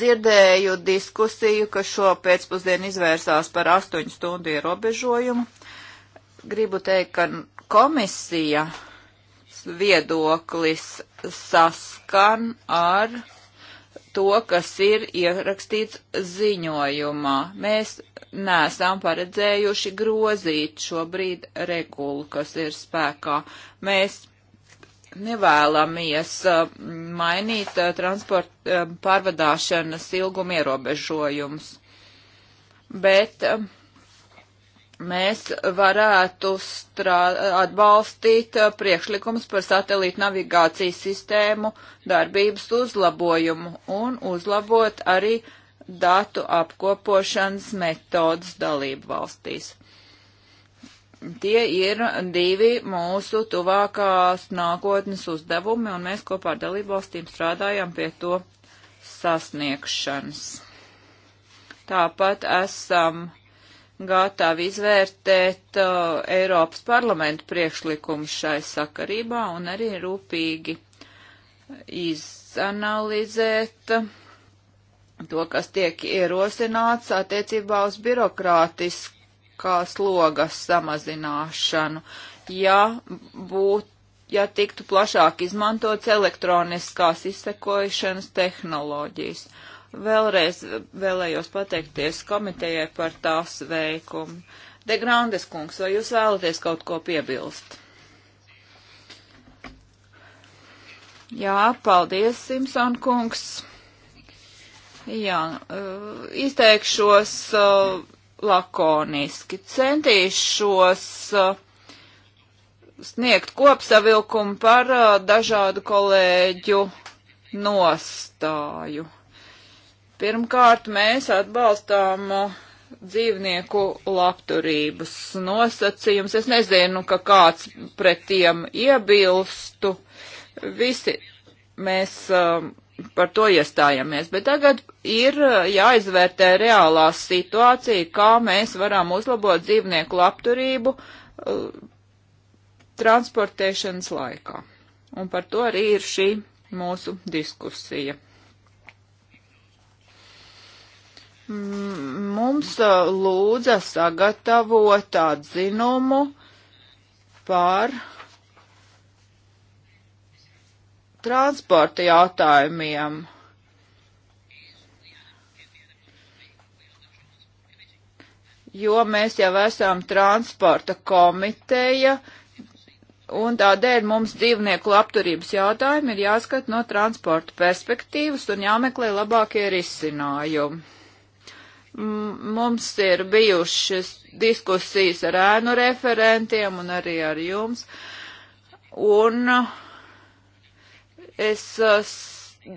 Dzirdēju diskusiju, kas šo pēcpusdienu izvērsās par 8 stundu ierobežojumu. Gribu teikt, ka komisija uh, viedoklis saskan ar to, kas ir ierakstīts ziņojumā. Mēs neesam paredzējuši grozīt šobrīd regulu, kas ir spēkā. Mēs nevēlamies uh, mainīt uh, transporta uh, pārvadāšanas ilgumu ierobežojumus, bet um, mēs varētu atbalstīt uh, priekšlikums par satelītu navigācijas sistēmu darbības uzlabojumu un uzlabot arī datu apkopošanas metodas dalību valstīs. Tie ir divi mūsu tuvākās nākotnes uzdevumi, un mēs kopā ar dalību valstīm strādājam pie to sasniegšanas. Tāpat esam um, gatavi izvērtēt uh, Eiropas parlamentu priekšlikumu šai sakarībā un arī rūpīgi izanalizēt to, kas tiek ierosināts attiecībā uz birokrātiskā sloga samazināšanu. Ja būtu ja tiktu plašāk izmantots elektroniskās izsekošanas tehnoloģijas. Uh, Vēlreiz vēlējos pateikties komitejai par tās veikumu. De Grandes kungs, vai jūs vēlaties kaut ko piebilst? Jā, paldies, Simpson kungs. Jā, eh, izteikšos eh, lakoniski. Centīšos eh, sniegt kopsavilkumu par dažādu kolēģu nostāju. Pirmkārt, mēs atbalstām uh, dzīvnieku labturības nosacījums. Es nezinu, ka kāds pret tiem iebilstu. Visi mēs um, par to iestājamies, bet tagad ir uh, jāizvērtē reālā situācija, kā mēs varam uzlabot dzīvnieku labturību uh, transportēšanas laikā. Un par to arī ir šī mūsu diskusija. mums uh, lūdza sagatavot atzinumu par transporta jautājumiem. Jo mēs jau esam transporta komiteja, un tādēļ mums dzīvnieku labturības jautājumi ir jāskat no transporta perspektīvas un jāmeklē labākie risinājumi. Mums ir bijušas diskusijas ar ēnu referentiem un arī ar jums. Un es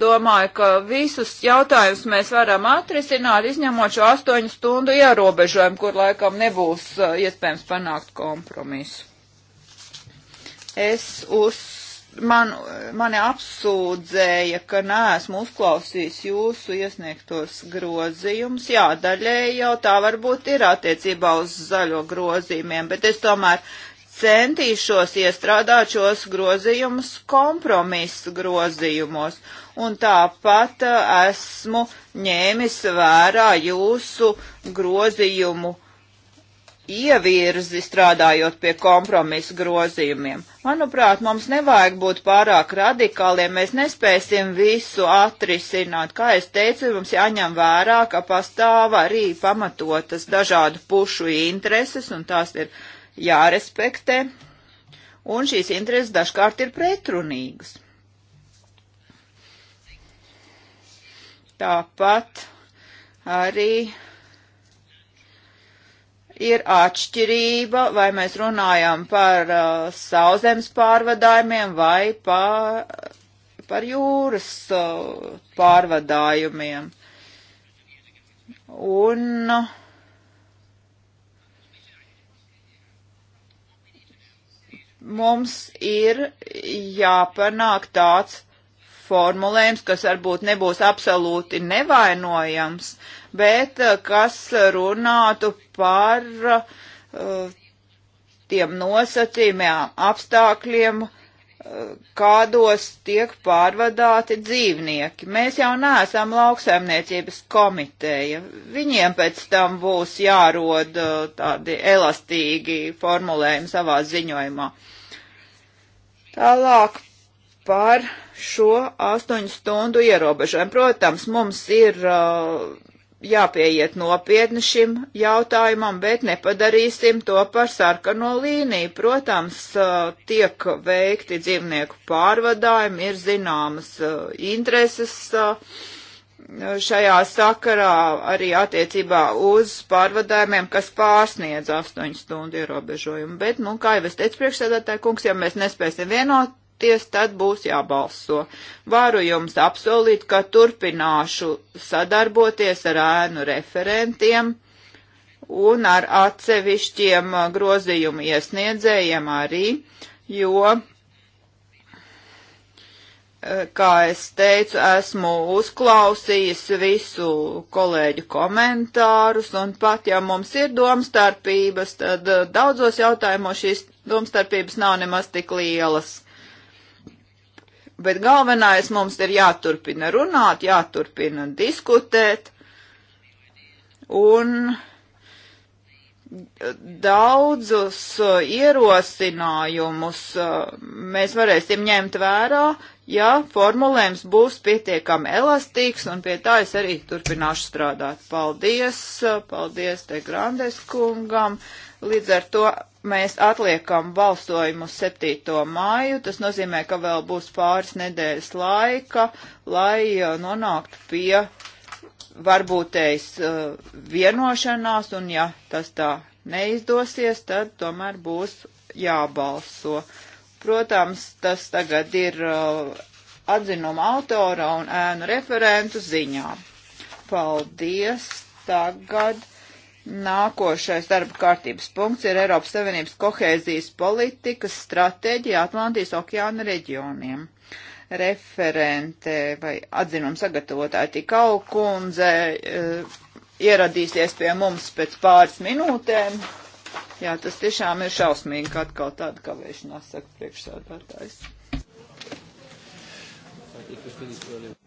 domāju, ka visus jautājumus mēs varam atrisināt, izņemot šo astoņu stundu ierobežojumu, kur laikam nebūs uh, iespējams panākt kompromisu. Es uz man, mani apsūdzēja, ka neesmu uzklausījis jūsu iesniegtos grozījumus. Jā, daļēji jau tā varbūt ir attiecībā uz zaļo grozījumiem, bet es tomēr centīšos iestrādāt šos grozījumus kompromisu grozījumos. Un tāpat eh, esmu ņēmis vērā jūsu grozījumu uh, ievirzi strādājot pie kompromisu grozījumiem. Manuprāt, mums nevajag būt pārāk radikāliem, mēs nespēsim visu atrisināt. Kā es teicu, mums jāņem vērā, ka pastāv arī pamatotas dažādu pušu intereses, un tās ir jārespektē, un šīs intereses dažkārt ir pretrunīgas. Tāpat arī ir atšķirība, vai mēs runājam par uh, sauzemes pārvadājumiem vai pa, par jūras uh, pārvadājumiem. Un mums ir jāpanāk tāds formulējums, kas varbūt nebūs absolūti nevainojams, bet eh, kas runātu par uh, tiem nosacījumiem, apstākļiem, uh, kādos tiek pārvadāti dzīvnieki. Mēs jau neesam lauksaimniecības komiteja. Viņiem pēc tam būs jārod uh, tādi elastīgi formulējumi savā ziņojumā. Tālāk par šo astoņu stundu ierobežojumu. Protams, mums ir uh, jāpieiet nopietni šim jautājumam, bet nepadarīsim to par sarkano līniju. Protams, uh, tiek veikti dzīvnieku pārvadājumi, ir zināmas uh, intereses uh, šajā sakarā arī attiecībā uz pārvadājumiem, kas pārsniedz 8 stundu ierobežojumu. Bet, nu, kā jau es teicu priekšsēdētāju kungs, ja mēs nespēsim vienot, ties, tad būs jābalso. Varu jums apsolīt, ka turpināšu sadarboties ar ēnu referentiem un ar atsevišķiem uh, grozījumu iesniedzējiem arī, jo, uh, kā es teicu, esmu uzklausījis visu kolēģu komentārus, un pat ja mums ir domstarpības, tad uh, daudzos jautājumos šīs domstarpības nav nemaz tik lielas Bet galvenais mums ir jāturpina runāt, jāturpina diskutēt. Un daudzus uh, ierosinājumus uh, mēs varēsim ņemt vērā, ja formulējums būs pietiekami elastīgs, un pie tā es arī turpināšu strādāt. Paldies, uh, paldies te Grandes kungam. Līdz ar to mēs atliekam balsojumu 7. māju, tas nozīmē, ka vēl būs pāris nedēļas laika, lai uh, nonāktu pie varbūtējas uh, vienošanās, un ja tas tā neizdosies, tad tomēr būs jābalso. Protams, tas tagad ir uh, atzinuma autora un ēnu referentu ziņā. Paldies! Tagad Nākošais darba kārtības punkts ir Eiropas Savienības kohēzijas politikas stratēģija Atlantijas okeāna reģioniem. Referente vai atzinuma sagatavotāja Tikau kundze e, ieradīsies pie mums pēc pāris minūtēm. Jā, tas tiešām ir šausmīgi, ka atkal tāda kavēšanās saka priekšsādātājs. Thank you.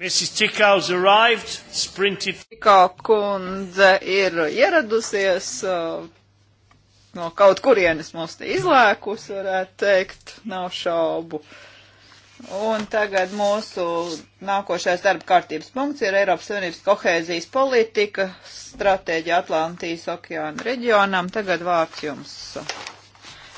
Mrs. Tikau's arrived, sprinted. Tikau kundze ir ieradusies uh, no kaut kurienes mums te izlēkus, varētu teikt, nav šaubu. Un tagad mūsu nākošais darba kārtības punkts ir Eiropas Savienības kohēzijas politika, stratēģija Atlantijas okeāna reģionam. Tagad vārds jums.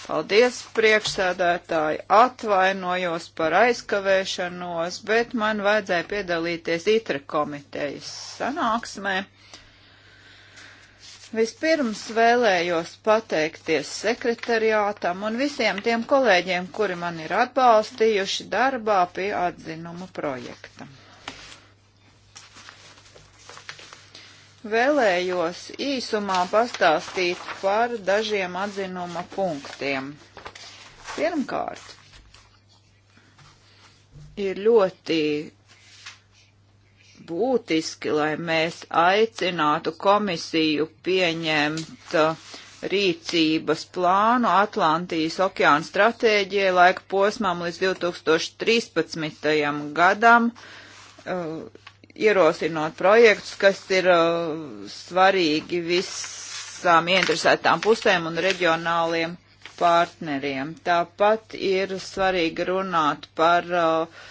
Paldies, priekšsēdētāji, atvainojos par aizkavēšanos, bet man vajadzēja piedalīties ITRE komitejas sanāksmē. Vispirms vēlējos pateikties sekretariātam un visiem tiem kolēģiem, kuri man ir atbalstījuši darbā pie atzinuma projekta. Vēlējos īsumā pastāstīt par dažiem atzinuma punktiem. Pirmkārt, ir ļoti būtiski, lai mēs aicinātu komisiju pieņemt uh, rīcības plānu Atlantijas okeāna stratēģijai laika posmām līdz 2013. gadam, uh, ierosinot projektus, kas ir uh, svarīgi visām interesētām pusēm un reģionāliem partneriem. Tāpat ir svarīgi runāt par uh,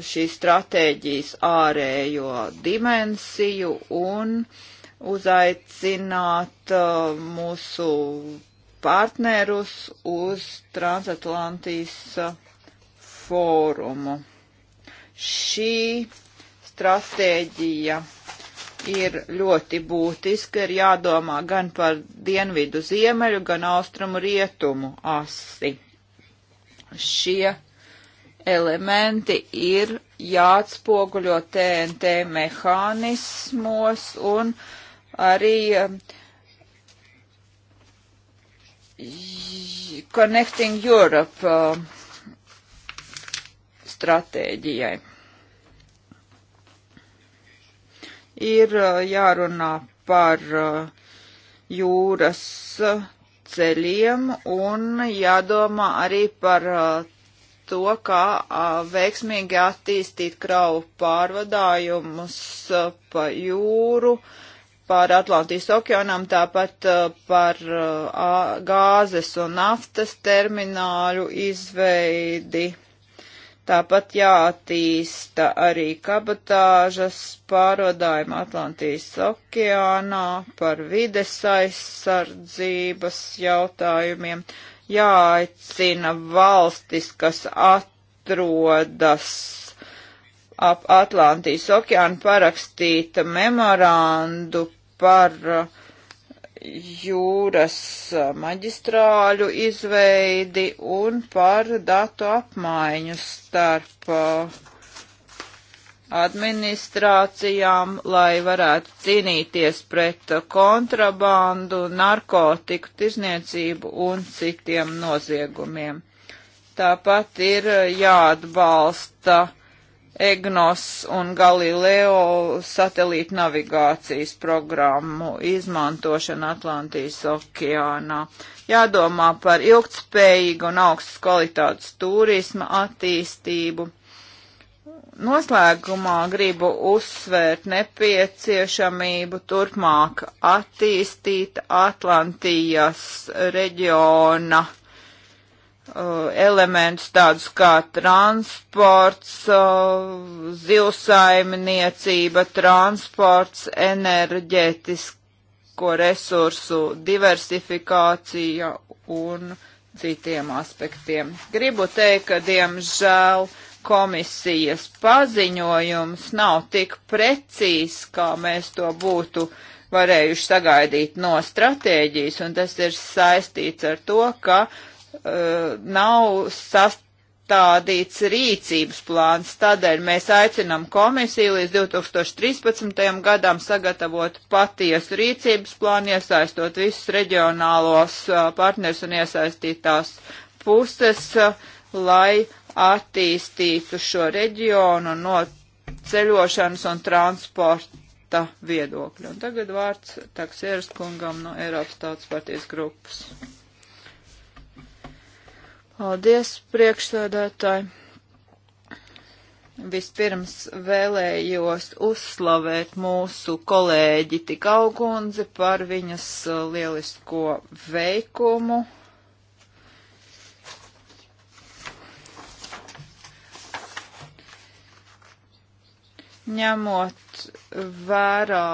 šīs stratēģijas ārējo dimensiju un uzaicināt uh, mūsu partnerus uz transatlantijas uh, fórumu. Šī stratēģija ir ļoti būtiska, ir jādomā gan par dienvidu ziemeļu, gan austrumu rietumu asi. Šie elementi ir jāatspoguļo TNT mehānismos un arī um, Connecting Europe um, stratēģijai. ir uh, jārunā par uh, jūras uh, ceļiem un jādomā arī par to, kā veiksmīgi attīstīt kravu pārvadājumus pa jūru, pār Atlantijas okeānam, tāpat par gāzes un naftas termināļu izveidi Tāpat jāattīsta arī kabatāžas pārvadājuma Atlantijas okeānā par vides aizsardzības jautājumiem. Jāaicina valstis, kas atrodas ap Atlantijas okeānu, parakstīt memorandu par uh, jūras maģistrāļu izveidi un par datu apmaiņu starp uh, administrācijām, lai varētu cīnīties pret kontrabandu, narkotiku tirzniecību un citiem noziegumiem. Tāpat ir uh, jāatbalsta uh, EGNOS un Galileo satelīta navigācijas programmu izmantošana Atlantijas okeānā. Jādomā par ilgtspējīgu un augstas kvalitātes turisma attīstību. Noslēgumā gribu uzsvērt nepieciešamību turpmāk attīstīt Atlantijas reģiona Uh, elementus tādus kā transports, uh, zivsaimniecība, transports, enerģetisko resursu diversifikācija un citiem aspektiem. Gribu teikt, ka diemžēl komisijas paziņojums nav tik precīzs, kā mēs to būtu varējuši sagaidīt no stratēģijas, un tas ir saistīts ar to, ka uh, Uh, nav sastādīts rīcības plāns, tādēļ mēs aicinam komisiju līdz 2013. gadam sagatavot patiesu rīcības plānu, iesaistot visus reģionālos uh, partners un iesaistītās puses, uh, lai attīstītu šo reģionu no ceļošanas un transporta viedokļa. Un tagad vārds taksieras kungam no Eiropas tautas partijas grupas. Paldies, priekšsēdētāji! Vispirms vēlējos uzslavēt mūsu kolēģi Tikaugundzi par viņas uh, lielisko veikumu. Ņemot vērā,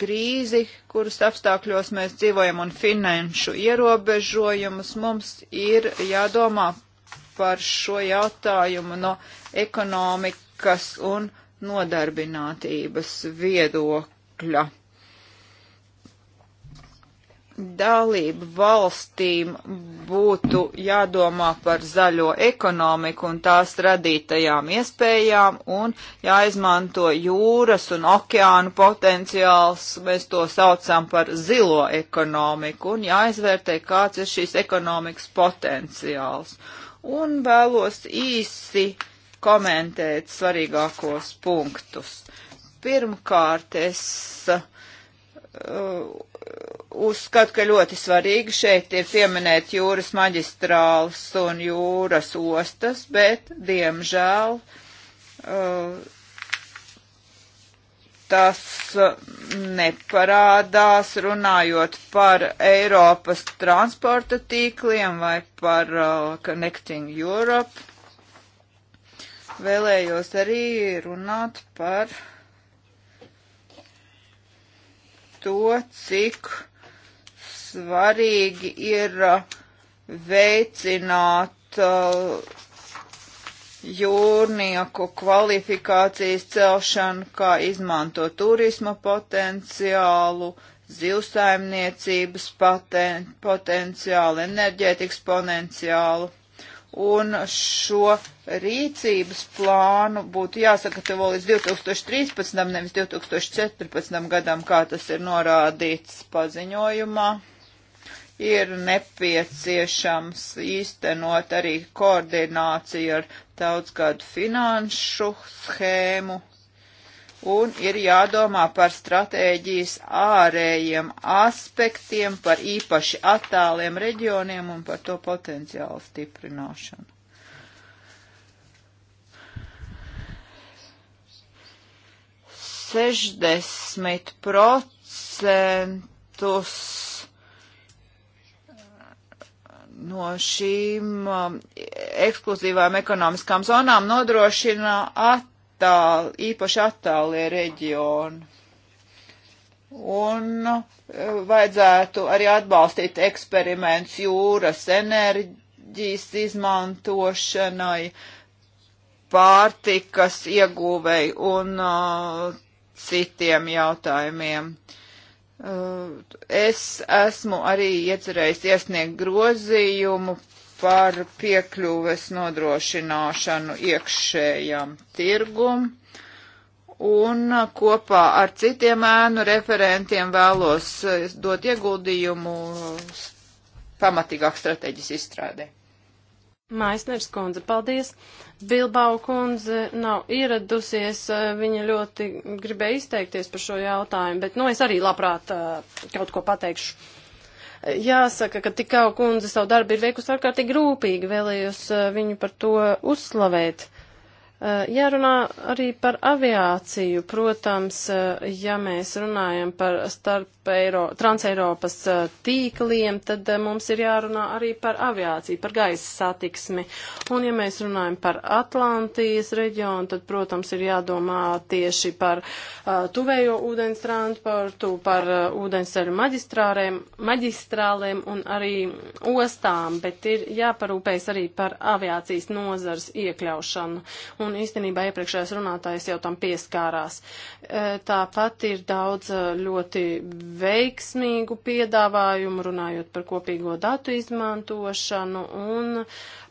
krīzi, kuras apstākļos mēs dzīvojam, un finanšu ierobežojumus, mums ir jādomā par šo jautājumu no ekonomikas un nodarbinātības viedokļa dalību valstīm būtu jādomā par zaļo ekonomiku un tās radītajām iespējām un jāizmanto jūras un okeānu potenciāls, mēs to saucam par zilo ekonomiku un jāizvērtē, kāds ir šīs ekonomikas potenciāls. Un vēlos īsi komentēt svarīgākos punktus. Pirmkārt, es uh, Uh, uzskatu, ka ļoti svarīgi šeit ir pieminēt jūras maģistrāls un jūras ostas, bet, diemžēl, uh, tas neparādās runājot par Eiropas transporta tīkliem vai par uh, Connecting Europe. Vēlējos arī runāt par uh, to, cik svarīgi ir uh, veicināt uh, jūrnieku kvalifikācijas celšanu, kā izmanto turisma potenciālu, zivsaimniecības poten, potenciālu, enerģētikas potenciālu un šo rīcības plānu būtu jāsagatavo līdz 2013, nevis 2014 gadam, kā tas ir norādīts paziņojumā. Ir nepieciešams īstenot arī koordināciju ar daudzgadu finanšu schēmu un ir jādomā par stratēģijas ārējiem aspektiem, par īpaši attāliem reģioniem un par to potenciālu stiprināšanu. Sešdesmit procentus no šīm um, ekskluzīvām ekonomiskām zonām nodrošina at attāl, īpaši attālie reģioni. Un e, vajadzētu arī atbalstīt eksperiments jūras enerģijas izmantošanai, pārtikas ieguvei un uh, citiem jautājumiem. Uh, es esmu arī iecerējis iesniegt grozījumu par piekļuves nodrošināšanu iekšējam tirgum. Un kopā ar citiem ēnu referentiem vēlos eh, dot ieguldījumu pamatīgāk strateģis izstrādē. Maisners kundze, paldies. Bilbao kundze nav ieradusies, eh, viņa ļoti gribēja izteikties par šo jautājumu, bet, nu, es arī labprāt eh, kaut ko pateikšu. Jāsaka, ka tikau kundze savu darbu ir veikusi ārkārtīgi rūpīgi, vēlējos eh, viņu par to uzslavēt. Eh, jārunā arī par aviāciju. Protams, eh, ja mēs runājam par starp Eiro, transeiropas eh, tīkliem, tad mums ir jārunā arī par aviāciju, par gaisa satiksmi. Un ja mēs runājam par Atlantijas reģionu, tad, protams, ir jādomā tieši par uh, tuvējo ūdens transportu, par uh, ūdensceļu maģistrālēm, maģistrālēm un arī ostām, bet ir jāparūpējas arī par aviācijas nozars iekļaušanu. Un un īstenībā iepriekšējais runātājs jau tam pieskārās. E, tāpat ir daudz e, ļoti veiksmīgu piedāvājumu, runājot par kopīgo datu izmantošanu, un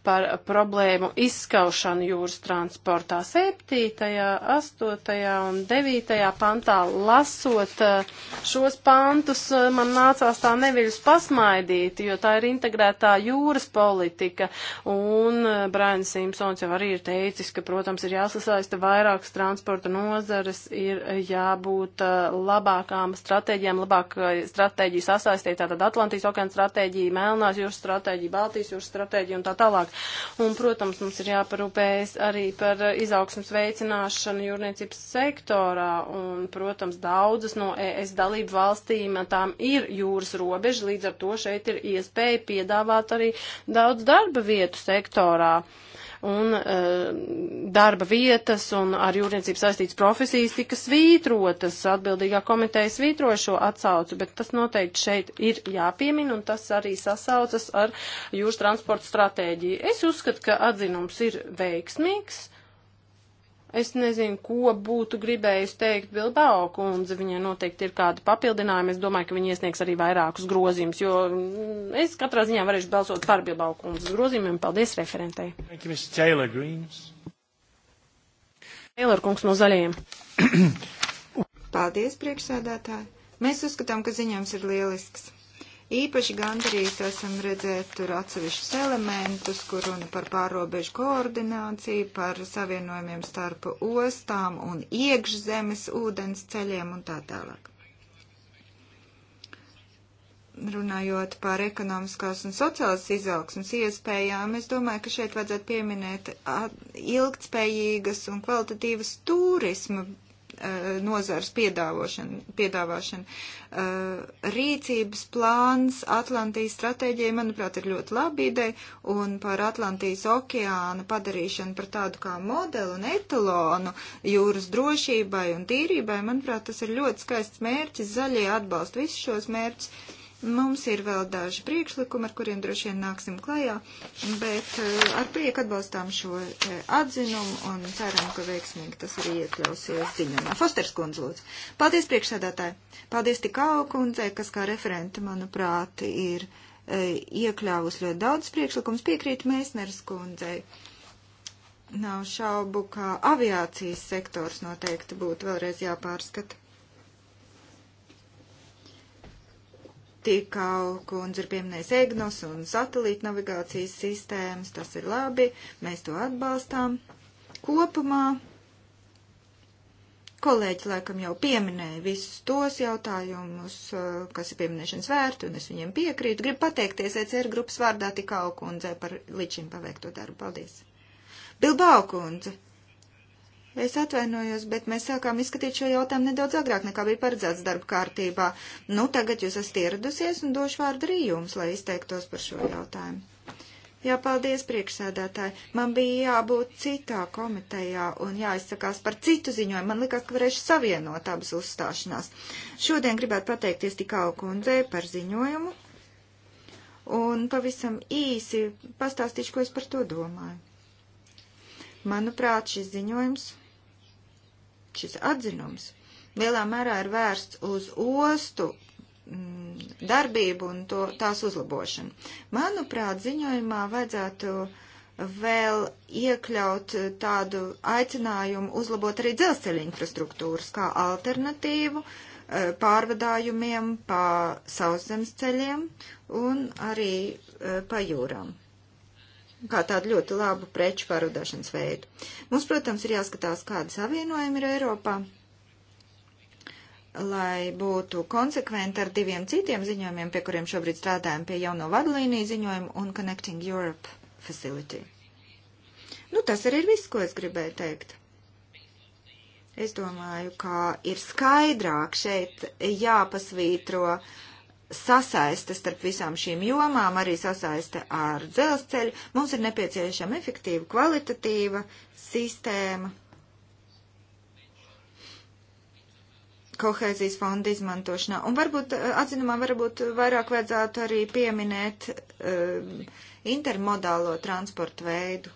par problēmu izskaušanu jūras transportā. 7., 8. un 9. pantā lasot eh, šos pantus, eh, man nācās tā neviļus pasmaidīt, jo tā ir integrētā jūras politika. Un eh, Brains Simpsons jau arī ir teicis, ka, protams, ir jāsasaista vairākas transporta nozares, ir jābūt labākām stratēģijām, labāk stratēģiju sasaistīt, tātad Atlantijas okeāna stratēģija, Melnās jūras stratēģija, Baltijas jūras stratēģija un tā tālāk risināt. Un, protams, mums ir jāparūpējas arī par izaugsmas veicināšanu jūrniecības sektorā. Un, protams, daudzas no ES dalību valstīm tām ir jūras robeža, līdz ar to šeit ir iespēja piedāvāt arī daudz darba vietu sektorā un e, darba vietas un ar jūrniecību saistītas profesijas tika svītrotas, atbildīgā komiteja svītroja šo atsaucu, bet tas noteikti šeit ir jāpiemina un tas arī sasaucas ar jūras transporta stratēģiju. Es uzskatu, ka atzinums ir veiksmīgs. Es nezinu, ko būtu gribējusi teikt Bilbao kundze. Viņai noteikti ir kādi papildinājumi. Es domāju, ka viņi iesniegs arī vairākus grozījumus, jo mm, es katrā ziņā varēšu balsot par Bilbao kundzes grozījumiem. Paldies referentei. Thank you, Mr. Taylor Greens. Taylor kungs no zaļajiem. Paldies, priekšsēdētāji. Mēs uzskatām, ka ziņojums ir lielisks. Īpaši gandarīti esam redzēt tur atsevišķus elementus, kur runa par pārobežu koordināciju, par savienojumiem starp ostām un iekšzemes ūdens ceļiem un tā tālāk runājot par ekonomiskās un sociālas izaugsmas iespējām, es domāju, ka šeit vajadzētu pieminēt ilgtspējīgas un kvalitatīvas turisma Eh, nozars piedāvāšana. Eh, rīcības plāns Atlantijas stratēģijai, manuprāt, ir ļoti laba ideja, un par Atlantijas okeānu padarīšanu par tādu kā modelu un etalonu jūras drošībai un tīrībai, manuprāt, tas ir ļoti skaists mērķis, zaļie atbalsta visus šos mērķus Mums ir vēl daži priekšlikumi, ar kuriem droši vien nāksim klajā, bet eh, ar prieku atbalstām šo eh, atzinumu un ceram, ka veiksmīgi tas arī iekļausies ziņojumā. Fosters kundze, lūdzu. Paldies priekšsēdētāji. Paldies tik augundzei, kas kā referente, manuprāt, ir eh, iekļāvusi ļoti daudz priekšlikums. Piekrīt Mēsneres kundzei. Nav šaubu, ka aviācijas sektors noteikti būtu vēlreiz jāpārskata. Tikau kundze ir pieminējis EGNOS un satelīta navigācijas sistēmas, tas ir labi, mēs to atbalstām. Kopumā kolēģi laikam jau pieminēja visus tos jautājumus, eh, kas ir pieminēšanas vērti, un es viņiem piekrītu. Gribu pateikties ECR grupas vārdā Tikau kundzei par līdz šim paveikto darbu. Paldies! Bilbao kundze! Es atvainojos, bet mēs sākām izskatīt šo jautājumu nedaudz agrāk, nekā bija paredzēts darba kārtībā. Nu, tagad jūs esat ieradusies un došu vārdu arī jums, lai izteiktos par šo jautājumu. Jā, paldies, priekšsēdētāji. Man bija jābūt citā komitejā un jāizsakās par citu ziņojumu. Man likās, ka varēšu savienot abas uzstāšanās. Šodien gribētu pateikties tik augundzē par ziņojumu un pavisam īsi pastāstīšu, ko es par to domāju. Manuprāt, šis ziņojums šis atzinums lielā mērā ir vērsts uz ostu mm, darbību un to, tās uzlabošanu. Manuprāt, ziņojumā vajadzētu vēl iekļaut tādu aicinājumu uzlabot arī dzelzceļa infrastruktūras kā alternatīvu eh, pārvadājumiem pa sauszemes ceļiem un arī eh, pa jūrām kā tādu ļoti labu preču pārvadāšanas veidu. Mums, protams, ir jāskatās, kāda savienojuma ir Eiropā, lai būtu konsekventi ar diviem citiem ziņojumiem, pie kuriem šobrīd strādājam, pie jauno vadlīniju ziņojumu un Connecting Europe Facility. Nu, tas arī ir viss, ko es gribēju teikt. Es domāju, ka ir skaidrāk šeit jāpasvītro uh, sasaiste starp visām šīm jomām, arī sasaiste ar dzelzceļu. Mums ir nepieciešama efektīva, kvalitatīva sistēma. Kohēzijas fonda izmantošanā. Un varbūt eh, atzinumā varbūt vairāk vajadzētu arī pieminēt um, intermodālo transportu veidu.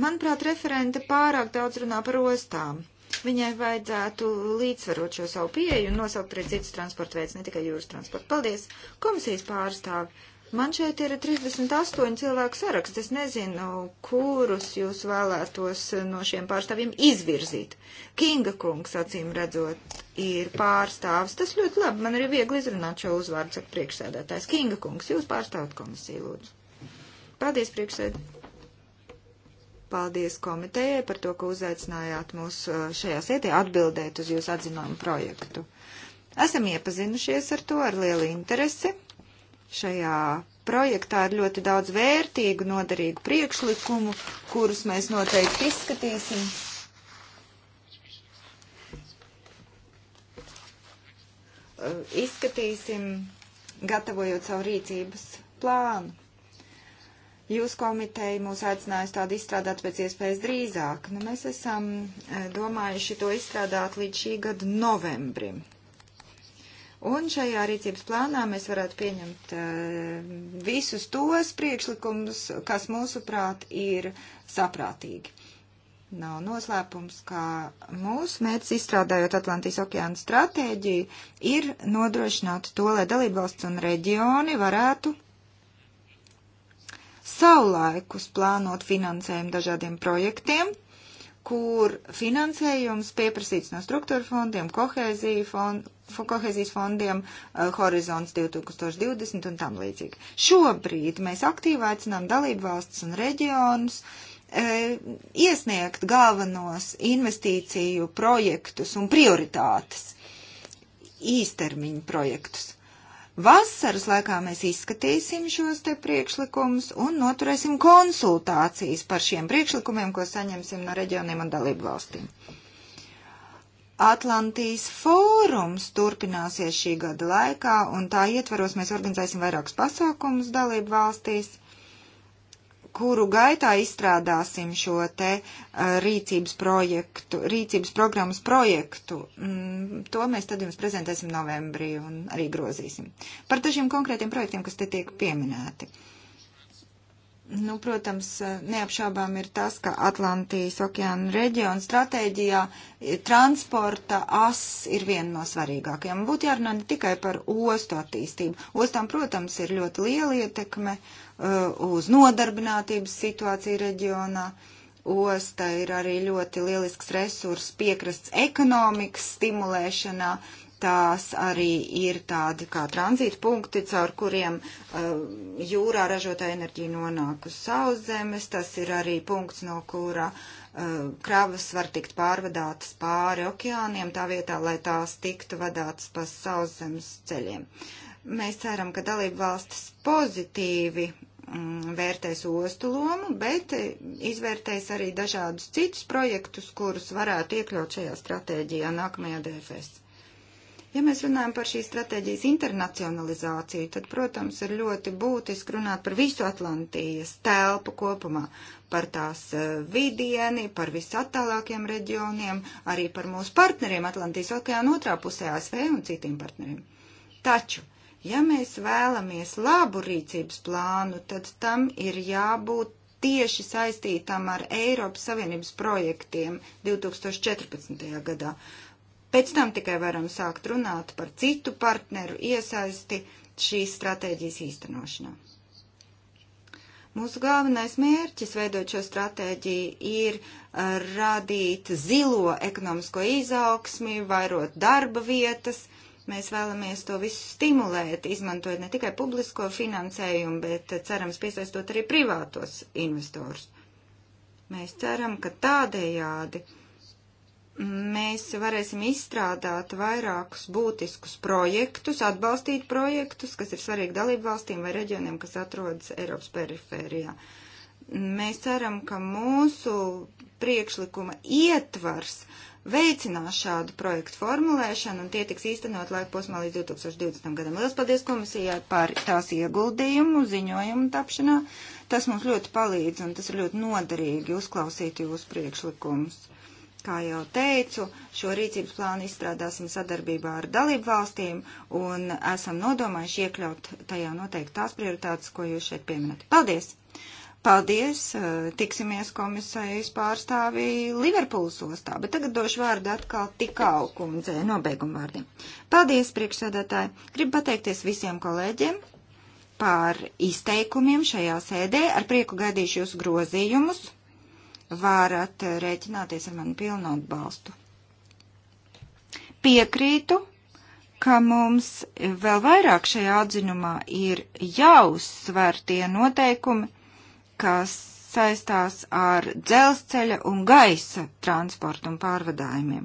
Manuprāt, referente pārāk daudz runā par ostām. Viņai vajadzētu līdzsvarot šo savu pieeju un nosaukt arī citus transporta veids, ne tikai jūras transportu. Paldies! Komisijas pārstāvi! Man šeit ir 38 cilvēku saraksts. Es nezinu, kurus jūs vēlētos no šiem pārstāvjiem izvirzīt. Kinga kungs, acīm redzot, ir pārstāvs. Tas ļoti labi. Man arī viegli izrunāt šo uzvārdu, saka priekšsēdētājs. Kinga kungs, jūs pārstāvat komisiju, lūdzu. Paldies, priekšsēdētājs. Paldies komitejai par to, ka uzaicinājāt mūs uh, šajā sēdē atbildēt uz jūsu atzinojumu projektu. Esam iepazinušies ar to ar lielu interesi. Šajā projektā ir ļoti daudz vērtīgu, noderīgu priekšlikumu, kurus mēs noteikti izskatīsim. Uh, izskatīsim, gatavojot savu rīcības plānu. Jūs komiteja mūs aicinājusi tādu izstrādāt pēc iespējas drīzāk. Nu, mēs esam e, domājuši to izstrādāt līdz šī gada novembrim. Un šajā rīcības plānā mēs varētu pieņemt uh, visus tos priekšlikumus, kas mūsuprāt ir saprātīgi. Nav noslēpums, ka mūsu mērķis izstrādājot Atlantijas okeāna stratēģiju ir nodrošināt to, lai dalībvalsts un reģioni varētu savulaikus plānot finansējumu dažādiem projektiem, kur finansējums pieprasīts no struktūra fondiem, fond, kohēzijas fondiem, uh, Horizons 2020 un tam līdzīgi. Šobrīd mēs aktīvi aicinām dalību valstis un reģionus uh, iesniegt galvenos investīciju projektus un prioritātes, īstermiņu projektus. Vasaras laikā mēs izskatīsim šos te priekšlikumus un noturēsim konsultācijas par šiem priekšlikumiem, ko saņemsim no reģioniem un dalību valstīm. Atlantijas fórums turpināsies šī gada laikā, un tā ietvaros mēs organizēsim vairākus pasākumus dalību valstīs kuru gaitā izstrādāsim šo te eh, rīcības projektu, rīcības programmas projektu. Mm, to mēs tad jums prezentēsim novembrī un arī grozīsim. Par dažiem konkrētiem projektiem, kas te tiek pieminēti. Nu, protams, eh, neapšaubām ir tas, ka Atlantijas okeāna reģiona stratēģijā eh, transporta ass ir viena no svarīgākajām. Būtu jārunā ne tikai par ostu attīstību. Ostām, protams, ir ļoti liela ietekme. Uh, Uh, uz nodarbinātības situāciju reģionā. Osta ir arī ļoti lielisks resurs piekrasts ekonomikas stimulēšanā. Tās arī ir tādi kā tranzīta punkti, caur kuriem uh, jūrā ražotā enerģija nonāk uz sauszemes. Tas ir arī punkts, no kura uh, kravas var tikt pārvadātas pāri okeāniem, tā vietā, lai tās tiktu vadātas pa sauszemes ceļiem. Uh, mēs ceram, ka dalību valstis pozitīvi Mm, vērtēs ostu lomu, bet izvērtēs arī dažādus citus projektus, kurus varētu iekļaut šajā stratēģijā nākamajā DFS. Ja mēs runājam par šīs stratēģijas internacionalizāciju, tad, protams, ir ļoti būtiski runāt par visu Atlantijas telpu kopumā, par tās eh, vidieni, par visattālākiem reģioniem, arī par mūsu partneriem Atlantijas okeāna otrā pusē ASV un citiem partneriem. Taču Ja mēs vēlamies labu rīcības plānu, tad tam ir jābūt tieši saistītam ar Eiropas Savienības projektiem 2014. gadā. Pēc tam tikai varam sākt runāt par citu partneru iesaisti šīs stratēģijas īstenošanā. Mūsu galvenais mērķis veidot šo stratēģiju ir uh, radīt zilo ekonomisko izaugsmi, vairot darba vietas, Mēs vēlamies to visu stimulēt, izmantojot ne tikai publisko finansējumu, bet eh, cerams piesaistot arī privātos investors. Mēs ceram, ka tādējādi mēs varēsim izstrādāt vairākus būtiskus projektus, atbalstīt projektus, kas ir svarīgi dalību valstīm vai reģioniem, kas atrodas Eiropas perifērijā. Mēs ceram, ka mūsu priekšlikuma ietvars uh, veicinās šādu projektu formulēšanu, un tie tiks īstenot laika posmā līdz 2020. gadam. Lielas paldies komisijai par tās ieguldījumu, ziņojumu tapšanā. Tas mums ļoti palīdz, un tas ir ļoti noderīgi uzklausīt jūsu priekšlikumus. Kā jau teicu, šo rīcības plānu izstrādāsim sadarbībā ar dalību valstīm un esam nodomājuši iekļaut tajā noteikti tās prioritātes, ko jūs šeit pieminat. Paldies! Paldies! Tiksimies komisijas pārstāvī Liverpūles ostā, bet tagad došu vārdu atkal tikau kundzē nobeigumu vārdiem. Paldies, priekšsēdētāji! Gribu pateikties visiem kolēģiem par izteikumiem šajā sēdē. Ar prieku gaidīšu jūsu grozījumus. Varat rēķināties ar manu pilnu atbalstu. Piekrītu ka mums vēl vairāk šajā atzinumā ir jāuzsver tie noteikumi, kas saistās ar dzelzceļa un gaisa transportu un pārvadājumiem.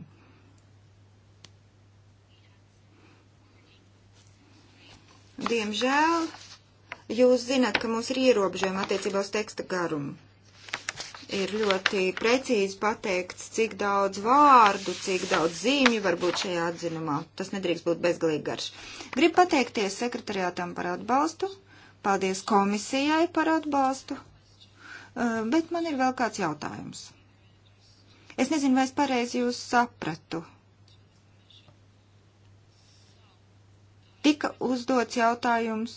Diemžēl jūs zināt, ka mums ir ierobežojumi attiecībā uz teksta garumu. Ir ļoti precīzi pateikts, cik daudz vārdu, cik daudz zīmju var būt šajā atzinumā. Tas nedrīkst būt bezgalīgi garš. Gribu pateikties sekretariātam par atbalstu. Paldies komisijai par atbalstu. Eh, bet man ir vēl kāds jautājums. Es nezinu, vai es pareizi jūs sapratu. Tika uzdots jautājums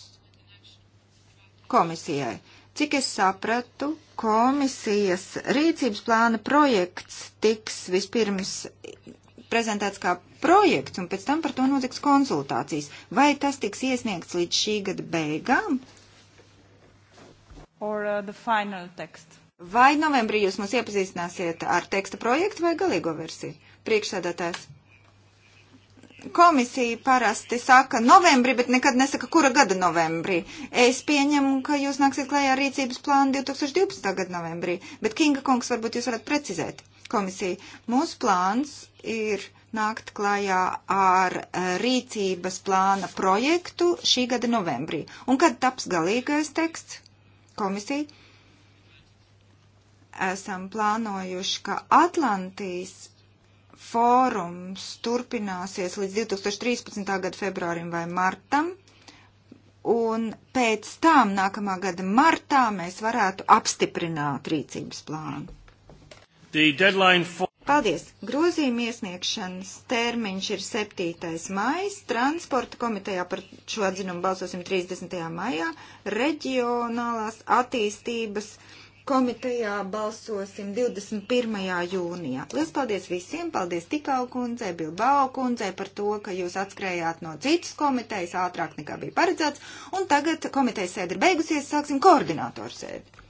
komisijai. Cik es sapratu, komisijas rīcības plāna projekts tiks vispirms prezentēts kā projekts, un pēc tam par to notiks konsultācijas. Vai tas tiks iesniegts līdz šī gada beigām? or uh, the final text? Vai novembrī jūs mums iepazīstināsiet ar teksta projektu vai galīgo versiju? Priekšsēdētājs. Komisija parasti saka novembrī, bet nekad nesaka, kura gada novembrī. Es pieņemu, ka jūs nāksiet klajā rīcības plānu 2012. gada novembrī, bet Kinga kungs varbūt jūs varat precizēt komisiju. Mūsu plāns ir nākt klājā ar eh, rīcības plāna projektu šī gada novembrī. Un kad taps galīgais teksts? komisija esam plānojuši, ka Atlantijas fórums turpināsies līdz 2013. gada februārim vai martam, un pēc tam nākamā gada martā mēs varētu apstiprināt rīcības plānu. For... Paldies! Grozījuma iesniegšanas termiņš ir 7. maijs. Transporta komitejā par šo atzinumu balsosim 30. maijā. Reģionālās attīstības komitejā balsosim 21. jūnijā. Lielas paldies visiem! Paldies Tikau kundzei, Bilbao kundzei par to, ka jūs atskrējāt no citas komitejas ātrāk nekā bija paredzēts. Un tagad komitejas sēde ir beigusies, sāksim koordinātoru sēdi.